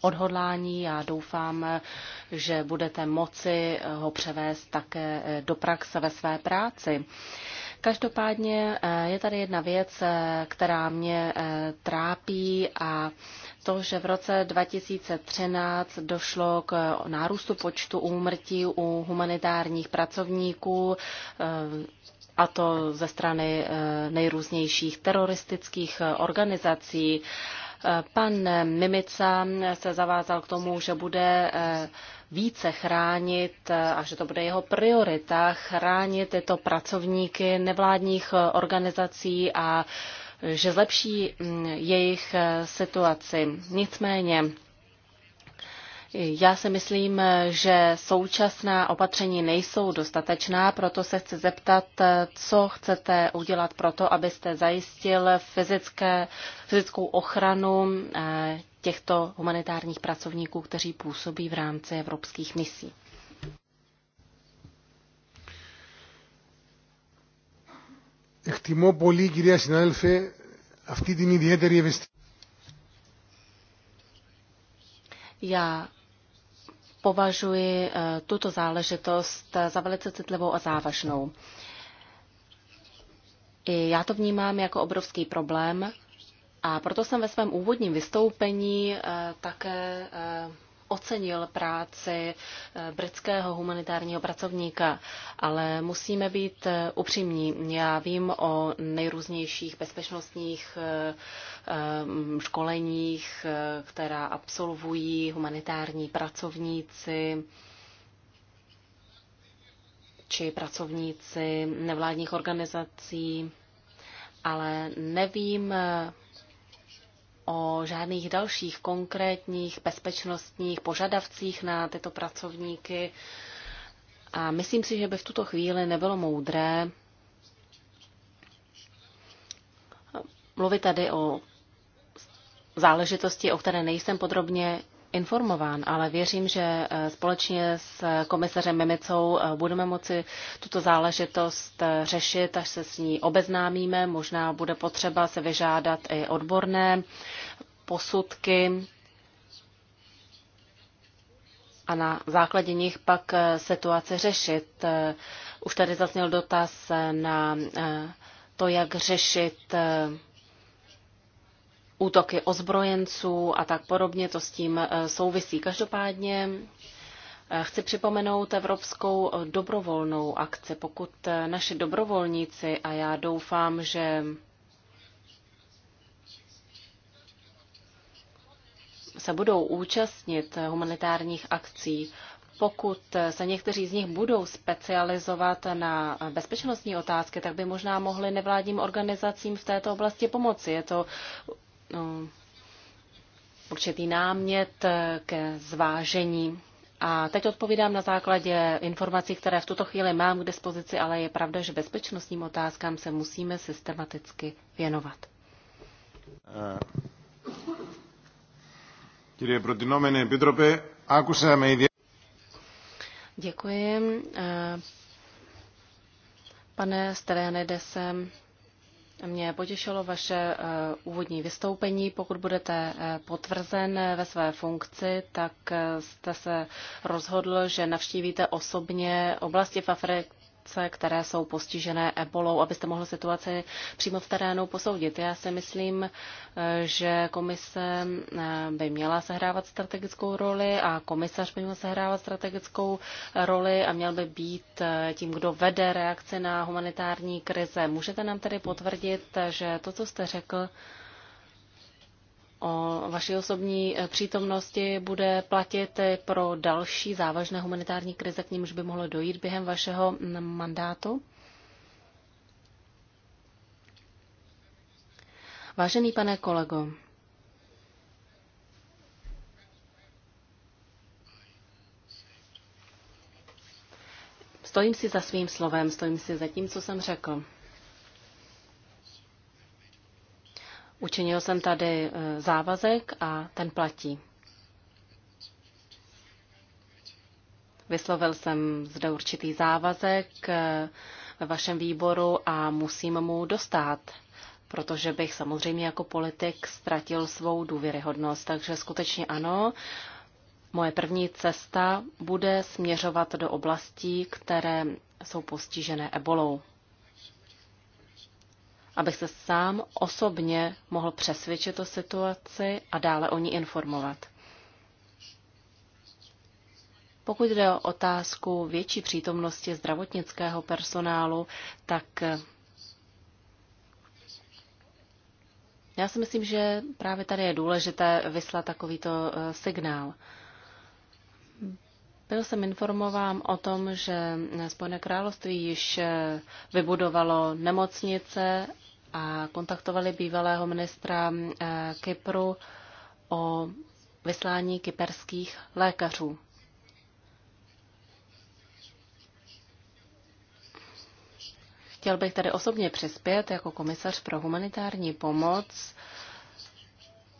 odhodlání a doufám, že budete moci ho převést také do praxe ve své práci. Každopádně eh, je tady jedna věc, eh, která mě eh, trápí a to, že v roce 2013 došlo k nárůstu počtu úmrtí u humanitárních pracovníků a to ze strany nejrůznějších teroristických organizací. Pan Mimica se zavázal k tomu, že bude eh, více chránit eh, a že to bude jeho priorita chránit tyto pracovníky nevládních eh, organizací a že zlepší mm, jejich situaci. Nicméně já si myslím, že současná opatření nejsou dostatečná, proto se chci zeptat, co chcete udělat pro to, abyste zajistil fyzické, fyzickou ochranu eh, těchto humanitárních pracovníků, kteří působí v rámci evropských misí. Εκτιμώ πολύ, κυρία συνάδελφε, αυτή την ιδιαίτερη ευαισθησία. Já považuji eh, tuto záležitost eh, za velice citlivou a závažnou. I já to vnímám jako obrovský problém a proto jsem ve svém úvodním vystoupení eh, také ocenil práci eh, britského humanitárního pracovníka, ale musíme být eh, upřímní. Já vím o nejrůznějších bezpečnostních eh, školeních, která absolvují humanitární pracovníci či pracovníci nevládních organizací, ale nevím, o žádných dalších konkrétních bezpečnostních požadavcích na tyto pracovníky. A myslím si, že by v tuto chvíli nebylo moudré mluvit tady o záležitosti, o které nejsem podrobně informován, ale věřím, že eh, společně s komisařem Mimicou eh, budeme moci tuto záležitost eh, řešit, až se s ní obeznámíme. Možná bude potřeba se vyžádat i odborné posudky a na základě nich pak situace řešit. Už tady zazněl dotaz na to, jak řešit útoky ozbrojenců a tak podobně, to s tím eh, souvisí. Každopádně eh, chci připomenout evropskou eh, dobrovolnou akci. Pokud naši dobrovolníci, a já doufám, že se budou účastnit humanitárních akcí, pokud se někteří z nich budou specializovat na bezpečnostní otázky, tak by možná mohli nevládním organizacím v této oblasti pomoci. Je to No, určitý námět ke zvážení. A teď odpovídám na základě informací, které v tuto chvíli mám k dispozici, ale je pravda, že bezpečnostním otázkám se musíme systematicky věnovat. Eh, Děkuji. Eh, pane Stelianidese, mě potěšilo vaše eh, úvodní vystoupení. Pokud budete eh, potvrzen eh, ve své funkci, tak jste se rozhodl, že navštívíte osobně oblasti v Afrike, obce, které jsou postižené ebolou, abyste mohl situaci přímo v terénu posoudit. Já si myslím, eh, že komise eh, by měla sehrávat strategickou roli a komisař by měl sehrávat strategickou roli a měl by být eh, tím, kdo vede reakci na humanitární krize. Můžete nám tedy potvrdit, že to, co jste řekl, o vaší osobní eh, přítomnosti bude platit eh, pro další závažné humanitární krize, k nímž by mohlo dojít během vašeho mm, mandátu? Vážený pane kolego, stojím si za svým slovem, stojím si za tím, co jsem řekl. Učinil jsem tady e, závazek a ten platí. Vyslovil jsem zde určitý závazek e, ve vašem výboru a musím mu dostat, protože bych samozřejmě jako politik ztratil svou důvěryhodnost. Takže skutečně ano, moje první cesta bude směřovat do oblastí, které jsou postižené ebolou abych se sám osobně mohl přesvědčit o situaci a dále o ní informovat. Pokud jde o otázku větší přítomnosti zdravotnického personálu, tak eh, já si myslím, že právě tady je důležité vyslat takovýto eh, signál. Byl jsem informován o tom, že Spojené království již eh, vybudovalo nemocnice a kontaktovali bývalého ministra eh, Kypru o vyslání kyperských lékařů. Chtěl bych tady osobně přispět jako komisař pro humanitární pomoc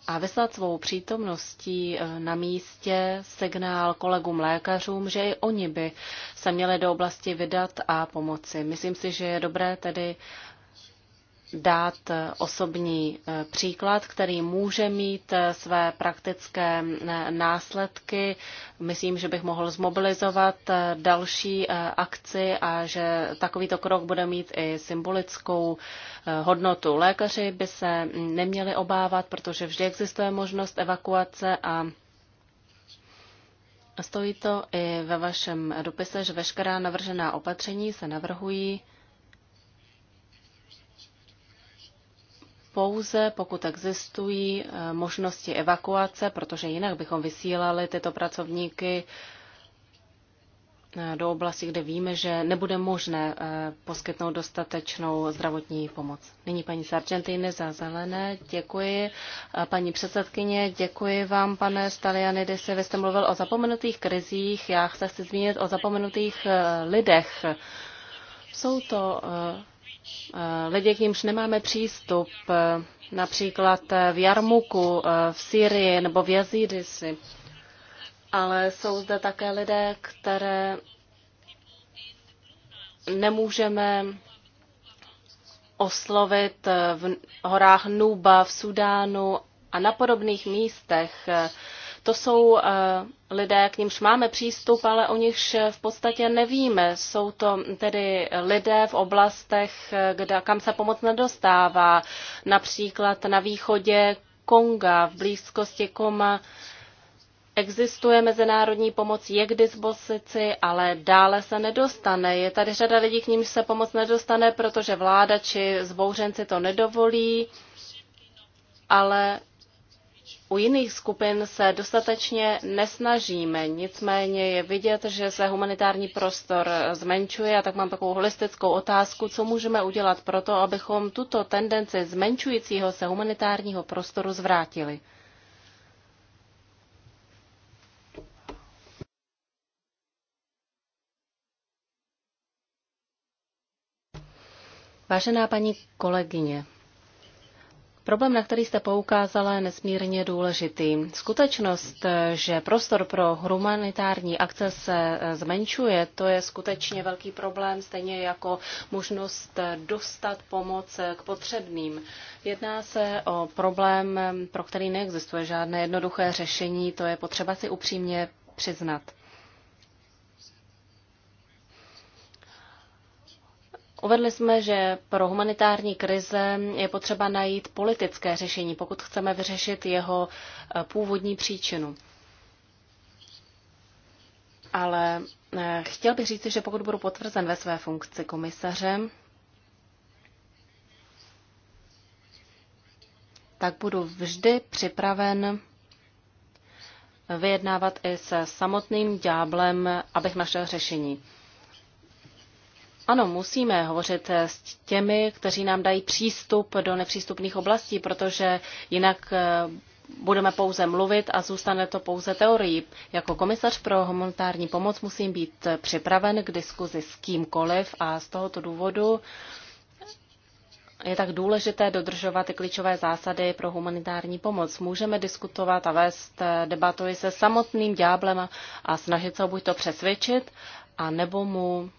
a vyslat svou přítomností eh, na místě signál kolegům lékařům, že i oni by se měli do oblasti vydat a pomoci. Myslím si, že je dobré tedy dát eh, osobní eh, příklad, který může mít eh, své praktické následky. Myslím, že bych mohl zmobilizovat další akci a že takovýto krok bude mít i symbolickou hodnotu. Lékaři by se hm, neměli obávat, protože vždy existuje možnost evakuace a Stojí to i ve vašem dopise, že veškerá navržená opatření se navrhují pouze pokud existují eh, možnosti evakuace, protože jinak bychom vysílali tyto pracovníky eh, do oblasti, kde víme, že nebude možné eh, poskytnout dostatečnou zdravotní pomoc. Nyní paní Sargentine za zelené, děkuji. Paní předsedkyně, děkuji vám, pane Stalianidis. Vy jste mluvil o zapomenutých krizích, já se chci zmínit o zapomenutých lidech. Jsou to Eh, lidi, k nímž nemáme přístup, eh, například eh, v Jarmuku, v Syrii nebo v Jazídisi. Ale jsou zde také lidé, které nemůžeme oslovit v horách Nuba, v Sudánu a na podobných místech. To jsou eh, lidé, k nímž máme přístup, ale o nichž v podstatě nevíme. Jsou to tedy lidé v oblastech, eh, kde, kam se pomoc nedostává, například na východě Konga, v blízkosti Koma. Existuje mezinárodní pomoc, je k dispozici, ale dále se nedostane. Je tady řada lidí, k nímž se pomoc nedostane, protože vláda či zbouřenci to nedovolí, ale u jiných skupin se dostatečně nesnažíme, nicméně je vidět, že se humanitární prostor zmenšuje a tak mám takovou holistickou otázku, co můžeme udělat pro to, abychom tuto tendenci zmenšujícího se humanitárního prostoru zvrátili. Vážená paní kolegyně, Problém, na který jste poukázala, je nesmírně důležitý. Skutečnost, že prostor pro humanitární akce se eh, zmenšuje, to je skutečně velký problém, stejně jako možnost eh, dostat pomoc eh, k potřebným. Jedná se o problém, pro který neexistuje žádné jednoduché řešení, to je potřeba si upřímně přiznat. Uvedli jsme, že pro humanitární krize je potřeba najít politické řešení, pokud chceme vyřešit jeho eh, původní příčinu. Ale eh, chtěl bych říct, že pokud budu potvrzen ve své funkci komisařem, tak budu vždy připraven vyjednávat i se samotným dňáblem, abych našel řešení. Ano, musíme hovořit s těmi, kteří nám dají přístup do nepřístupných oblastí, protože jinak eh, budeme pouze mluvit a zůstane to pouze teorií. Jako komisař pro humanitární pomoc musím být připraven k diskuzi s kýmkoliv a z tohoto důvodu je tak důležité dodržovat ty klíčové zásady pro humanitární pomoc. Můžeme diskutovat a vést eh, debatu se samotným dňáblem a snažit se ho buď to přesvědčit, a nebo mu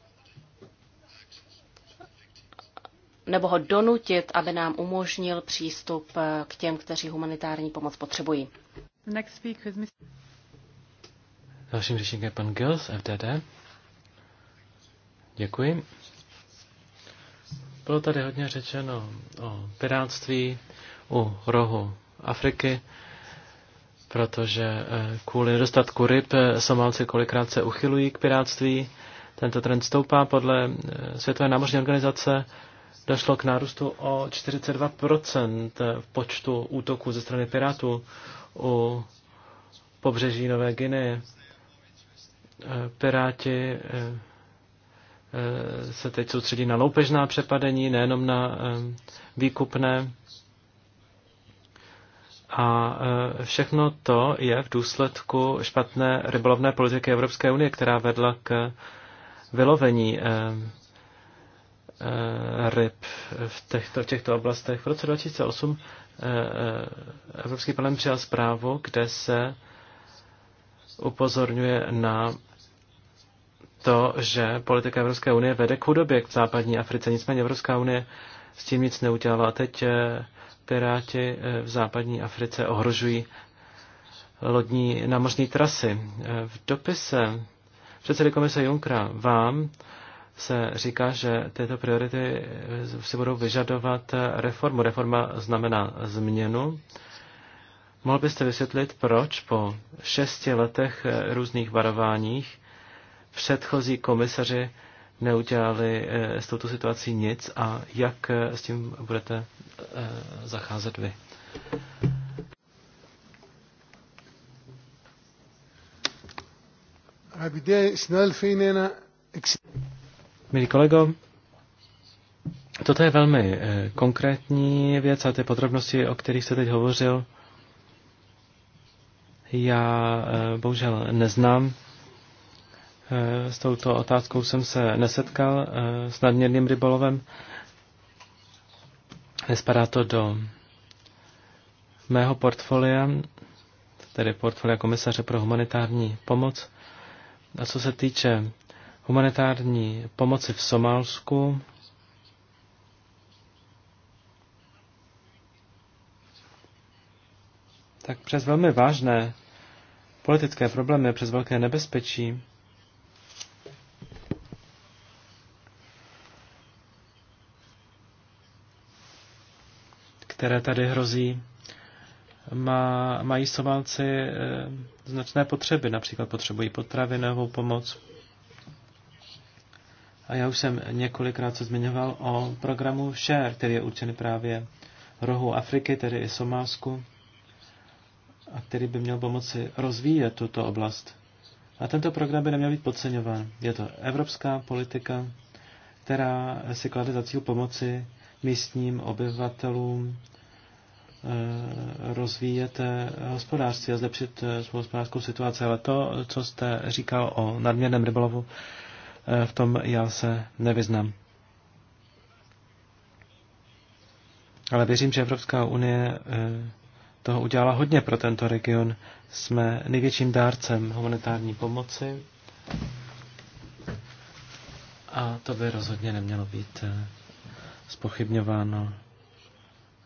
nebo ho donutit, aby nám umožnil přístup eh, k těm, kteří humanitární pomoc potřebují. Dalším řečníkem je pan Gils, FDD. Děkuji. Bylo tady hodně řečeno o piráctví u rohu Afriky, protože eh, kvůli nedostatku ryb eh, Somálci kolikrát se uchylují k piráctví. Tento trend stoupá podle Světové námořní organizace došlo k nárůstu o 42% v počtu útoků ze strany pirátů u pobřeží Nové Guineje. Piráti eh, eh, se teď soustředí na loupežná přepadení, nejenom na eh, výkupné. A všechno to je v důsledku špatné rybolovné politiky Evropské unie, která vedla k vylovení Eh, ryb v těchto, v těchto oblastech. V roce 2008 eh, eh, Evropský parlament přijal zprávu, kde se upozorňuje na to, že politika Evropské unie vede k chudobě v západní Africe. Nicméně Evropská unie s tím nic neudělala. A teď piráti v západní Africe ohrožují lodní námořní trasy. V dopise předsedy komise Junkra vám se říká, že tyto priority si budou vyžadovat reformu. Reforma znamená změnu. Mohl byste vysvětlit, proč po šesti letech různých varováních předchozí komisaři neudělali eh, s touto situací nic a jak eh, s tím budete eh, zacházet vy? Αγαπητέ συνάδελφοι, είναι Milí kolego, toto je velmi eh, konkrétní věc a ty podrobnosti, o kterých jste teď hovořil, já eh, bohužel neznám. Eh, s touto otázkou jsem se nesetkal s nadměrným rybolovem. Nespadá to do mého portfolia, tedy portfolia komisaře pro humanitární pomoc. A co se týče humanitární pomoci v Somálsku. Tak přes velmi vážné politické problémy, přes velké nebezpečí, které tady hrozí, má, mají Somálci e, značné potřeby. Například potřebují potravinovou pomoc, a já už jsem několikrát se zmiňoval o programu SHARE, který je určený právě rohu Afriky, tedy i Somálsku, a který by měl pomoci rozvíjet tuto oblast. A tento program by neměl být podceňován. Je to evropská politika, která si klade za cíl pomoci místním obyvatelům eh, rozvíjet eh, hospodářství a zlepšit eh, svou hospodářskou situaci. Ale to, co jste říkal o nadměrném rybolovu, Eh, v tom já se nevyznám. Ale věřím, že Evropská unie eh, toho udělala hodně pro tento region. Jsme největším dárcem humanitární pomoci a to by rozhodně nemělo být eh, spochybňováno.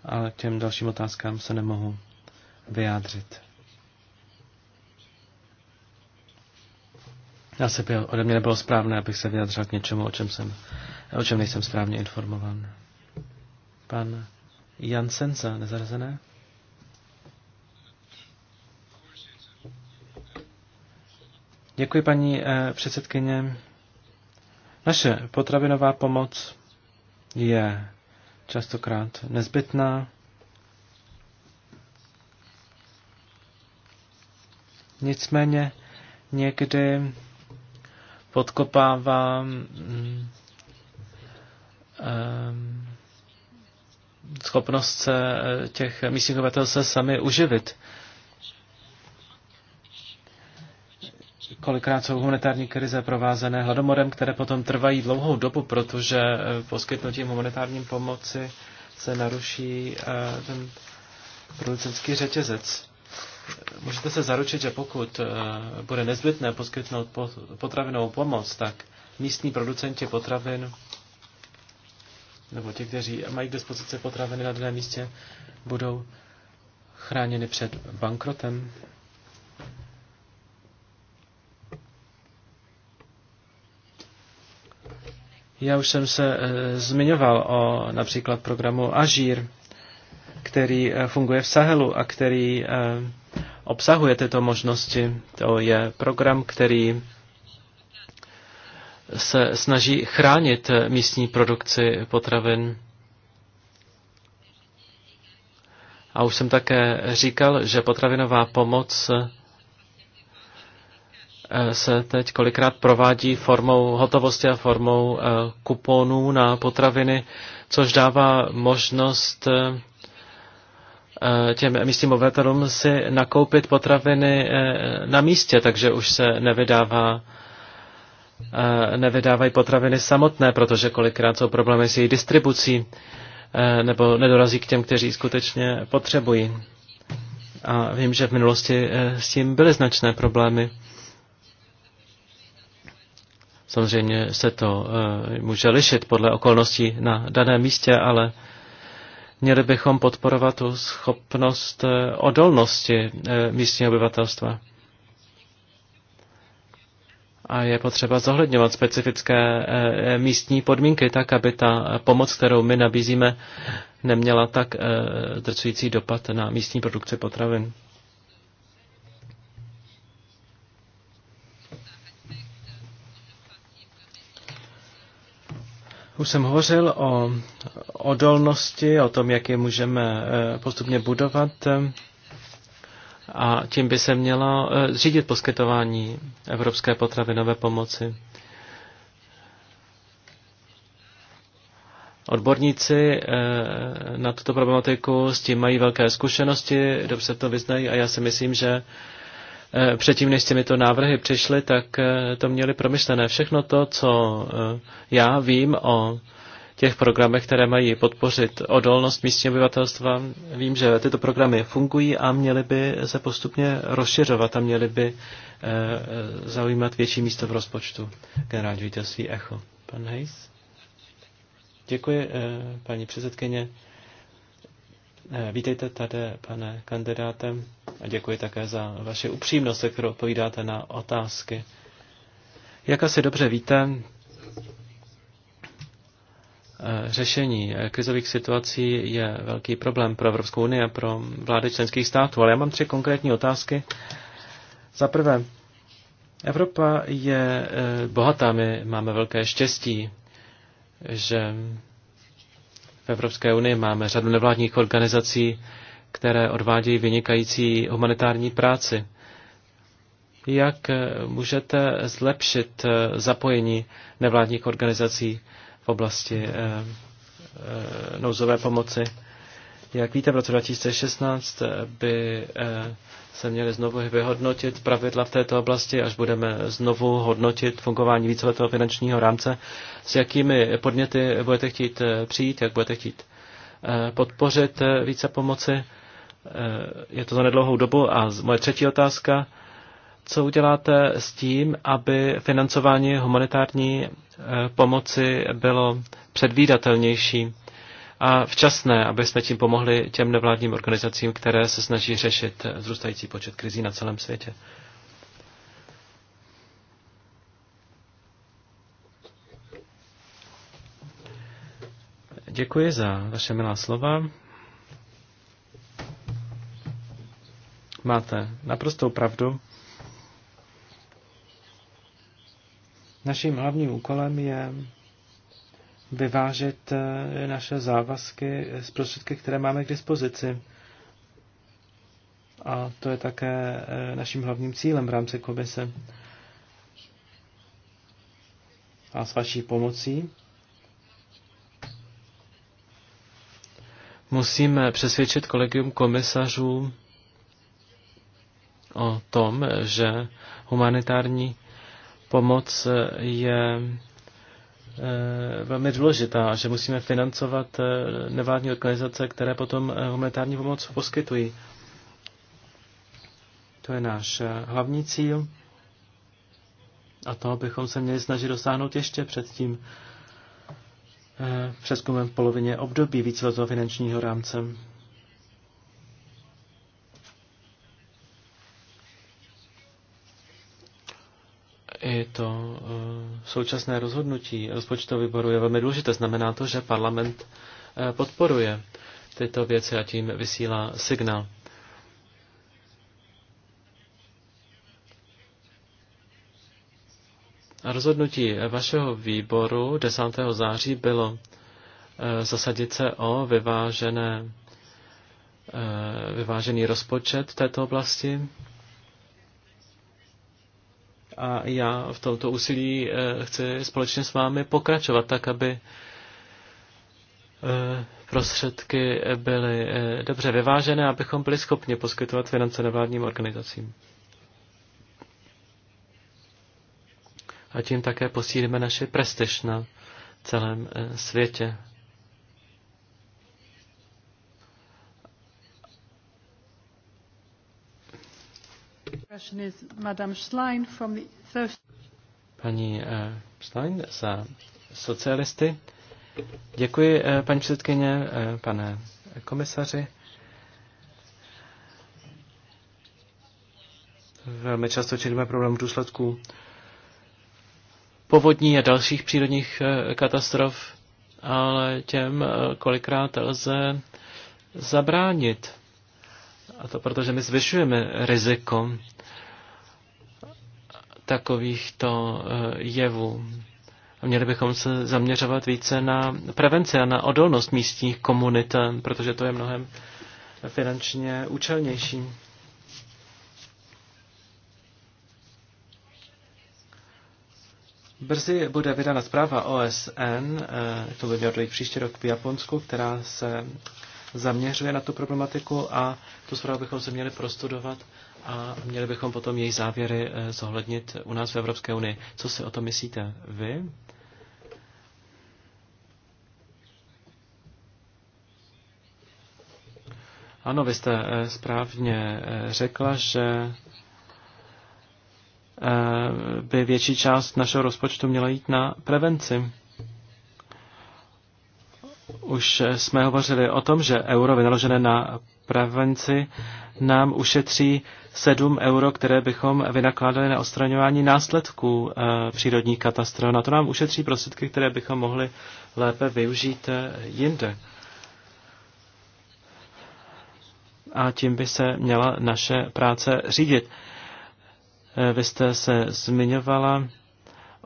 Ale k těm dalším otázkám se nemohu vyjádřit. Já se byl, ode mě nebylo správné, abych se vyjadřil k něčemu, o čem, jsem, o čem nejsem správně informován. Pan Jansen za nezarazené. Děkuji, paní eh, předsedkyně. Naše potravinová pomoc je častokrát nezbytná. Nicméně někdy podkopává mm, eh, schopnost se eh, těch místních obyvatel se sami uživit. Kolikrát jsou humanitární krize provázené hladomorem, které potom trvají dlouhou dobu, protože eh, poskytnutím humanitární pomoci se naruší ten producenský řetězec můžete se zaručit, že pokud eh, bude nezbytné poskytnout potravinovou pomoc, tak místní producenti potravin nebo ti, kteří mají k dispozici potraviny na daném místě, budou chráněni před bankrotem. Já už jsem se e, zmiňoval o například programu Ažír, který e, funguje v Sahelu a který e, obsahuje tyto možnosti. To je program, který se snaží chránit místní produkci potravin. A už jsem také říkal, že potravinová pomoc eh, se teď kolikrát provádí formou hotovosti a formou eh, kuponů na potraviny, což dává možnost eh, Eh, těm místním obyvatelům si nakoupit potraviny eh, na místě, takže už se nevydává eh, nevydávají potraviny samotné, protože kolikrát jsou problémy s její distribucí nebo nedorazí k těm, kteří skutečně potřebují. A vím, že v minulosti s tím byly značné problémy. Samozřejmě se to může lišit podle okolností na daném místě, ale Měli bychom podporovat tu schopnost eh, odolnosti eh, místního obyvatelstva. A je potřeba zohledňovat specifické eh, místní podmínky tak, aby ta pomoc, kterou my nabízíme, neměla tak drcující dopad na místní produkci potravin. Už jsem hovořil o odolnosti, o tom, jak je můžeme eh, postupně budovat eh, a tím by se mělo eh, řídit poskytování evropské potravinové pomoci. Odborníci na tuto problematiku s tím mají velké zkušenosti, dobře to vyznají a já si myslím, že Eh, předtím, než mi to návrhy přišly, tak eh, to měli promyšlené. Všechno to, co eh, já vím o těch programech, které mají podpořit odolnost místního obyvatelstva, vím, že tyto programy fungují a měly by se postupně rozšiřovat a měly by zaujímat větší místo v rozpočtu. Generální ředitelství ECHO. Pan Hejs? Děkuji, paní předsedkyně. Eh, vítejte tady, pane kandidáte, a děkuji také za vaše upřímnost, se kterou odpovídáte na otázky. Jak asi dobře víte, eh, řešení eh, krizových situací je velký problém pro Evropskou unii a pro vlády členských států, ale já mám tři konkrétní otázky. Za prvé, Evropa je bohatá, my máme velké štěstí, že Evropské unii máme řadu nevládních organizací, které odvádějí vynikající humanitární práci. Jak můžete zlepšit eh, zapojení nevládních organizací v oblasti eh, eh, nouzové pomoci? Jak víte, v roce 2016 eh, by eh, se měly znovu vyhodnotit pravidla v této oblasti, až budeme znovu hodnotit fungování víceletého finančního rámce. S jakými podněty budete chtít eh, přijít, jak budete chtít podpořit více pomoci? Je to za nedlouhou dobu. A moje třetí otázka, co uděláte s tím, aby financování humanitární pomoci bylo předvídatelnější? a včasné, aby jsme tím pomohli těm nevládním organizacím, které se snaží řešit vzrůstající počet krizí na celém světě. Děkuji za vaše milá slova. Máte naprostou pravdu. Naším hlavním úkolem je vyvážit eh, naše závazky eh, z prostředky, které máme k dispozici. A to je také eh, naším hlavním cílem v rámci komise. A s vaší pomocí musíme přesvědčit kolegium komisařů o tom, že humanitární pomoc je Eh, velmi důležitá a že musíme financovat eh, nevládní organizace, které potom eh, humanitární pomoc poskytují. To je náš hlavní cíl a to bychom se měli snažit dosáhnout ještě před tím přeskumem v polovině období víceletého finančního rámce. I to současné rozhodnutí rozpočtového výboru je velmi důležité. Znamená to, že parlament eh, podporuje tyto věci a tím vysílá signál. A rozhodnutí vašeho výboru 10. září bylo eh, zasadit se o vyvážené, eh, vyvážený rozpočet této oblasti. A já v tomto úsilí eh, chci společně s vámi pokračovat tak, aby eh, prostředky byly eh, dobře vyvážené, abychom byli schopni poskytovat finance nevládním organizacím. A tím také posílíme naši prestiž na celém světě. Paní eh, Schlein za socialisty. Děkuji, eh, paní předsedkyně, eh, pane komisaři. Velmi často čelíme problém důsledků povodní a dalších přírodních katastrof, ale těm kolikrát lze zabránit. A to proto, že my zvyšujeme riziko takovýchto eh, jevů. A měli bychom se zaměřovat více na prevenci a na odolnost místních komunit, eh, protože to je mnohem finančně účelnější. Brzy bude vydána zpráva OSN, eh, to by mělo dojít příští rok v Japonsku, která se zaměřuje na tu problematiku a tu zprávu bychom se měli prostudovat a měli bychom potom její závěry eh, zohlednit u nás v Evropské unii. Co si o tom myslíte vy? Ano, vy jste eh, správně eh, řekla, že by větší část našeho rozpočtu měla jít na prevenci. Už jsme hovořili o tom, že euro vynaložené na prevenci nám ušetří 7 euro, které bychom vynakládali na odstraňování následků eh, přírodní katastrof. Na to nám ušetří prostředky, které bychom mohli lépe využít eh, jinde. A tím by se měla naše práce řídit. Eh, vy jste se zmiňovala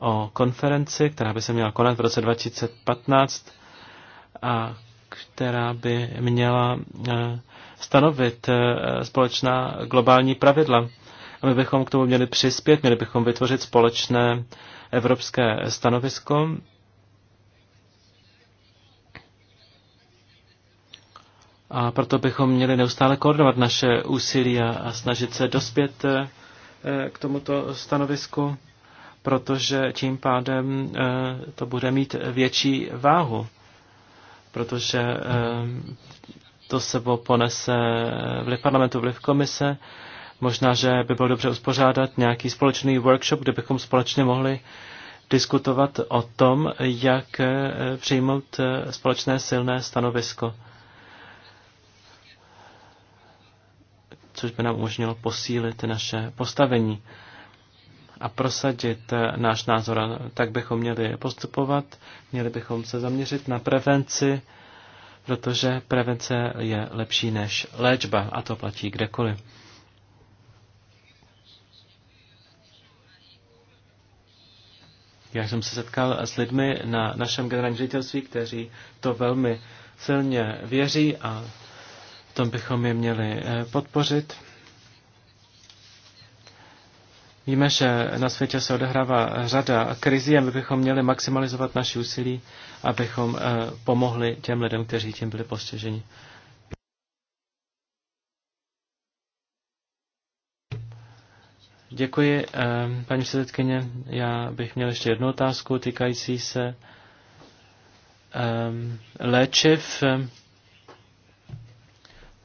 o konferenci, která by se měla konat v roce 2015 a která by měla eh, stanovit eh, společná globální pravidla. A my bychom k tomu měli přispět, měli bychom vytvořit společné evropské stanovisko. A proto bychom měli neustále koordinovat naše úsilí a snažit se dospět eh, k tomuto stanovisku, protože tím pádem to bude mít větší váhu protože ehm, to sebou ponese vliv parlamentu, vliv komise. Možná, že by bylo dobře uspořádat nějaký společný workshop, kde bychom společně mohli diskutovat o tom, jak eh, přijmout eh, společné silné stanovisko, což by nám umožnilo posílit naše postavení a prosadit eh, náš názor. Tak bychom měli postupovat, měli bychom se zaměřit na prevenci, protože prevence je lepší než léčba a to platí kdekoliv. Já jsem se setkal s lidmi na našem generálním ředitelství, kteří to velmi silně věří a tom bychom je měli eh, podpořit. Víme, že na světě se odehrává řada krizí a my bychom měli maximalizovat naši úsilí, abychom eh, pomohli těm lidem, kteří tím byli postiženi. Děkuji, eh, paní předsedkyně. Já bych měl ještě jednu otázku týkající se eh, léčiv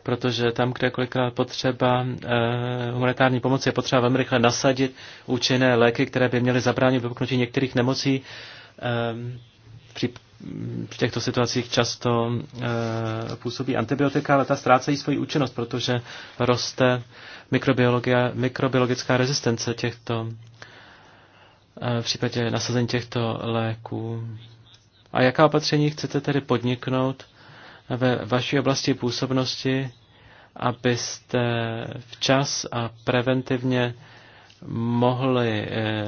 protože tam, kde kolikrát potřeba eh, humanitární pomoci, je potřeba velmi rychle nasadit účinné léky, které by měly zabránit vypuknutí některých nemocí. Eh, při, v těchto situacích často eh, působí antibiotika, ale ta ztrácejí svoji účinnost, protože roste mikrobiologická rezistence těchto eh, v případě nasazení těchto léků. A jaká opatření chcete tedy podniknout? ve vaší oblasti působnosti, abyste včas a preventivně mohli eh,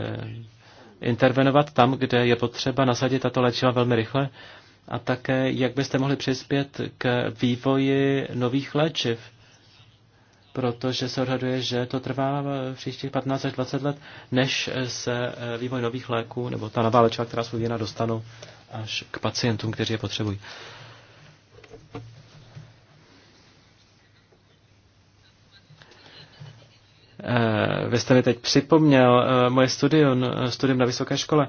intervenovat tam, kde je potřeba nasadit tato léčiva velmi rychle a také jak byste mohli přispět k vývoji nových léčiv, protože se odhaduje, že to trvá v příštích 15 až 20 let, než se eh, vývoj nových léků nebo ta nová léčiva, která jsou dostanou až k pacientům, kteří je potřebují. Eh, vy jste mi teď připomněl eh, moje studium, eh, studium na vysoké škole,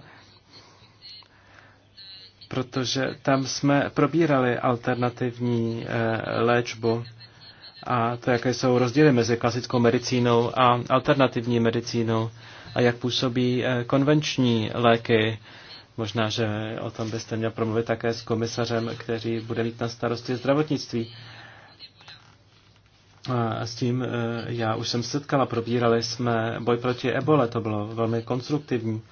protože tam jsme probírali alternativní léčbu a to, jaké jsou rozdíly mezi klasickou medicínou a alternativní medicínou a jak působí konvenční léky. Možná, že o tom byste měl promluvit také s komisařem, který bude mít na starosti zdravotnictví s tím e, já už jsem setkala, probírali jsme boj proti ebole, to bylo velmi konstruktivní.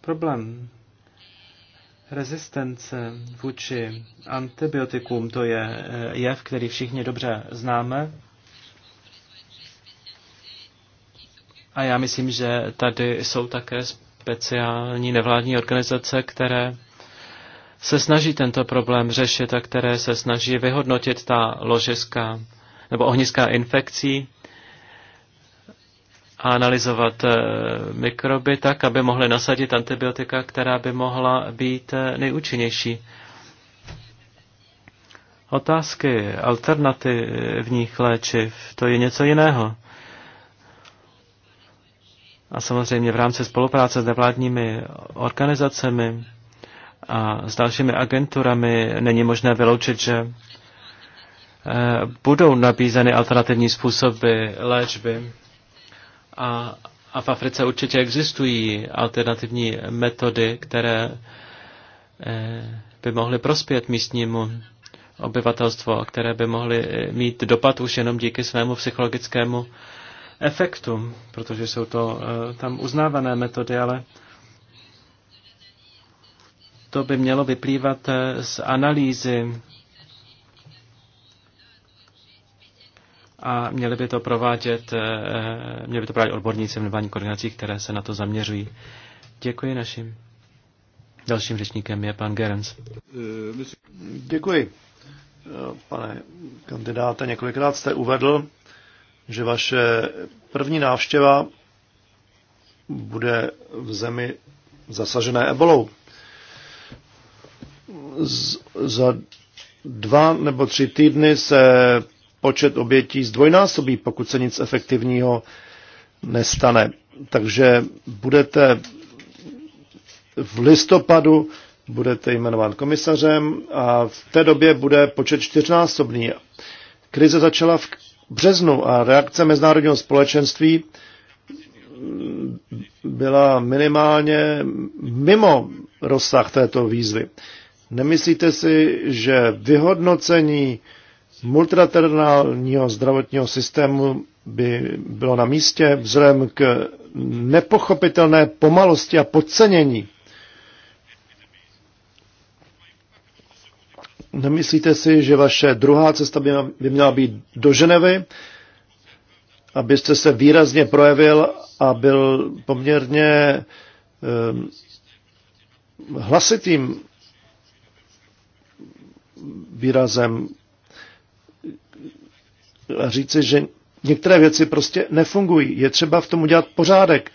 Problém rezistence vůči antibiotikům, to je e, jev, který všichni dobře známe. A já myslím, že tady jsou také speciální nevládní organizace, které se snaží tento problém řešit a které se snaží vyhodnotit ta ložiska nebo ohniská infekcí a analyzovat eh, mikroby tak, aby mohly nasadit antibiotika, která by mohla být eh, nejúčinnější. Otázky alternativních léčiv, to je něco jiného. A samozřejmě v rámci spolupráce s nevládními organizacemi a s dalšími agenturami není možné vyloučit, že eh, budou nabízeny alternativní způsoby léčby. A, a v Africe určitě existují alternativní metody, které eh, by mohly prospět místnímu a které by mohly eh, mít dopad už jenom díky svému psychologickému efektu, protože jsou to tam uznávané metody, ale to by mělo vyplývat eh, z analýzy a měli by to provádět, eh, eh, měli by to provádět odborníci v nevládních koordinací, které se na to zaměřují. Děkuji našim. Dalším řečníkem je pan Gerens. Děkuji. Pane kandidáte, několikrát jste uvedl, že vaše první návštěva bude v zemi zasažené ebolou z, za dva nebo tři týdny se počet obětí zdvojnásobí, pokud se nic efektivního nestane. Takže budete v listopadu budete jmenován komisařem a v té době bude počet čtyřnásobný. Krize začala v březnu a reakce mezinárodního společenství byla minimálně mimo rozsah této výzvy. Nemyslíte si, že vyhodnocení multilaterálního zdravotního systému by bylo na místě vzhledem k nepochopitelné pomalosti a podcenění? Nemyslíte si, že vaše druhá cesta by měla být do Ženevy, abyste se výrazně projevil a byl poměrně ehm, hlasitým výrazem a říci, že některé věci prostě nefungují. Je třeba v tom udělat pořádek.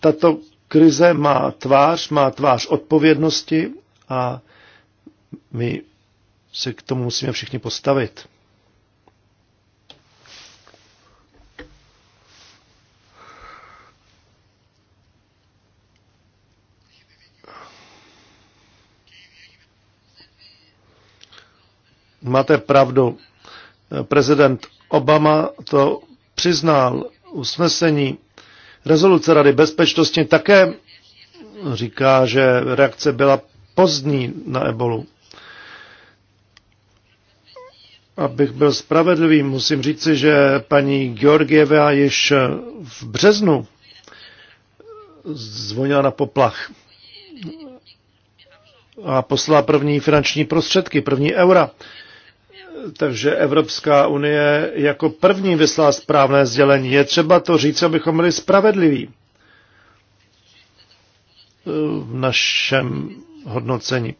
Tato krize má tvář, má tvář odpovědnosti a my se k tomu musíme všichni postavit. Máte pravdu. Prezident Obama to přiznal usnesení rezoluce Rady bezpečnosti také říká, že reakce byla pozdní na ebolu. Abych byl spravedlivý, musím říci, že paní Georgieva již v březnu zvonila na poplach a poslala první finanční prostředky, první eura takže Evropská unie jako první vyslá správné sdělení. Je třeba to říct, abychom byli spravedliví v našem hodnocení.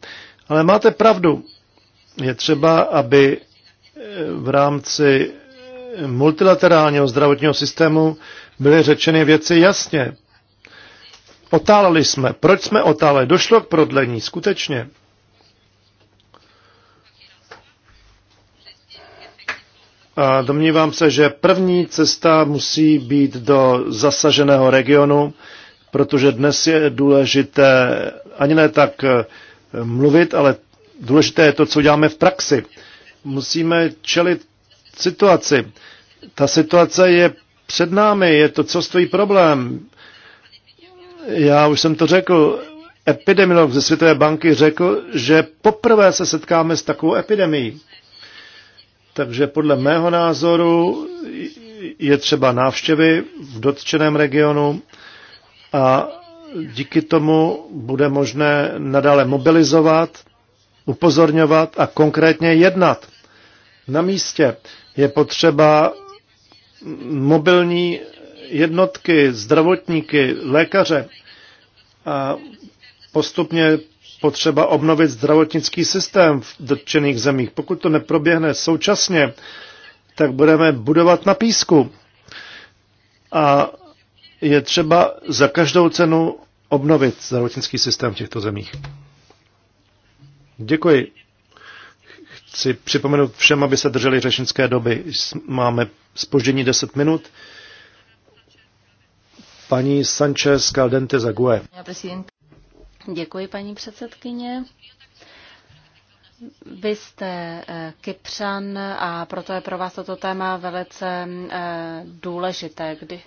Ale máte pravdu. Je třeba, aby v rámci multilaterálního zdravotního systému byly řečeny věci jasně. Otáleli jsme. Proč jsme otáleli? Došlo k prodlení, skutečně. A domnívám se, že první cesta musí být do zasaženého regionu, protože dnes je důležité ani ne tak eh, mluvit, ale důležité je to, co děláme v praxi. Musíme čelit situaci. Ta situace je před námi, je to co stojí problém. Já už jsem to řekl, epidemiolog ze Světové banky řekl, že poprvé se setkáme s takovou epidemií. Takže podle mého názoru je třeba návštěvy v dotčeném regionu a díky tomu bude možné nadále mobilizovat, upozorňovat a konkrétně jednat. Na místě je potřeba mobilní jednotky, zdravotníky, lékaře a postupně potřeba obnovit zdravotnický systém v dotčených zemích. Pokud to neproběhne současně, tak budeme budovat na písku. A je třeba za každou cenu obnovit zdravotnický systém v těchto zemích. Děkuji. Chci připomenout všem, aby se drželi řešnické doby. Máme spoždění 10 minut. Paní Sanchez Caldente Zague. Děkuji, paní předsedkyně. Vy jste eh, Kypřan a proto je pro vás toto téma velice eh, důležité. Kdy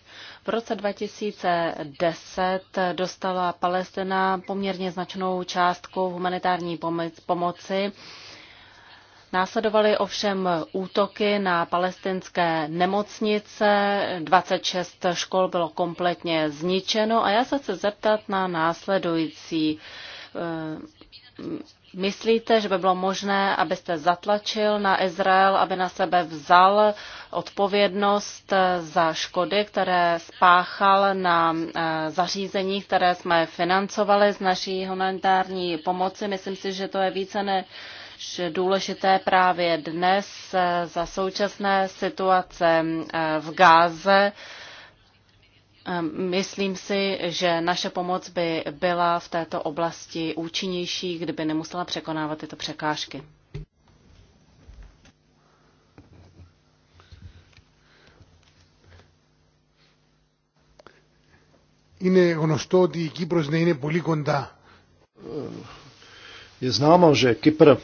v roce 2010 dostala Palestina poměrně značnou částku humanitární pomoci Následovaly ovšem útoky na palestinské nemocnice, 26 škol bylo kompletně zničeno a já se chci zeptat na následující Myslíte, že by bylo možné, abyste zatlačil na Izrael, aby na sebe vzal odpovědnost za škody, které spáchal na eh, zařízení, které jsme financovali z naší humanitární pomoci? Myslím si, že to je více ne, důležité právě dnes eh, za současné situace eh, v Gáze Myslím si, že naše pomoc by byla v této oblasti účinnější, kdyby nemusela překonávat tyto překážky. Je známo, že Kypr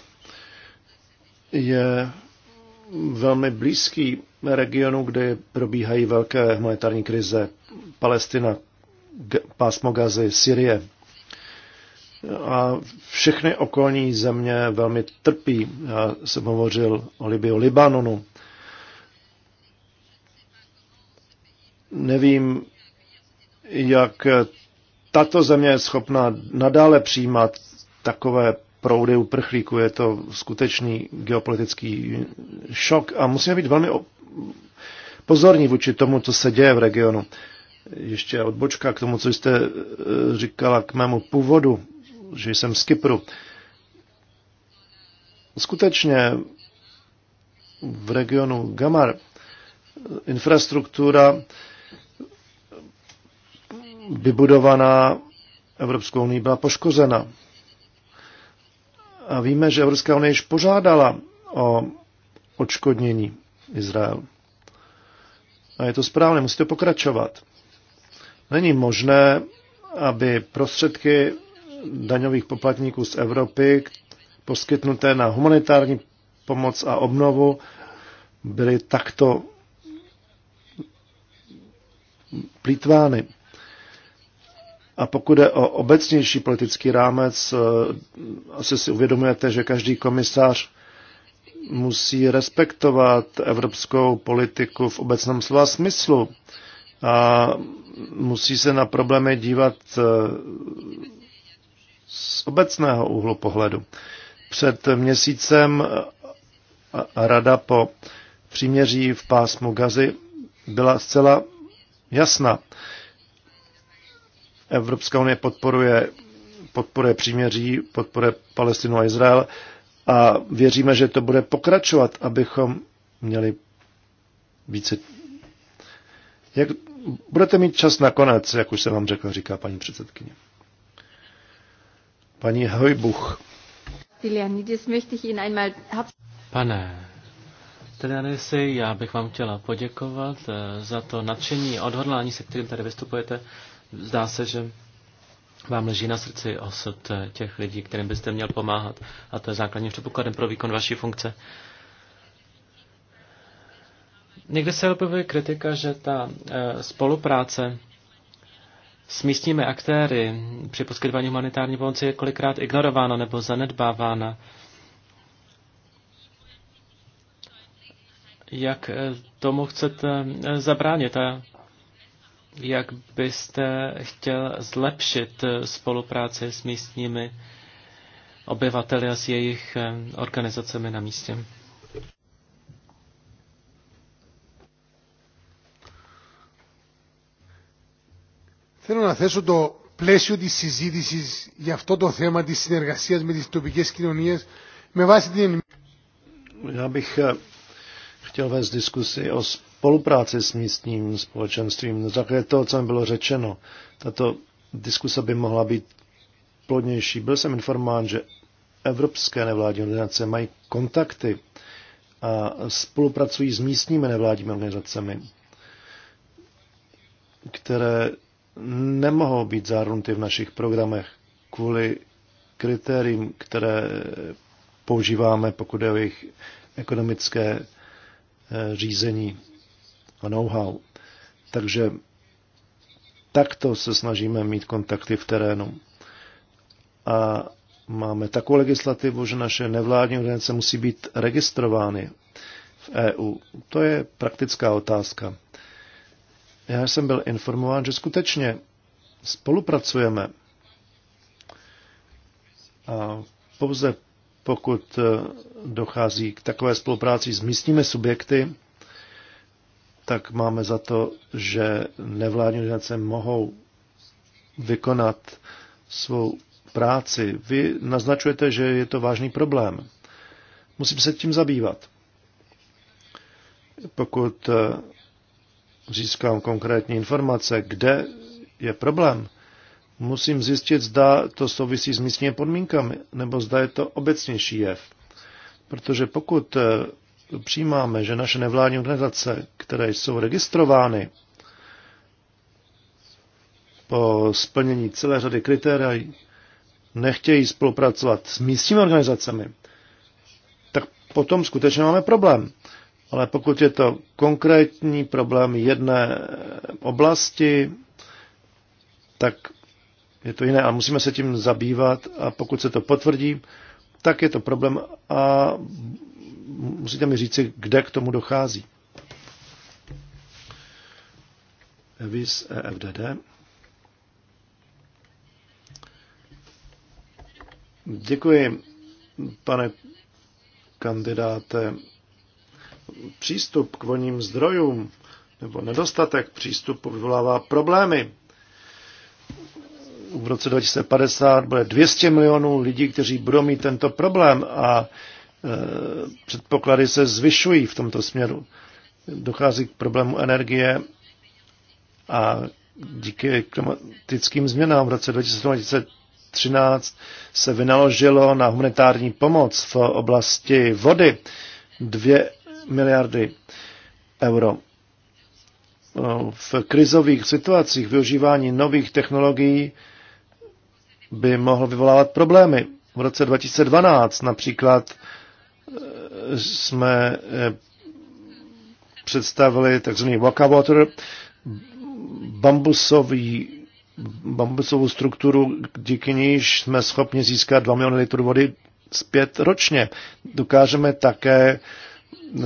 je velmi blízký regionu, kde probíhají velké humanitární krize. Palestina, pásmo Gazy, Syrie. A všechny okolní země velmi trpí. Já jsem hovořil o Libii, o Libanonu. Nevím, jak tato země je schopna nadále přijímat takové proudy uprchlíků. Je to skutečný geopolitický šok a musíme být velmi pozorní vůči tomu, co se děje v regionu. Ještě odbočka k tomu, co jste e, říkala k mému původu, že jsem z Kypru. Skutečně v regionu Gamar e, infrastruktura vybudovaná Evropskou unii byla poškozena. A víme, že Evropská unie již požádala o odškodnění Izrael. A je to správné, musí to pokračovat. Není možné, aby prostředky daňových poplatníků z Evropy poskytnuté na humanitární pomoc a obnovu byly takto plítvány. A pokud je o obecnější politický rámec, eh, asi si uvědomujete, že každý komisař musí respektovat evropskou politiku v obecném slova smyslu a musí se na problémy dívat eh, z obecného úhlu pohledu. Před měsícem eh, rada po příměří v pásmu Gazy byla zcela jasná. Evropská unie podporuje, podporuje příměří, podporuje Palestinu a Izrael a věříme, že to bude pokračovat, abychom měli více. Jak, budete mít čas nakonec, jak už jsem vám řekl, říká paní předsedkyně. Paní Hojbuch. Pane Trianisi, já bych vám chtěla poděkovat eh, za to nadšení a odhodlání, se kterým tady vystupujete. Zdá se, že vám leží na srdci osud eh, těch lidí, kterým byste měl pomáhat. A to je základním předpokladem pro výkon vaší funkce. Někde se objevuje kritika, že ta eh, spolupráce s místními aktéry při poskytování humanitární pomoci je kolikrát ignorována nebo zanedbávána. Jak eh, tomu chcete zabránit? A jak byste chtěl zlepšit eh, spolupráci s místními obyvateli a s jejich eh, organizacemi na místě. Θέλω να θέσω το πλαίσιο της συζήτησης για αυτό το θέμα της συνεργασίας με τις τοπικές κοινωνίες με βάση την... Já bych eh, chtěl vést diskusi o spolupráci s místním společenstvím. Tak je to, co mi bylo řečeno, tato diskuse by mohla být plodnější. Byl jsem informován, že evropské nevládní organizace mají kontakty a spolupracují s místními nevládními organizacemi, které nemohou být zahrnuty v našich programech kvůli kritériím, které používáme, pokud je o jejich ekonomické eh, řízení a know-how. Takže takto se snažíme mít kontakty v terénu. A máme takovou legislativu, že naše nevládní organizace musí být registrovány v EU. To je praktická otázka. Já jsem byl informován, že skutečně spolupracujeme. A pouze pokud dochází k takové spolupráci s místními subjekty, tak máme za to, že nevládní organizace mohou vykonat svou práci. Vy naznačujete, že je to vážný problém. Musím se tím zabývat. Pokud eh, získám konkrétní informace, kde je problém, musím zjistit, zda to souvisí s místními podmínkami, nebo zda je to obecnější jev. Protože pokud eh, přijímáme, že naše nevládní organizace, které jsou registrovány po splnění celé řady kritéria, nechtějí spolupracovat s místními organizacemi, tak potom skutečně máme problém. Ale pokud je to konkrétní problém jedné oblasti, tak je to jiné a musíme se tím zabývat a pokud se to potvrdí, tak je to problém a musíte mi říci, kde k tomu dochází. EVIS EFDD. Děkuji, pane kandidáte. Přístup k voním zdrojům nebo nedostatek přístupu vyvolává problémy. V roce 2050 bude 200 milionů lidí, kteří budou mít tento problém a Eh, předpoklady se zvyšují v tomto směru. Dochází k problému energie a díky klimatickým změnám v roce 2013 se vynaložilo na humanitární pomoc v oblasti vody 2 miliardy euro. V krizových situacích využívání nových technologií by mohlo vyvolávat problémy. V roce 2012 například jsme eh, představili takzvaný water, bambusový, bambusovou strukturu, díky níž jsme schopni získat 2 miliony litrů vody zpět ročně. Dokážeme také eh,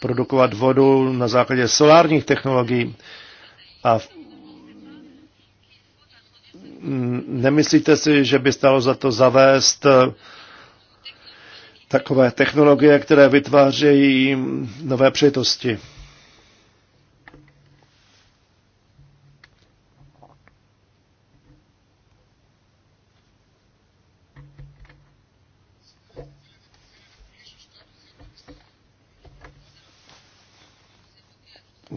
produkovat vodu na základě solárních technologií. A nemyslíte si, že by stalo za to zavést eh, takové technologie, které vytvářejí nové přitosti.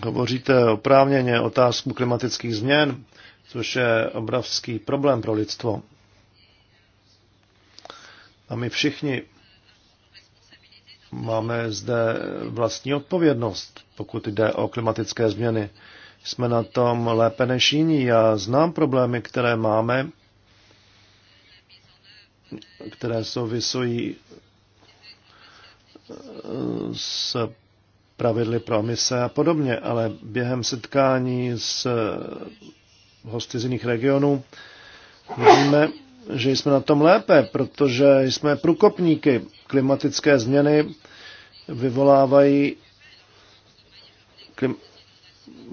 hovoříte oprávněně otázku klimatických změn, což je obrovský problém pro lidstvo. A my všichni máme zde vlastní odpovědnost, pokud jde o klimatické změny. Jsme na tom lépe než jiní. Já znám problémy, které máme, které souvisují eh, s pravidly pro mise a podobně, ale během setkání s hosty z jiných regionů vidíme, že jsme na tom lépe, protože jsme průkopníky klimatické změny vyvolávají klim-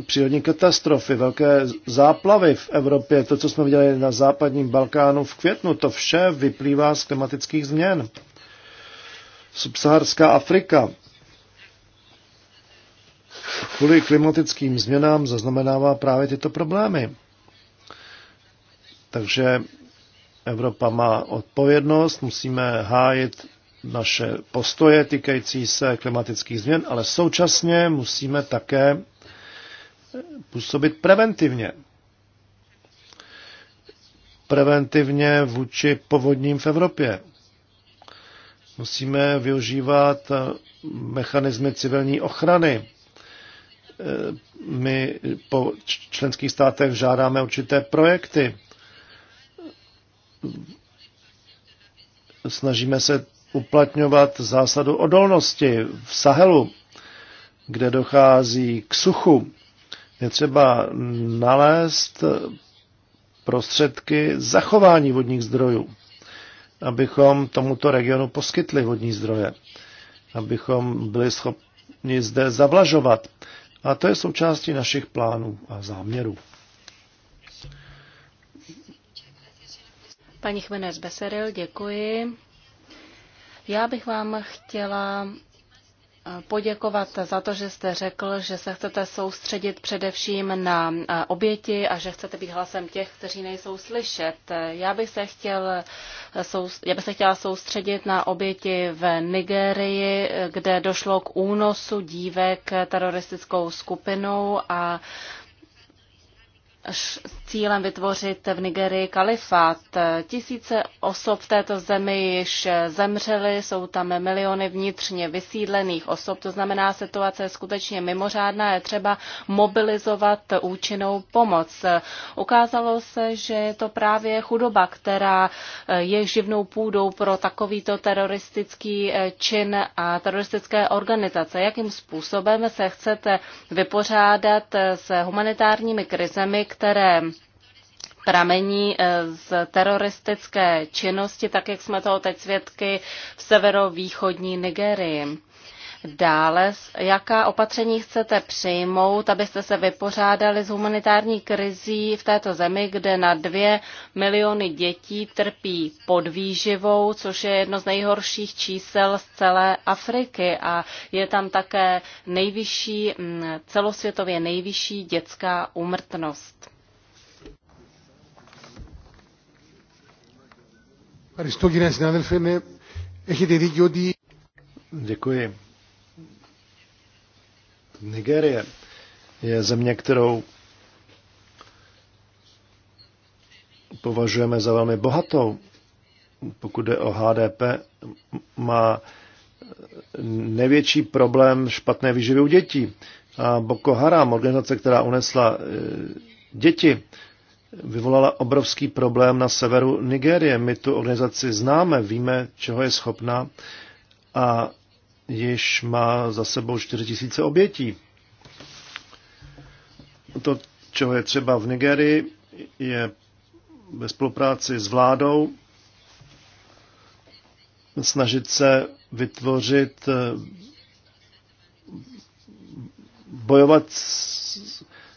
přírodní katastrofy, velké záplavy v Evropě, to, co jsme viděli na západním Balkánu v květnu, to vše vyplývá z klimatických změn. Subsaharská Afrika kvůli klimatickým změnám zaznamenává právě tyto problémy. Takže Evropa má odpovědnost, musíme hájit naše postoje týkající se klimatických změn, ale současně musíme také působit preventivně. Preventivně vůči povodním v Evropě. Musíme využívat mechanismy civilní ochrany. My po členských státech žádáme určité projekty. Snažíme se uplatňovat zásadu odolnosti v Sahelu, kde dochází k suchu. Je třeba nalézt prostředky zachování vodních zdrojů, abychom tomuto regionu poskytli vodní zdroje, abychom byli schopni zde zavlažovat. A to je součástí našich plánů a záměrů. Paní Chmenec Beseril, děkuji. Já bych vám chtěla eh, poděkovat za to, že jste řekl, že se chcete soustředit především na eh, oběti a že chcete být hlasem těch, kteří nejsou slyšet. Já bych se, chtěl, eh, já bych se chtěla soustředit na oběti v Nigérii, kde došlo k únosu dívek teroristickou skupinou a s cílem vytvořit v Nigerii kalifát. Tisíce osob v této zemi již zemřely, jsou tam miliony vnitřně vysídlených osob, to znamená, situace je skutečně mimořádná, je třeba mobilizovat účinnou pomoc. Ukázalo se, že je to právě chudoba, která eh, je živnou půdou pro takovýto teroristický eh, čin a teroristické organizace. Jakým způsobem se chcete vypořádat eh, s humanitárními krizemi, které pramení eh, z teroristické činnosti, tak jak jsme toho teď svědky v severovýchodní Nigerii. Dále, jaká opatření chcete přijmout, abyste se vypořádali s humanitární krizí v této zemi, kde na dvě miliony dětí trpí podvýživou, což je jedno z nejhorších čísel z celé Afriky a je tam také nejvyšší, mm, celosvětově nejvyšší dětská úmrtnost. Děkuji. Nigerie je země, kterou považujeme za velmi bohatou. Pokud jde o HDP, má největší problém špatné výživy u dětí. A Boko Haram, organizace, která unesla e, děti, vyvolala obrovský problém na severu Nigérie. My tu organizaci známe, víme, čeho je schopná a již má za sebou 4 000 obětí. To, čeho je třeba v Nigerii, je ve spolupráci s vládou snažit se vytvořit, eh, bojovat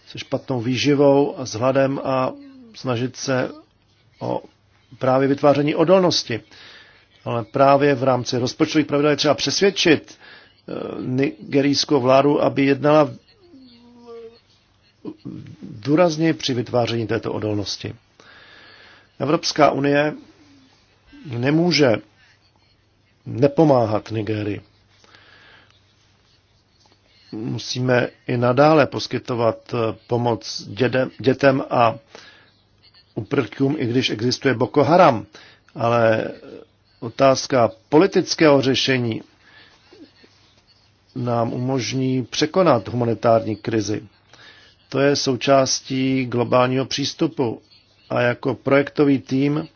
se špatnou výživou a s hladem a snažit se o právě vytváření odolnosti ale právě v rámci rozpočtových pravidel je třeba přesvědčit eh, nigerijskou vládu, aby jednala důrazně při vytváření této odolnosti. Evropská unie nemůže nepomáhat Nigerii. Musíme i nadále poskytovat eh, pomoc dědem, dětem a uprchlíkům, i když existuje Boko Haram, ale otázka politického řešení nám umožní překonat humanitární krizi. To je součástí globálního přístupu a jako projektový tým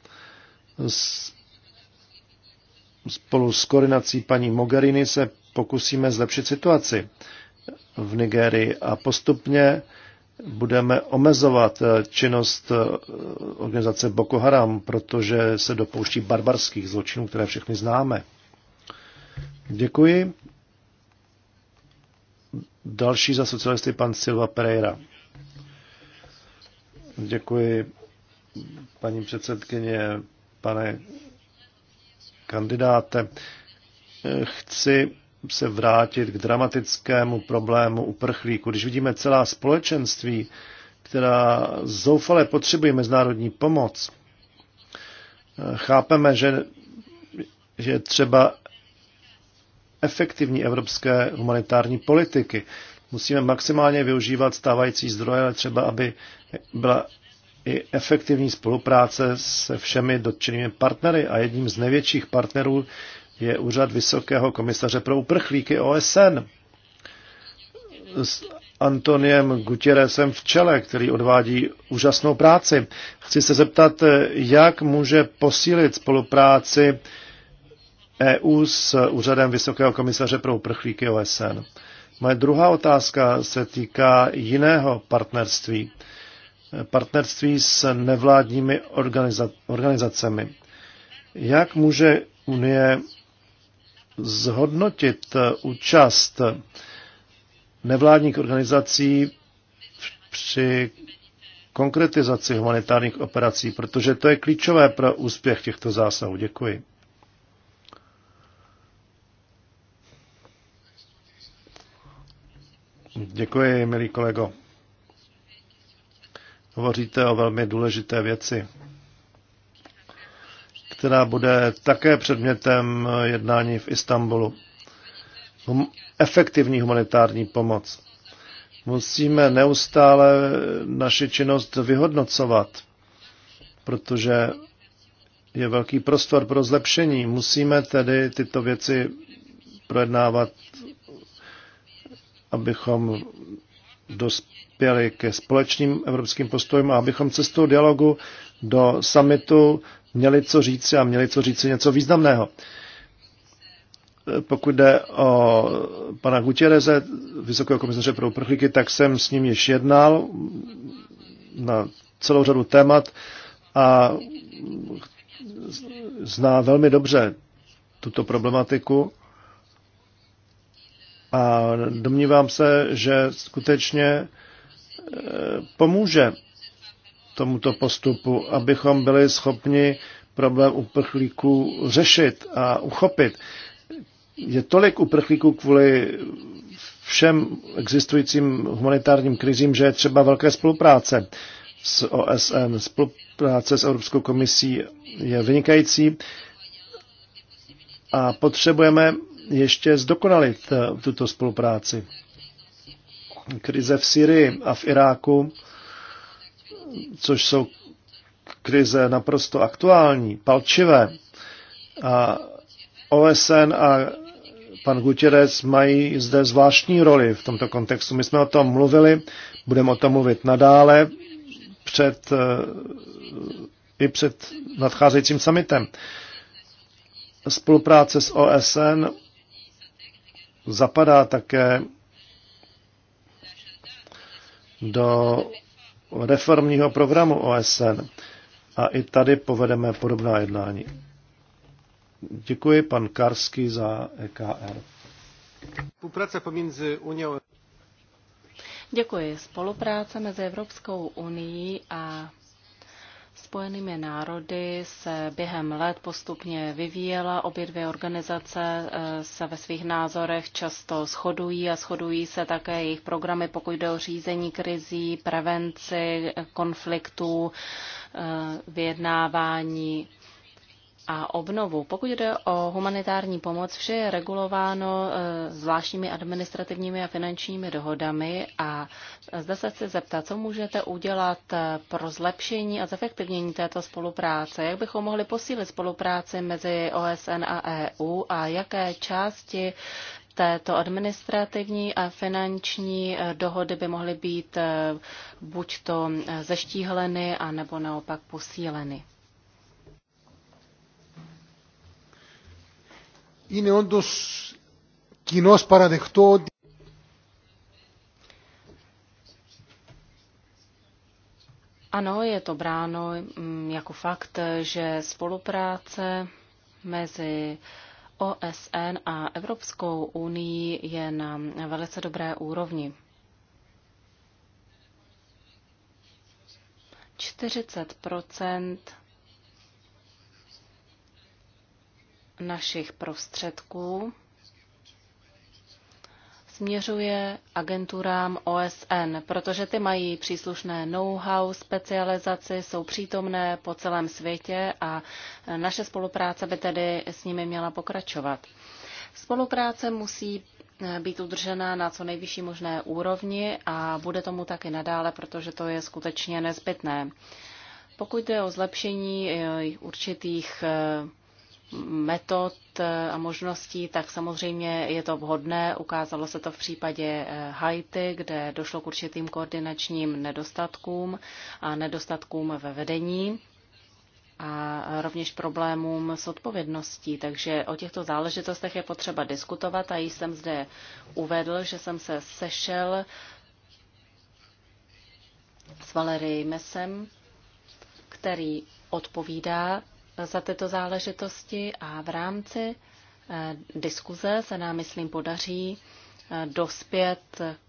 spolu s koordinací paní Mogherini se pokusíme zlepšit situaci v Nigerii a postupně budeme omezovat eh, činnost eh, organizace Boko Haram, protože se dopouští barbarských zločinů, které všechny známe. Děkuji. Další za socialisty pan Silva Pereira. Děkuji, paní předsedkyně, pane kandidáte. Eh, chci se vrátit k dramatickému problému uprchlíku. Když vidíme celá společenství, která zoufale potřebuje mezinárodní pomoc, chápeme, že, že třeba efektivní evropské humanitární politiky. Musíme maximálně využívat stávající zdroje, ale třeba, aby byla i efektivní spolupráce se všemi dotčenými partnery. A jedním z největších partnerů je úřad Vysokého komisaře pro uprchlíky OSN s Antoniem Gutierrezem v čele, který odvádí úžasnou práci. Chci se zeptat, jak může posílit spolupráci EU s úřadem Vysokého komisaře pro uprchlíky OSN. Moje druhá otázka se týká jiného partnerství. Partnerství s nevládními organizacemi. Jak může Unie zhodnotit eh, účast nevládních organizací při konkretizaci humanitárních operací, protože to je klíčové pro úspěch těchto zásahů. Děkuji. Děkuji, milý kolego. Hovoříte o velmi důležité věci která bude také předmětem jednání v Istanbulu. Hum, efektivní humanitární pomoc. Musíme neustále naši činnost vyhodnocovat, protože je velký prostor pro zlepšení. Musíme tedy tyto věci projednávat, abychom dospěli ke společným evropským postojům a abychom cestou dialogu do summitu měli co říci a měli co říci něco významného. Pokud jde o pana Gutiereze, vysokého komisaře pro uprchlíky, tak jsem s ním již jednal na celou řadu témat a zná velmi dobře tuto problematiku a domnívám se, že skutečně eh, pomůže tomuto postupu, abychom byli schopni problém uprchlíků řešit a uchopit. Je tolik uprchlíků kvůli všem existujícím humanitárním krizím, že je třeba velké spolupráce s OSN. Spolupráce s Evropskou komisí je vynikající a potřebujeme ještě zdokonalit tuto spolupráci. Krize v Syrii a v Iráku což jsou krize naprosto aktuální, palčivé. A OSN a pan Gutierrez mají zde zvláštní roli v tomto kontextu. My jsme o tom mluvili, budeme o tom mluvit nadále před, eh, i před nadcházejícím summitem. Spolupráce s OSN zapadá také do reformního programu OSN. A i tady povedeme podobná jednání. Děkuji pan Karský za EKR. Spolupráce pomiędzy Unią Děkuji. Spolupráce mezi Evropskou unii a Spojenými národy se během let postupně vyvíjela. Obě dvě organizace eh, se ve svých názorech často shodují a shodují se také jejich programy, pokud jde o řízení krizí, prevenci eh, konfliktů, eh, vyjednávání a obnovu. Pokud jde o humanitární pomoc, vše je regulováno eh, zvláštními administrativními a finančními dohodami a zde se chci zeptat, co můžete udělat eh, pro zlepšení a zefektivnění této spolupráce? Jak bychom mohli posílit spolupráci mezi OSN a EU a jaké části této administrativní a finanční eh, dohody by mohly být buď to zeštíhleny, anebo naopak posíleny? είναι όντως κοινώς παραδεχτό ότι Ano, je to bráno mm, jako fakt, že spolupráce mezi OSN a Evropskou unii je na velice dobré úrovni. 40 našich prostředků směřuje agenturám OSN, protože ty mají příslušné know-how, specializaci, jsou přítomné po celém světě a naše spolupráce by tedy s nimi měla pokračovat. Spolupráce musí být udržena na co nejvyšší možné úrovni a bude tomu taky nadále, protože to je skutečně nezbytné. Pokud jde o zlepšení eh, určitých eh, metod a možností, tak samozřejmě je to vhodné. Ukázalo se to v případě eh, Haiti, kde došlo k určitým koordinačním nedostatkům a nedostatkům ve vedení a rovněž problémům s odpovědností. Takže o těchto záležitostech je potřeba diskutovat a jsem zde uvedl, že jsem se sešel s Valerii Mesem, který odpovídá za tyto záležitosti a v rámci eh, diskuze se nám, myslím, podaří eh, dospět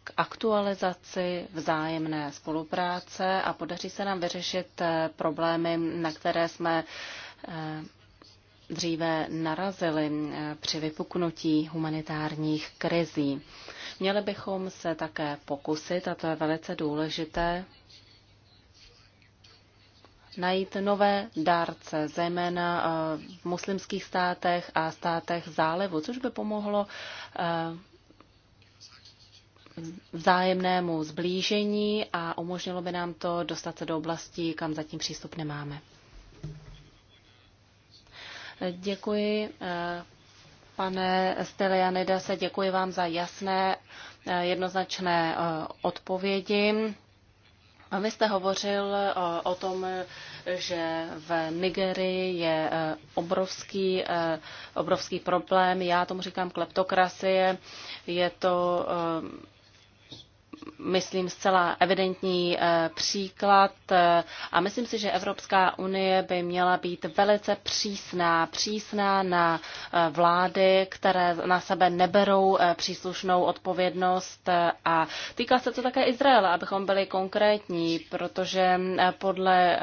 k aktualizaci vzájemné spolupráce a podaří se nám vyřešit eh, problémy, na které jsme dříve narazili při vypuknutí humanitárních krizí. Měli bychom se také pokusit, a to je velice důležité, najít nové dárce, zejména eh, v muslimských státech a státech zálevu, což by pomohlo eh, vzájemnému zblížení a umožnilo by nám to dostat se do oblastí, kam zatím přístup nemáme. Děkuji, eh, pane se děkuji vám za jasné, jednoznačné odpovědi. Vy jste hovořil eh, o tom, že v Nigerii je eh, obrovský, eh, obrovský problém. Já tomu říkám kleptokracie. Je to myslím, zcela evidentní eh, příklad eh, a myslím si, že Evropská unie by měla být velice přísná, přísná na eh, vlády, které na sebe neberou příslušnou odpovědnost a týká se to také Izraela, abychom byli konkrétní, protože podle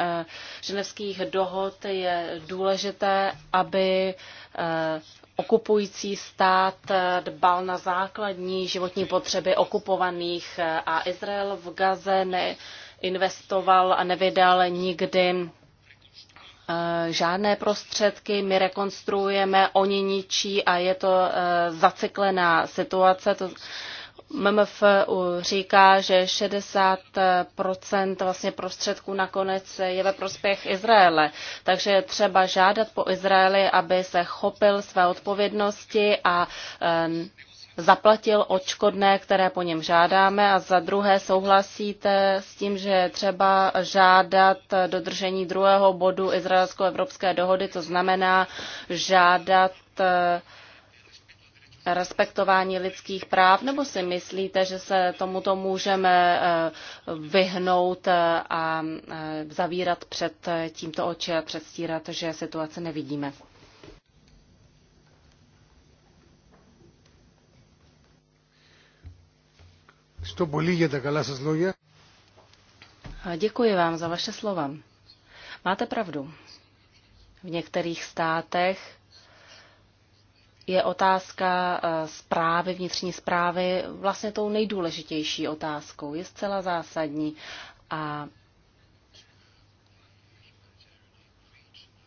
ženevských dohod je důležité, aby Eh, okupující stát eh, dbal na základní životní potřeby okupovaných eh, a Izrael v Gaze neinvestoval a nevydal nikdy žádné prostředky, my rekonstruujeme, oni ničí a je to zaciklená situace. To MMF říká, že 60 vlastně prostředků nakonec je ve prospěch Izraele. Takže je třeba žádat po Izraeli, aby se chopil své odpovědnosti a zaplatil očkodné, které po něm žádáme a za druhé souhlasíte s tím, že je třeba žádat dodržení druhého bodu izraelsko-evropské dohody, to znamená žádat respektování lidských práv, nebo si myslíte, že se tomuto můžeme eh, vyhnout eh, a eh, zavírat před tímto oči a předstírat, že situace nevidíme? Děkuji vám za vaše slova. Máte pravdu. V některých státech je otázka eh, zprávy, vnitřní zprávy, vlastně tou nejdůležitější otázkou. Je zcela zásadní. A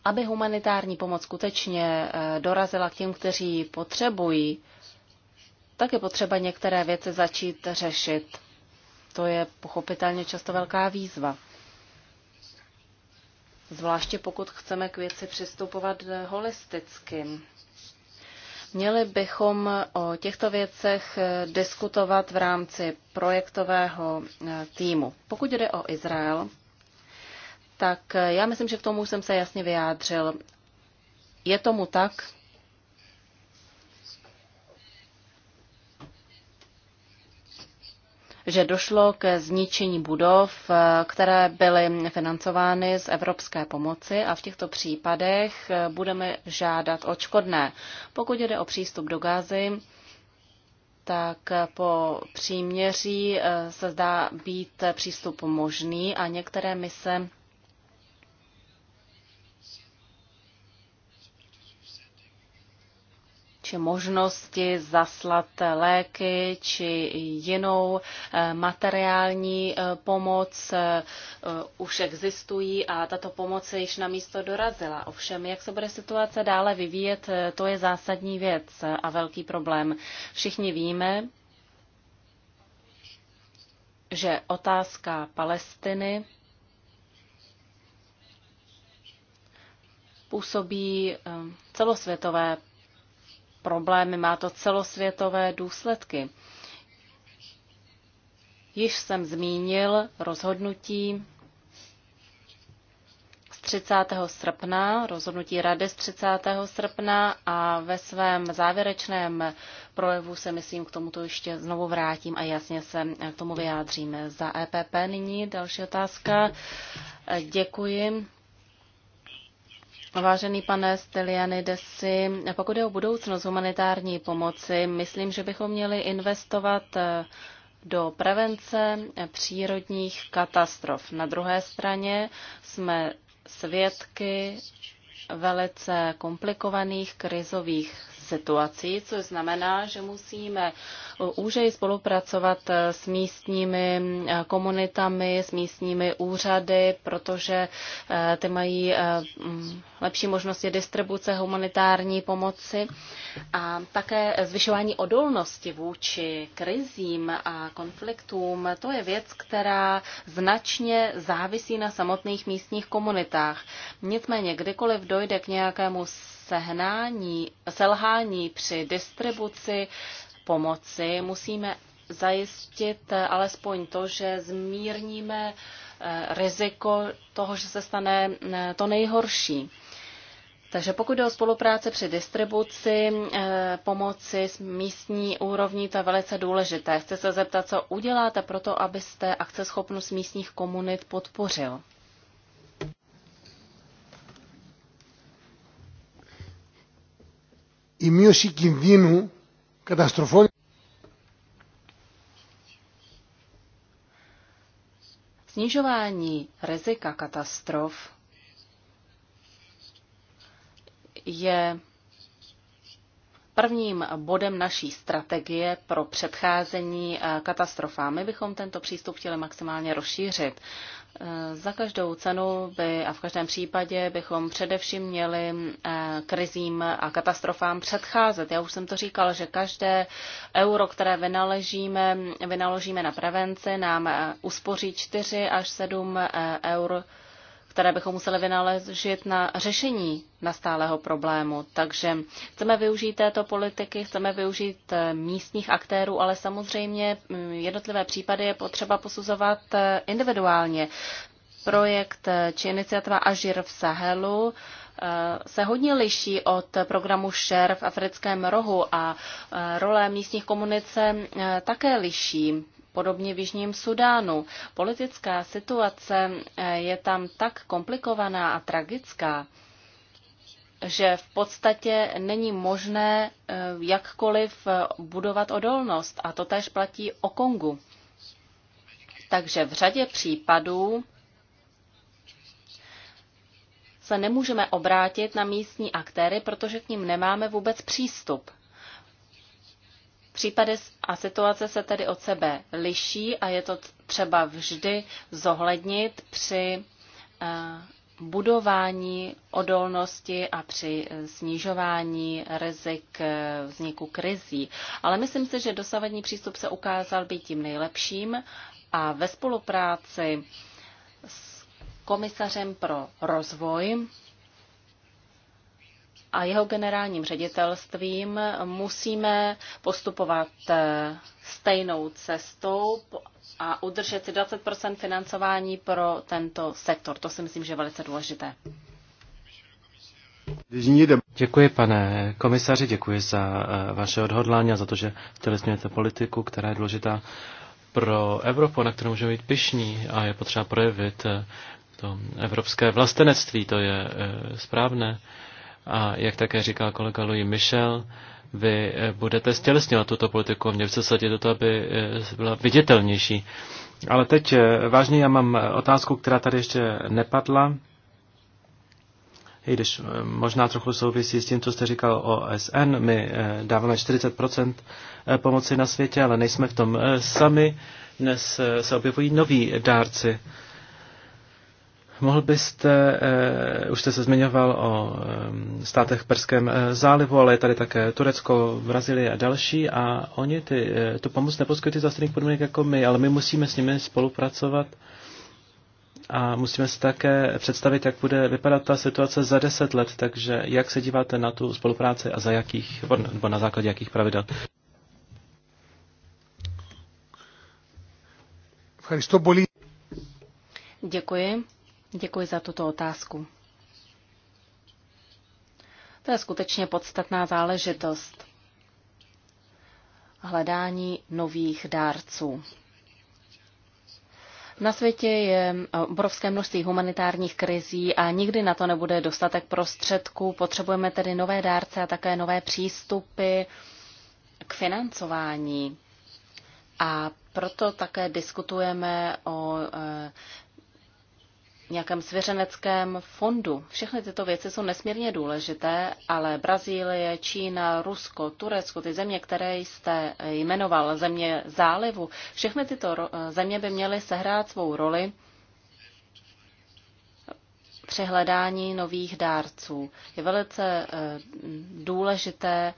aby humanitární pomoc skutečně eh, dorazila k těm, kteří ji potřebují, tak je potřeba některé věci začít řešit. To je pochopitelně často velká výzva. Zvláště pokud chceme k věci přistupovat eh, holisticky. Měli bychom o těchto věcech eh, diskutovat v rámci projektového eh, týmu. Pokud jde o Izrael, tak eh, já myslím, že k tomu jsem se jasně vyjádřil. Je tomu tak, že došlo ke zničení budov, eh, které byly financovány z evropské pomoci a v těchto případech eh, budeme žádat očkodné. Pokud jde o přístup do Gázy, tak po příměří eh, se zdá být přístup možný a některé mise či možnosti zaslat léky či jinou eh, materiální eh, pomoc eh, už existují a tato pomoc se již na místo dorazila. Ovšem, jak se bude situace dále vyvíjet, to je zásadní věc a velký problém. Všichni víme, že otázka Palestiny působí celosvětové problémy, má to celosvětové důsledky. Již jsem zmínil rozhodnutí z 30. srpna, rozhodnutí Rady z 30. srpna a ve svém závěrečném projevu se, myslím, k tomuto ještě znovu vrátím a jasně se k tomu vyjádříme. Za EPP nyní další otázka. Děkuji. Vážený pane Desi, pokud je o budoucnost humanitární pomoci, myslím, že bychom měli investovat eh, do prevence přírodních katastrof. Na druhé straně jsme svědky velice komplikovaných krizových situací, což znamená, že musíme e, úžeji spolupracovat e, s místními e, komunitami, s místními úřady, protože ty mají lepší možnosti distribuce humanitární pomoci a také zvyšování odolnosti vůči krizím a konfliktům. To je věc, která značně závisí na samotných místních komunitách. Nicméně, kdykoliv dojde k nějakému sehnání, selhání při distribuci pomoci musíme zajistit alespoň to, že zmírníme eh, riziko toho, že se stane eh, to nejhorší. Takže pokud jde o spolupráce při distribuci eh, pomoci s místní úrovní, to je velice důležité. Chci se zeptat, co uděláte pro to, abyste akceschopnost místních komunit podpořil. η μείωση κινδύνου καταστροφών. Snižování rizika katastrof je Prvním bodem naší strategie pro předcházení eh, katastrofám my bychom tento přístup chtěli maximálně rozšířit. Eh, za každou cenu by a v každém případě bychom především měli eh, krizím a katastrofám předcházet. Já už jsem to říkal, že každé euro, které vynaložíme, vynaložíme na prevenci, nám uspoří 4 až 7 eur které bychom museli vynaležit na řešení nastálého problému. Takže chceme využít této politiky, chceme využít eh, místních aktérů, ale samozřejmě mm, jednotlivé případy je potřeba posuzovat eh, individuálně. Projekt eh, či iniciativa Ažir v Sahelu se hodně liší od programu Šer v africkém rohu a role místních komunice také liší podobně v Jižním Sudánu. Politická situace eh, je tam tak komplikovaná a tragická, že v podstatě není možné eh, jakkoliv eh, budovat odolnost. A to tež platí o Kongu. Takže v řadě případů se nemůžeme obrátit na místní aktéry, protože k ním nemáme vůbec přístup. Případy a situace se tedy od sebe liší a je to třeba vždy zohlednit při eh, budování odolnosti a při eh, snižování rizik eh, vzniku krizí. Ale myslím si, že dosavadní přístup se ukázal být tím nejlepším a ve spolupráci s komisařem pro rozvoj a jeho generálním ředitelstvím musíme postupovat eh, stejnou cestou a udržet 20 financování pro tento sektor. To si myslím, že je velice důležité. Děkuji, pane komisaři, děkuji za eh, vaše odhodlání a za to, že tělesňujete politiku, která je důležitá pro Evropu, na kterou můžeme být pišní a je potřeba projevit eh, to evropské vlastenectví, to je správné. A jak také říká kolega Louis Michel, vy eh, budete stělesňovat tuto politiku a mě se sadit do toho, aby eh, byla viditelnější. Ale teď eh, vážně já mám otázku, která tady ještě nepadla, i když možná trochu souvisí s tím, co jste říkal o SN. My dáváme 40% pomoci na světě, ale nejsme v tom sami. Dnes se objevují noví dárci Mohl byste, eh, už jste se zmiňoval o eh, státech Perském eh, zálivu, ale je tady také Turecko, Brazílie a další a oni ty, eh, tu pomoc neposkytují za stejných podmínek jako my, ale my musíme s nimi spolupracovat a musíme si také představit, jak bude vypadat ta situace za deset let, takže jak se díváte na tu spolupráci a za jakých, nebo na základě jakých pravidel? Děkuji. Děkuji za tuto otázku. To je skutečně podstatná záležitost. Hledání nových dárců. Na světě je obrovské množství humanitárních krizí a nikdy na to nebude dostatek prostředků. Potřebujeme tedy nové dárce a také nové přístupy k financování. A proto také diskutujeme o eh, nějakém svěřeneckém fondu. Všechny tyto věci jsou nesmírně důležité, ale Brazílie, Čína, Rusko, Turecko, ty země, které jste jmenoval, země zálivu, všechny tyto země by měly sehrát svou roli při hledání nových dárců. Je velice eh, důležité,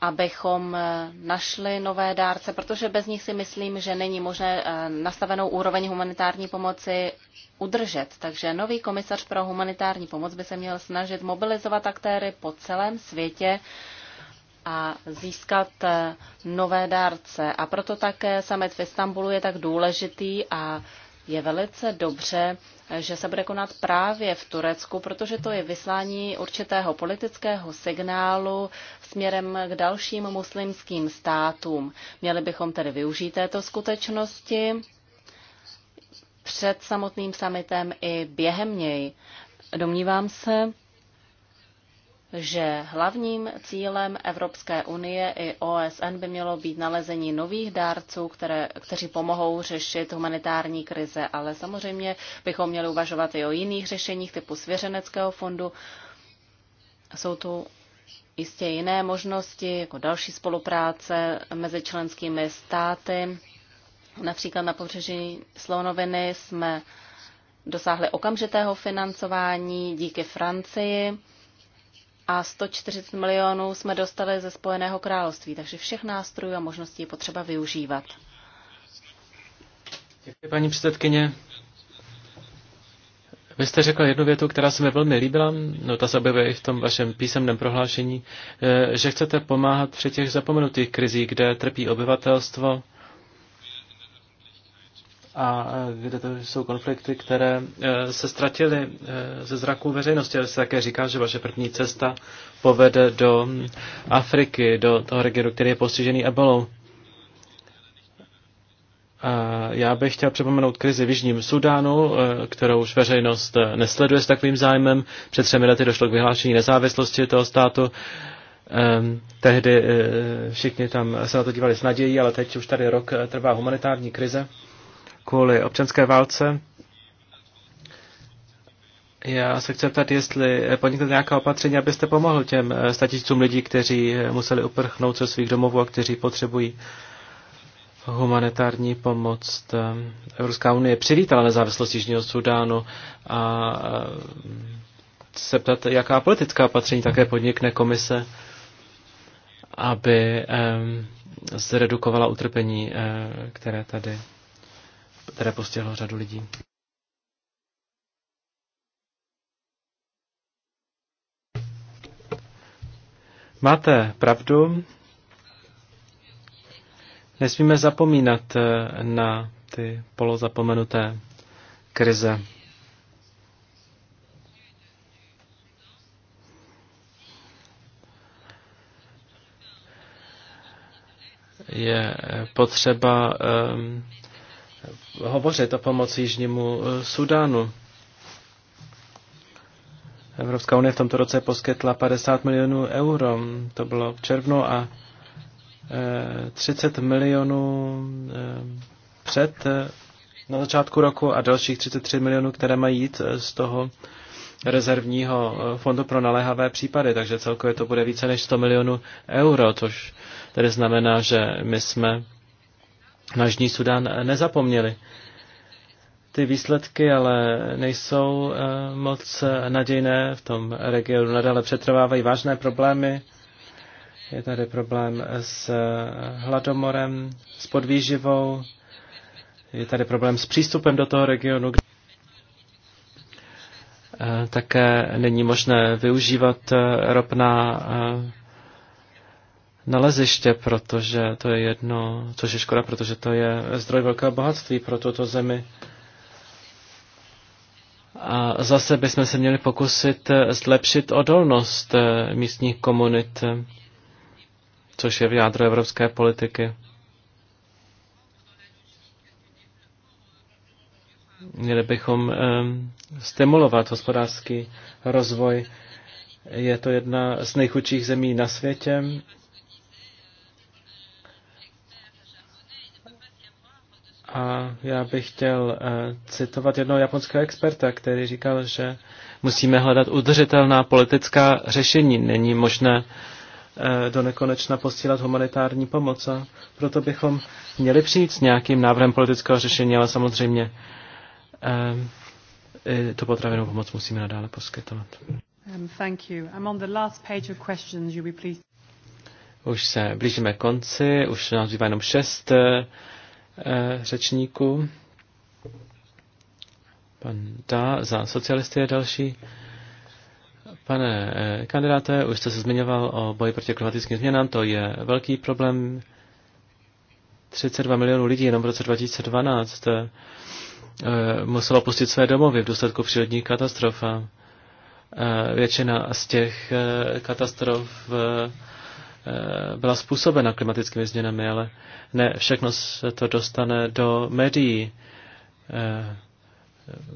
abychom eh, našli nové dárce, protože bez nich si myslím, že není možné eh, nastavenou úroveň humanitární pomoci udržet. Takže nový komisař pro humanitární pomoc by se měl snažit mobilizovat aktéry po celém světě a získat eh, nové dárce. A proto také summit v Istanbulu je tak důležitý a je velice dobře, eh, že se bude konat právě v Turecku, protože to je vyslání určitého politického signálu směrem k dalším muslimským státům. Měli bychom tedy využít této skutečnosti před samotným summitem i během něj. Domnívám se, že hlavním cílem Evropské unie i OSN by mělo být nalezení nových dárců, které, kteří pomohou řešit humanitární krize, ale samozřejmě bychom měli uvažovat i o jiných řešeních typu svěřeneckého fondu. Jsou tu jistě jiné možnosti, jako další spolupráce mezi členskými státy Například na pobřeží Slonoviny jsme dosáhli okamžitého financování díky Francii a 140 milionů jsme dostali ze Spojeného království, takže všech nástrojů a možností je potřeba využívat. Děkuji, paní předsedkyně. Vy jste řekla jednu větu, která se mi velmi líbila, no ta se objevuje i v tom vašem písemném prohlášení, eh, že chcete pomáhat při těch zapomenutých krizích, kde trpí obyvatelstvo, a kde to jsou konflikty, které e, se ztratily e, ze zraku veřejnosti. Ale se také říká, že vaše první cesta povede do Afriky, do toho regionu, který je postižený ebolou. Já bych chtěl připomenout krizi v Jižním Sudánu, e, kterou už veřejnost nesleduje s takovým zájmem. Před třemi lety došlo k vyhlášení nezávislosti toho státu. Tehdy všichni tam se na to dívali s nadějí, ale teď už tady rok trvá humanitární krize kvůli občanské válce. Já se chci ptat, jestli podnikne nějaká opatření, abyste pomohl těm eh, statisícům lidí, kteří eh, museli uprchnout ze svých domovů a kteří potřebují humanitární pomoc. Evropská unie přivítala nezávislost Jižního Sudánu a eh, se ptat, jaká politická opatření také podnikne komise, aby zredukovala utrpení, které tady které postihlo řadu lidí. Máte pravdu. Nesmíme zapomínat eh, na ty polozapomenuté krize. Je potřeba um, hovořit o pomoci Jižnímu eh, Sudánu. Evropská unie v tomto roce poskytla 50 milionů euro, to bylo v červnu, a 30 eh, milionů eh, před na začátku roku a dalších 33 milionů, které mají jít z toho rezervního fondu pro naléhavé případy, takže celkově to bude více než 100 milionů euro, což tedy znamená, že my jsme na Jižní Sudán eh, nezapomněli. Ty výsledky ale nejsou eh, moc eh, nadějné, v tom regionu nadále přetrvávají vážné problémy. Je tady problém s hladomorem, s podvýživou, je tady problém s přístupem do toho regionu, kde také není možné využívat ropná naleziště, protože to je jedno, což je škoda, protože to je zdroj velkého bohatství pro tuto zemi. A zase bychom se měli pokusit zlepšit odolnost eh, místních komunit, eh, což je v jádru evropské politiky. Měli bychom ehm, stimulovat hospodářský rozvoj. Je to jedna z nejchudších zemí na světě A já bych chtěl eh, citovat jednoho japonského experta, který říkal, že musíme hledat udržitelná politická řešení. Není možné eh, do nekonečna posílat humanitární pomoc. A proto bychom měli přijít s nějakým návrhem politického řešení, ale samozřejmě eh, tu potravinou pomoc musíme nadále poskytovat. Um, thank you. I'm on the last page of questions. be pleased. Už se blížíme konci, už nás zbývá jenom šest Eh, řečníků. Pan Dá za socialisty je další. Pane eh, kandidáte, už jste se zmiňoval o boji proti klimatickým změnám, to je velký problém. 32 milionů lidí jenom v roce 2012 eh, muselo pustit své domovy v důsledku přírodních katastrof. Většina z těch katastrof Eh, byla způsobena klimatickými změnami, ale ne všechno se to dostane do médií. Eh,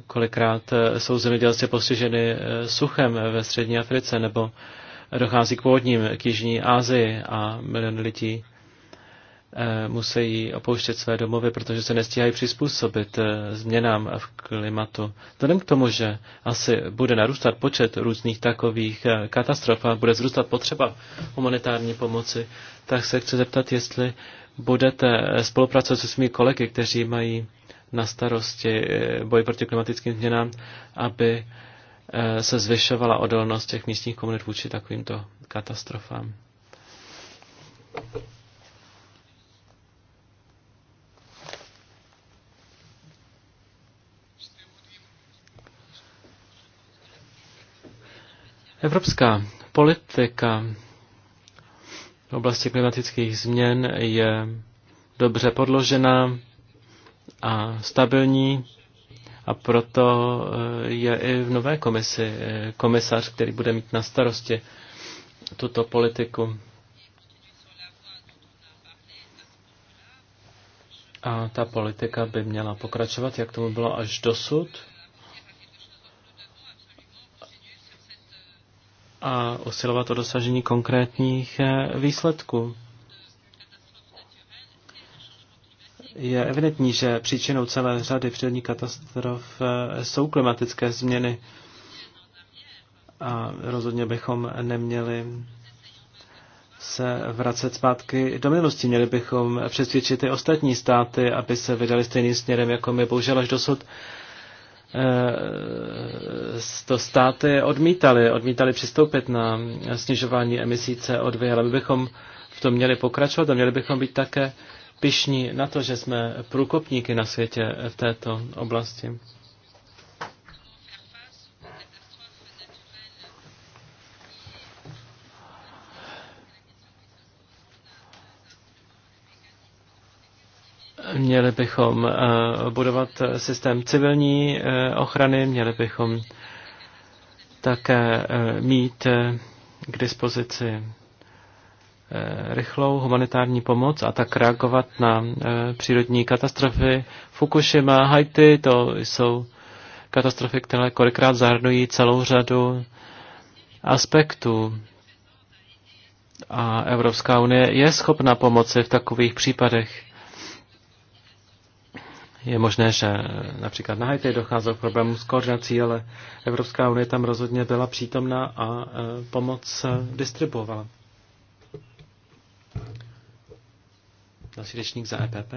kolikrát eh, jsou zemědělci postiženy suchem ve střední Africe nebo dochází k povodním k Jižní Asii a miliony lidí Eh, musí opouštět své domovy, protože se nestíhají přizpůsobit eh, změnám v klimatu. Vzhledem k tomu, že asi bude narůstat počet různých takových eh, katastrof a bude zrůstat potřeba humanitární pomoci, tak se chci zeptat, jestli budete spolupracovat se svými kolegy, kteří mají na starosti boj proti klimatickým změnám, aby se zvyšovala odolnost těch místních komunit vůči takovýmto katastrofám. Evropská politika v oblasti klimatických změn je dobře podložená a stabilní a proto eh, je i v nové komisi eh, komisař, který bude mít na starosti tuto politiku. A ta politika by měla pokračovat, jak tomu bylo až dosud. a usilovat o dosažení konkrétních eh, výsledků. Je evidentní, že příčinou celé řady přírodních katastrof eh, jsou klimatické změny a rozhodně bychom neměli se vracet zpátky do minulosti. Měli bychom přesvědčit i ostatní státy, aby se vydali stejným směrem, jako my bohužel až dosud Eh, to státy odmítali, odmítali přistoupit na snižování emisí CO2, ale my bychom v tom měli pokračovat a měli bychom být také pišní na to, že jsme průkopníky na světě v této oblasti. Měli bychom eh, budovat systém civilní eh, ochrany, měli bychom také eh, mít k dispozici rychlou humanitární pomoc a tak reagovat na přírodní katastrofy. Fukushima, Haiti, to jsou katastrofy, které kolikrát zahrnují celou řadu aspektů. A Evropská unie je schopna pomoci v takových případech. Je možné, že například na Haiti docházelo k problémům s koordinací, ale Evropská unie tam rozhodně byla přítomná a e, pomoc e, distribuovala. Další řečník za EPP.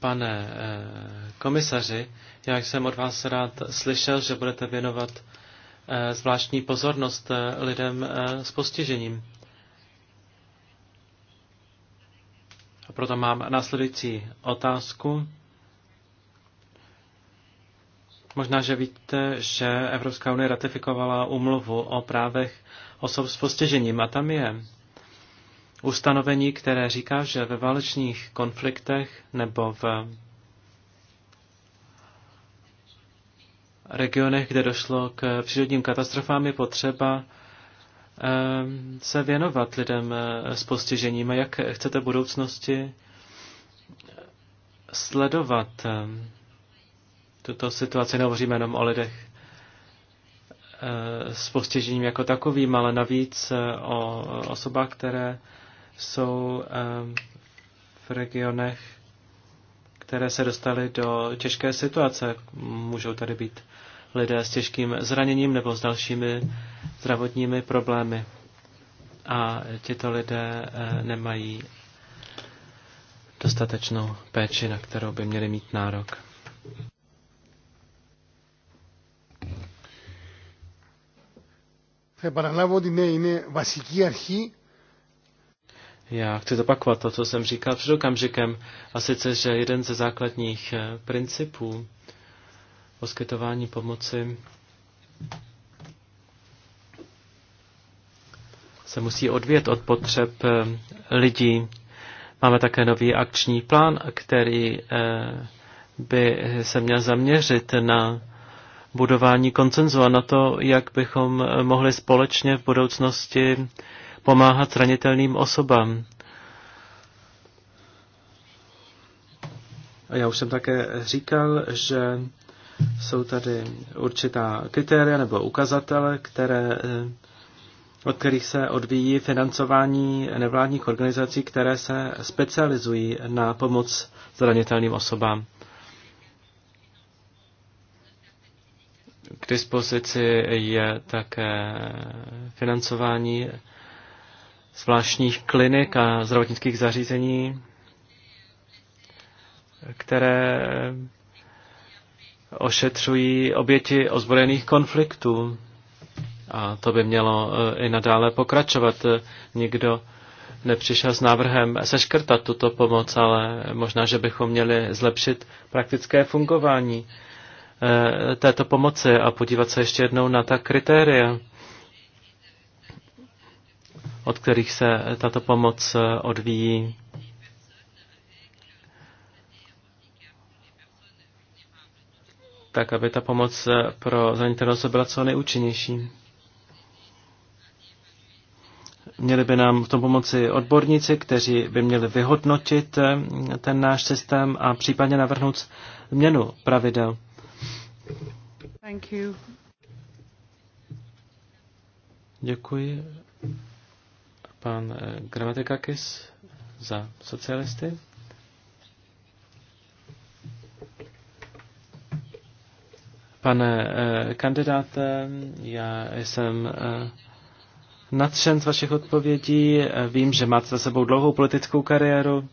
Pane e, komisaři, já jsem od vás rád slyšel, že budete věnovat Eh, zvláštní pozornost eh, lidem eh, s postižením. A proto mám následující otázku. Možná, že víte, že Evropská unie ratifikovala umluvu o právech osob s postižením a tam je ustanovení, které říká, že ve válečných konfliktech nebo v regionech, kde došlo k přírodním katastrofám, je potřeba ehm, se věnovat lidem eh, s postižením a jak chcete v budoucnosti sledovat ehm, tuto situaci. Nehovoříme jenom o lidech eh, s postižením jako takovým, ale navíc eh, o osobách, které jsou ehm, v regionech, které se dostaly do těžké situace. Můžou tady být lidé s těžkým zraněním nebo s dalšími zdravotními problémy. A tito lidé eh, nemají dostatečnou péči, na kterou by měli mít nárok. Já chci zopakovat to, co jsem říkal před okamžikem, a sice, že jeden ze základních eh, principů poskytování pomoci se musí odvět od potřeb eh, lidí. Máme také nový akční plán, který eh, by se měl zaměřit na budování koncenzu a na to, jak bychom mohli společně v budoucnosti pomáhat zranitelným osobám. A já už jsem také říkal, že jsou tady určitá kritéria nebo ukazatele, které, eh, od kterých se odvíjí financování nevládních organizací, které se specializují na pomoc zranitelným osobám. K dispozici je také financování zvláštních klinik a zdravotnických zařízení, které ošetřují oběti ozbrojených konfliktů. A to by mělo eh, i nadále pokračovat. Nikdo nepřišel s návrhem seškrtat tuto pomoc, ale možná, že bychom měli zlepšit praktické fungování eh, této pomoci a podívat se ještě jednou na ta kritéria, od kterých se tato pomoc eh, odvíjí. tak aby ta pomoc pro zranitelné osoby byla co nejúčinnější. Měli by nám v tom pomoci odborníci, kteří by měli vyhodnotit eh, ten náš systém a případně navrhnout změnu pravidel. Thank you. Děkuji. Pan eh, Gramatikakis za socialisty. Pane eh, kandidáte, já jsem eh, nadšen z vašich odpovědí. Eh, vím, že máte za sebou dlouhou politickou kariéru.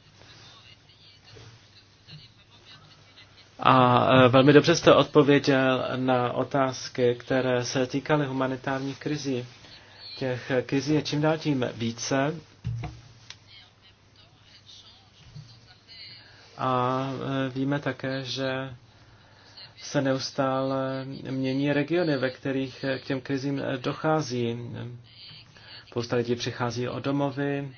A velmi dobře jste odpověděl na otázky, které se týkaly humanitárních krizí. Těch krizí je čím dál tím více. A víme také, že se neustále mění regiony, ve kterých k těm krizím dochází. Spousta lidí přichází o domovy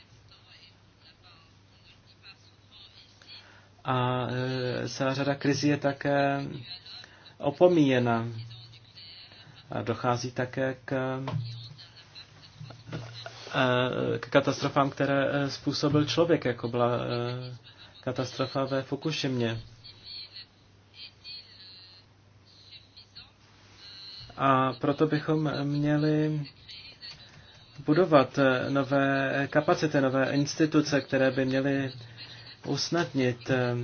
a e, celá řada krizí je také opomíjena. A dochází také k, e, k katastrofám, které e, způsobil člověk, jako byla katastrofa ve Fukušimě. A proto bychom měli budovat nové kapacity, nové instituce, které by měly usnadnit, eh,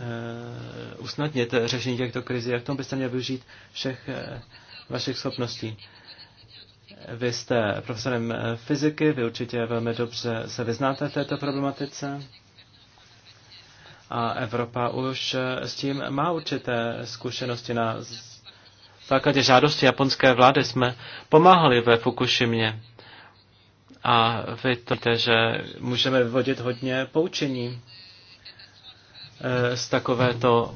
eh, usnadnit řešení těchto krizí. Jak tomu byste měli využít všech eh, vašich schopností? Vy jste profesorem fyziky, vy určitě velmi dobře se vyznáte v této problematice. A Evropa už s tím má určité zkušenosti na základě žádosti japonské vlády jsme pomáhali ve Fukushimě. A vy to víte, že můžeme vyvodit hodně poučení eh, z takovéto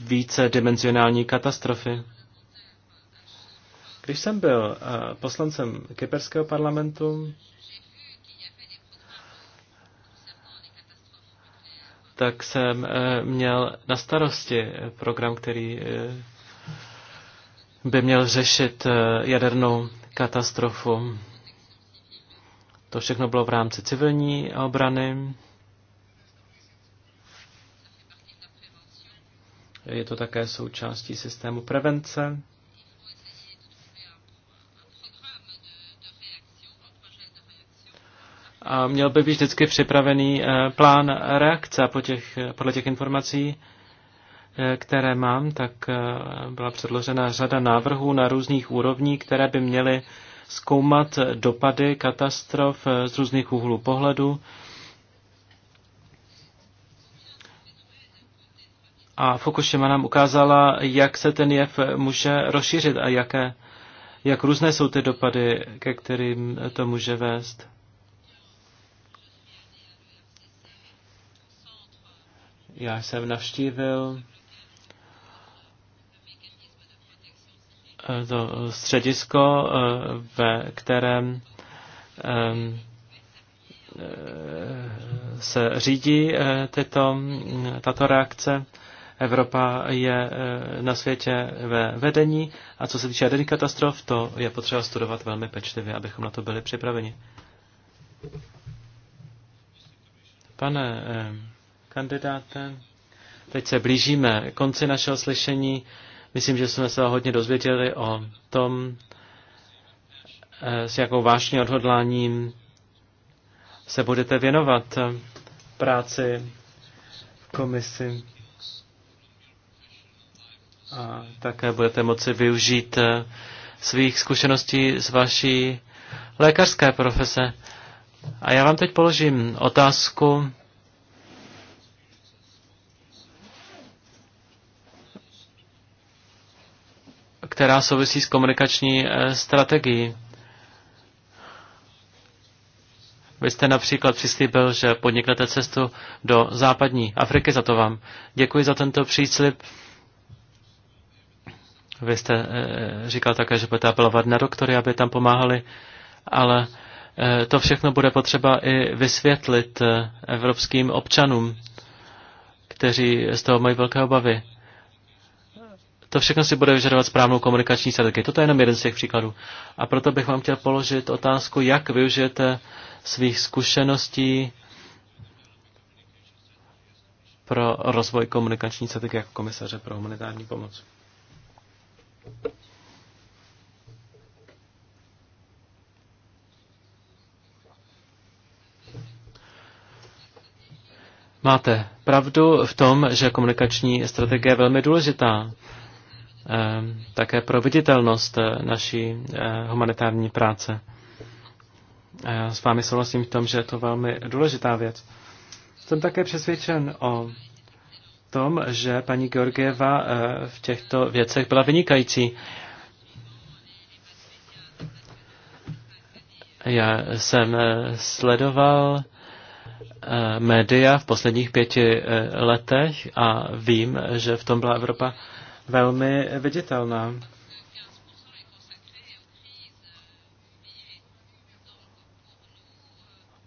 více dimenzionální katastrofy. Když jsem byl eh, poslancem kyperského parlamentu, tak jsem eh, měl na starosti program, který by měl řešit eh, jadernou katastrofu. To všechno bylo v rámci civilní obrany. Je to také součástí systému prevence. A měl by být vždycky připravený eh, plán reakce po těch, podle těch informací, které mám, tak eh, byla předložena řada návrhů na různých úrovních, které by měly zkoumat dopady katastrof eh, z různých úhlů pohledu. A Fukushima nám ukázala, jak se ten jev může rozšířit a jaké, jak různé jsou ty dopady, ke kterým to může vést. Já jsem navštívil to středisko, eh, ve kterém ehm, eh, se řídí eh, tyto, mm, tato reakce. Evropa je na světě ve vedení a co se týče jaderných katastrof, to je potřeba studovat velmi pečlivě, abychom na to byli připraveni. Pane kandidáte, teď se blížíme konci našeho slyšení. Myslím, že jsme se hodně dozvěděli o tom, eh, s jakou vášní odhodláním se budete věnovat práci v komisi. A také budete moci využít eh, svých zkušeností z vaší lékařské profese. A já vám teď položím otázku, která souvisí s komunikační eh, strategií. Vy jste například přislíbil, že podniknete cestu do západní Afriky, za to vám děkuji za tento příslip. Vy jste eh, říkal také, že budete apelovat na doktory, aby tam pomáhali, ale eh, to všechno bude potřeba i vysvětlit evropským občanům, kteří z toho mají velké obavy. To všechno si bude vyžadovat správnou komunikační strategii. Toto je jenom jeden z těch příkladů. A proto bych vám chtěl položit otázku, jak využijete svých zkušeností pro rozvoj komunikační strategie jako komisaře pro humanitární pomoc. Máte pravdu v tom, že komunikační strategie je velmi důležitá. Eh, také pro viditelnost eh, naší eh, humanitární práce. A já s vámi souhlasím v tom, že je to velmi důležitá věc. Jsem také přesvědčen o tom, že paní Georgieva v těchto věcech byla vynikající. Já jsem sledoval média v posledních pěti letech a vím, že v tom byla Evropa velmi viditelná.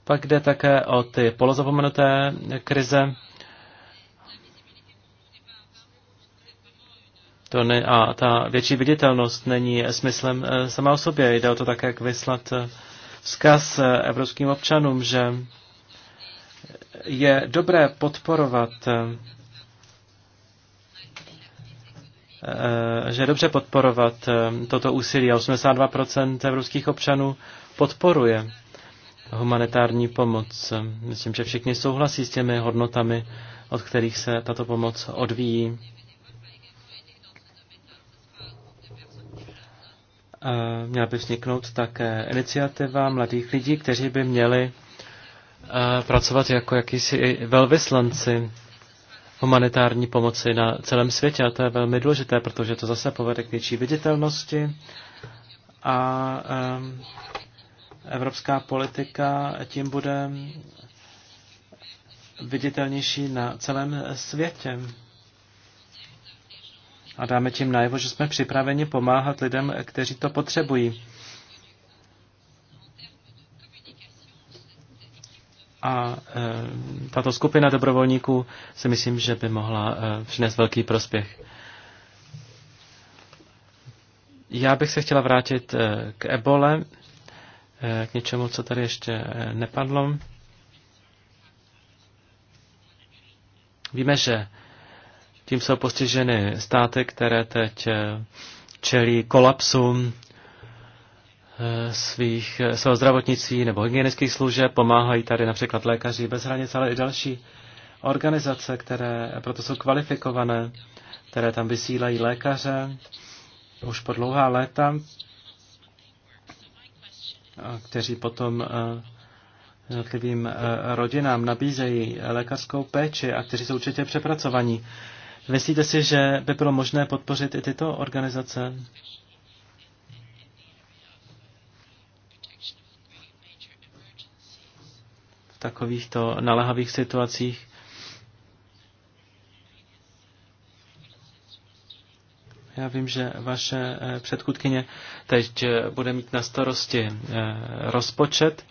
Pak jde také o ty polozapomenuté krize. To ne, a ta větší viditelnost není smyslem eh, sama o sobě. Jde o to také, jak vyslat eh, vzkaz eh, evropským občanům, že je dobré podporovat Eh, že dobře podporovat eh, toto úsilí. 82% evropských občanů podporuje humanitární pomoc. Myslím, že všichni souhlasí s těmi hodnotami, od kterých se tato pomoc odvíjí. Eh, měla by vzniknout také iniciativa mladých lidí, kteří by měli pracovat jako jakýsi velvyslanci humanitární pomoci na celém světě. A to je velmi důležité, protože to zase povede k větší viditelnosti a um, evropská politika tím bude viditelnější na celém světě. A dáme tím najevo, že jsme připraveni pomáhat lidem, kteří to potřebují. A e, tato skupina dobrovolníků si myslím, že by mohla e, přinést velký prospěch. Já bych se chtěla vrátit e, k ebole, k něčemu, co tady ještě nepadlo. Víme, že tím jsou postiženy státy, které teď čelí kolapsu Eh, svých, eh, svého zdravotnictví nebo hygienických služeb, pomáhají tady například lékaři bez hranic, ale i další organizace, které proto jsou kvalifikované, které tam vysílají lékaře už po dlouhá léta, kteří potom eh, jednotlivým rodinám nabízejí lékařskou péči a kteří jsou určitě přepracovaní. Myslíte si, že by bylo možné podpořit i tyto organizace takovýchto naléhavých situacích. Já vím, že vaše eh, předchůdkyně teď eh, bude mít na starosti eh, rozpočet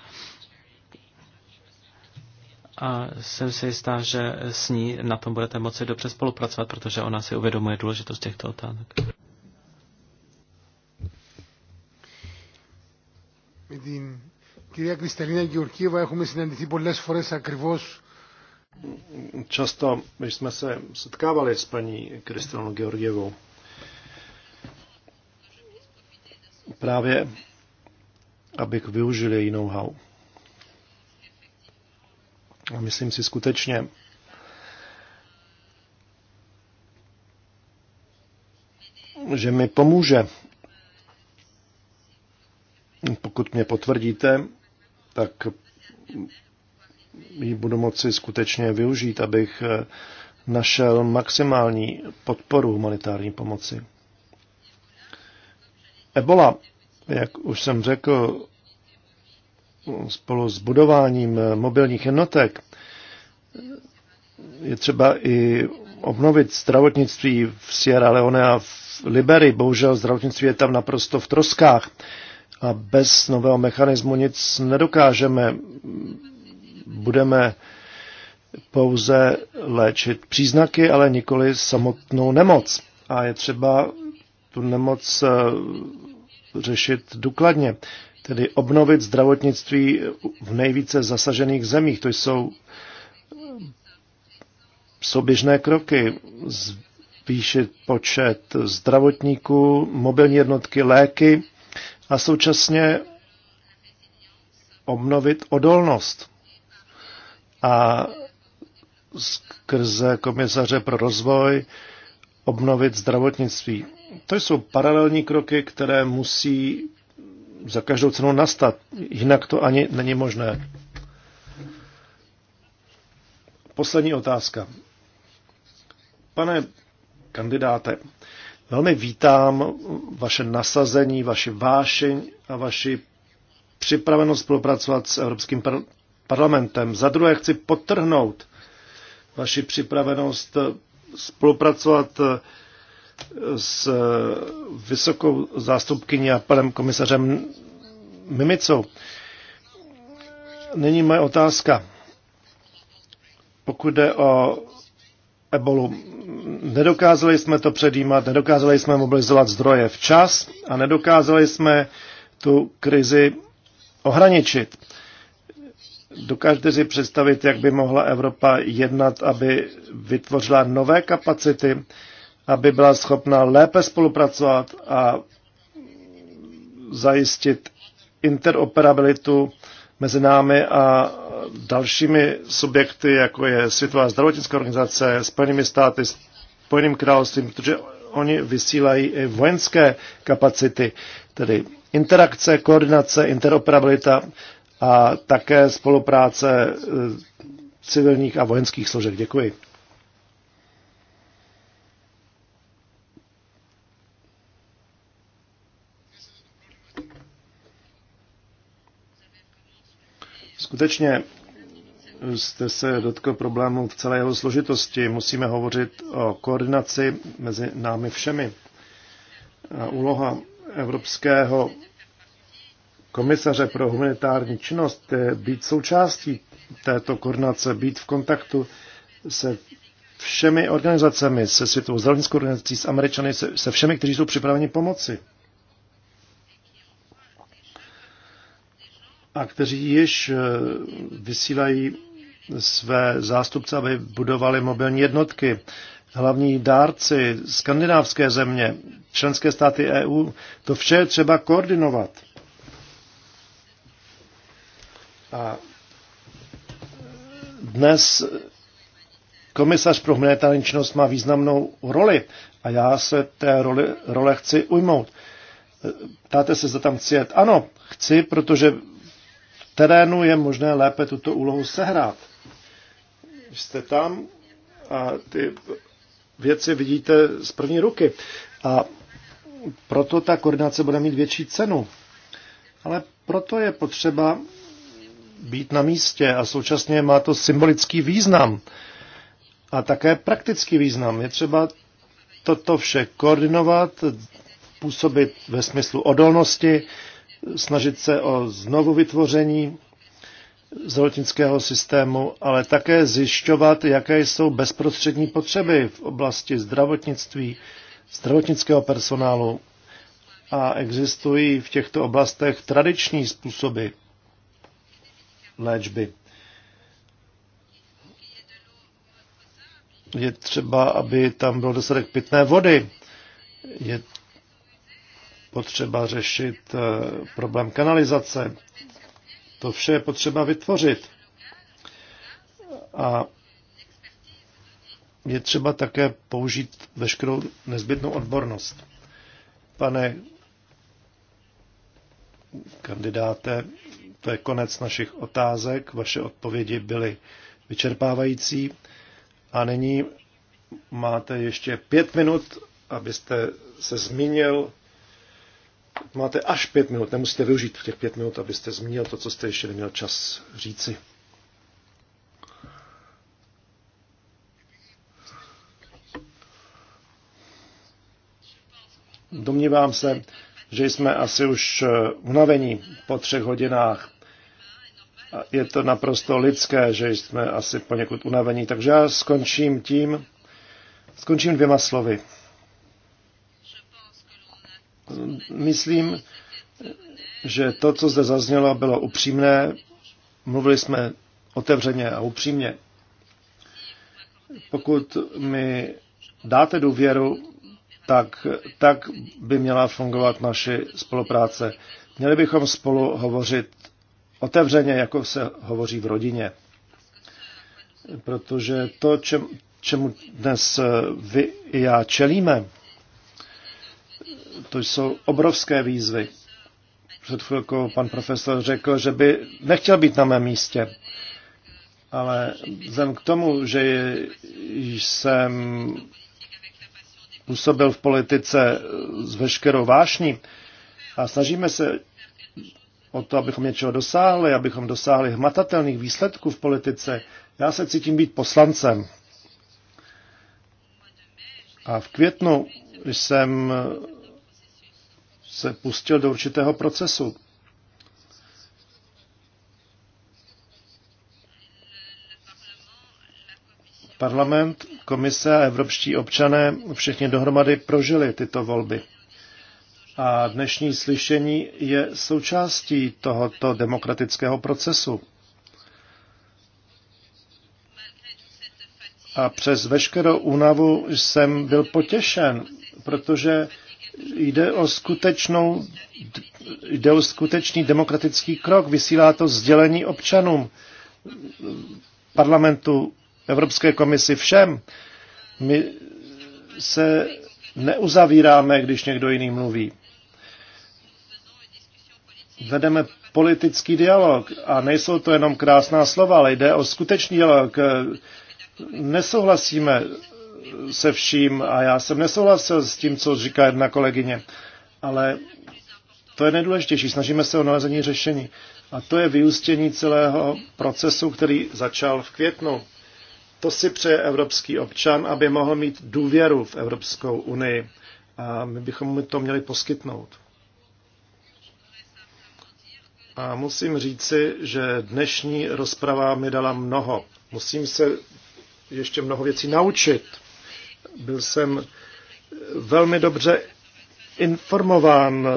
a jsem si jistá, že s ní na tom budete moci dobře spolupracovat, protože ona si uvědomuje důležitost těchto otázek. Medin Κυρία Κρυσταλίνα Γεωργίεβα, έχουμε συναντηθεί πολλές φορές ακριβώς Často, my jsme se setkávali s paní Kristalnou Georgievou, právě abych využil její know-how. A myslím si skutečně, že mi pomůže, pokud mě potvrdíte, tak ji budu moci skutečně využít, abych eh, našel maximální podporu humanitární pomoci. Ebola, jak už jsem řekl, spolu s budováním eh, mobilních jednotek je třeba i obnovit zdravotnictví v Sierra Leone a v Liberii. Bohužel zdravotnictví je tam naprosto v troskách a bez nového mechanismu nic nedokážeme. Budeme pouze léčit příznaky, ale nikoli samotnou nemoc. A je třeba tu nemoc eh, řešit důkladně, tedy obnovit zdravotnictví v nejvíce zasažených zemích. To jsou souběžné kroky, zvýšit počet zdravotníků, mobilní jednotky, léky, a současně obnovit odolnost. A skrze komisaře pro rozvoj obnovit zdravotnictví. To jsou paralelní kroky, které musí za každou cenu nastat. Jinak to ani není možné. Poslední otázka. Pane kandidáte, Velmi vítám vaše nasazení, vaše vášeň a vaši připravenost spolupracovat s Evropským par- parlamentem. Za druhé chci potrhnout vaši připravenost spolupracovat s vysokou zástupkyní a panem komisařem Mimicou. Nyní moje otázka. Pokud jde o ebolu. Nedokázali jsme to předjímat, nedokázali jsme mobilizovat zdroje včas a nedokázali jsme tu krizi ohraničit. Dokážete si představit, jak by mohla Evropa jednat, aby vytvořila nové kapacity, aby byla schopna lépe spolupracovat a zajistit interoperabilitu mezi námi a dalšími subjekty, jako je Světová zdravotnická organizace, Spojenými státy, Spojeným královstvím, protože oni vysílají i vojenské kapacity, tedy interakce, koordinace, interoperabilita a také spolupráce eh, civilních a vojenských složek. Děkuji. skutečně jste se dotkl problému v celé jeho složitosti. Musíme hovořit o koordinaci mezi námi všemi. A úloha Evropského komisaře pro humanitární činnost je být součástí této koordinace, být v kontaktu se všemi organizacemi, se Světovou zdravotnickou organizací, s Američany, se, se všemi, kteří jsou připraveni pomoci. A kteří již eh, vysílají své zástupce, aby budovali mobilní jednotky. Hlavní dárci, skandinávské země, členské státy EU, to vše je třeba koordinovat. A dnes komisař pro humanitární činnost má významnou roli a já se té roli, role chci ujmout. Ptáte se, zda tam chci jet. Ano, chci, protože v terénu je možné lépe tuto úlohu sehrát jste tam a ty věci vidíte z první ruky. A proto ta koordinace bude mít větší cenu. Ale proto je potřeba být na místě a současně má to symbolický význam a také praktický význam. Je třeba toto vše koordinovat, působit ve smyslu odolnosti, snažit se o znovu vytvoření zdravotnického systému, ale také zjišťovat, jaké jsou bezprostřední potřeby v oblasti zdravotnictví, zdravotnického personálu. A existují v těchto oblastech tradiční způsoby léčby. Je třeba, aby tam byl dostatek pitné vody. Je potřeba řešit eh, problém kanalizace, to vše je potřeba vytvořit. A je třeba také použít veškerou nezbytnou odbornost. Pane kandidáte, to je konec našich otázek. Vaše odpovědi byly vyčerpávající. A nyní máte ještě pět minut, abyste se zmínil Máte až pět minut, nemusíte využít těch pět minut, abyste zmínil to, co jste ještě neměl čas říci. Domnívám se, že jsme asi už eh, unavení po třech hodinách. Je to naprosto lidské, že jsme asi poněkud unavení, takže já skončím tím, skončím dvěma slovy myslím, že to, co zde zaznělo, bylo upřímné. Mluvili jsme otevřeně a upřímně. Pokud mi dáte důvěru, tak, tak by měla fungovat naše spolupráce. Měli bychom spolu hovořit otevřeně, jako se hovoří v rodině. Protože to, čem, čemu dnes vy i já čelíme, to jsou obrovské výzvy. Před chvilkou pan profesor řekl, že by nechtěl být na mém místě. Ale vzhledem k tomu, že jsem působil v politice s veškerou vášní a snažíme se o to, abychom něčeho dosáhli, abychom dosáhli hmatatelných výsledků v politice, já se cítím být poslancem. A v květnu jsem se pustil do určitého procesu. Parlament, komise a evropští občané všichni dohromady prožili tyto volby. A dnešní slyšení je součástí tohoto demokratického procesu. A přes veškerou únavu jsem byl potěšen, protože Jde o, skutečnou, jde o skutečný demokratický krok. Vysílá to sdělení občanům parlamentu, Evropské komisi, všem. My se neuzavíráme, když někdo jiný mluví. Vedeme politický dialog a nejsou to jenom krásná slova, ale jde o skutečný dialog. Nesouhlasíme se vším a já jsem nesouhlasil s tím, co říká jedna kolegyně. Ale to je nejdůležitější. Snažíme se o nalezení řešení. A to je vyústění celého procesu, který začal v květnu. To si přeje evropský občan, aby mohl mít důvěru v Evropskou unii. A my bychom mu to měli poskytnout. A musím říci, že dnešní rozprava mi dala mnoho. Musím se ještě mnoho věcí naučit. Byl jsem velmi dobře informován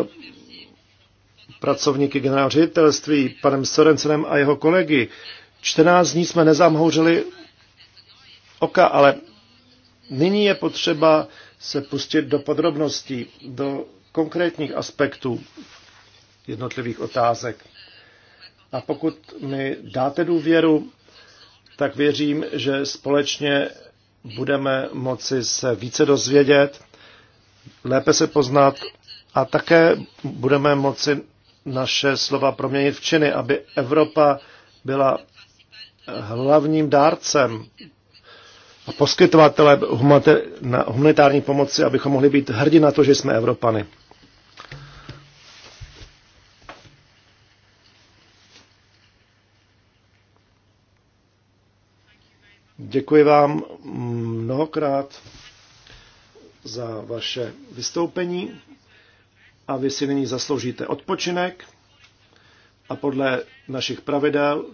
pracovníky generálního ředitelství, panem Sorensenem a jeho kolegy. 14 dní jsme nezamhouřili oka, ale nyní je potřeba se pustit do podrobností, do konkrétních aspektů jednotlivých otázek. A pokud mi dáte důvěru, tak věřím, že společně budeme moci se více dozvědět, lépe se poznat a také budeme moci naše slova proměnit v činy, aby Evropa byla hlavním dárcem a poskytovatelem humanitární pomoci, abychom mohli být hrdí na to, že jsme Evropany. Děkuji vám mnohokrát za vaše vystoupení a vy si nyní zasloužíte odpočinek a podle našich pravidel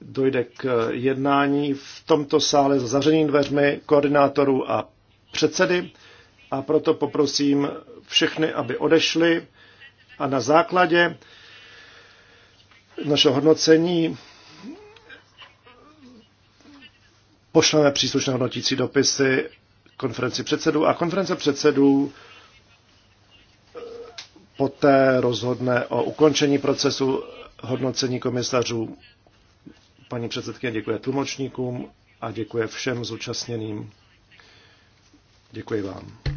dojde k jednání v tomto sále s zavřenými dveřmi koordinátorů a předsedy a proto poprosím všechny, aby odešli a na základě našeho hodnocení pošleme příslušné hodnotící dopisy konferenci předsedů a konference předsedů poté rozhodne o ukončení procesu hodnocení komisařů. Paní předsedkyně děkuje tlumočníkům a děkuje všem zúčastněným. Děkuji vám.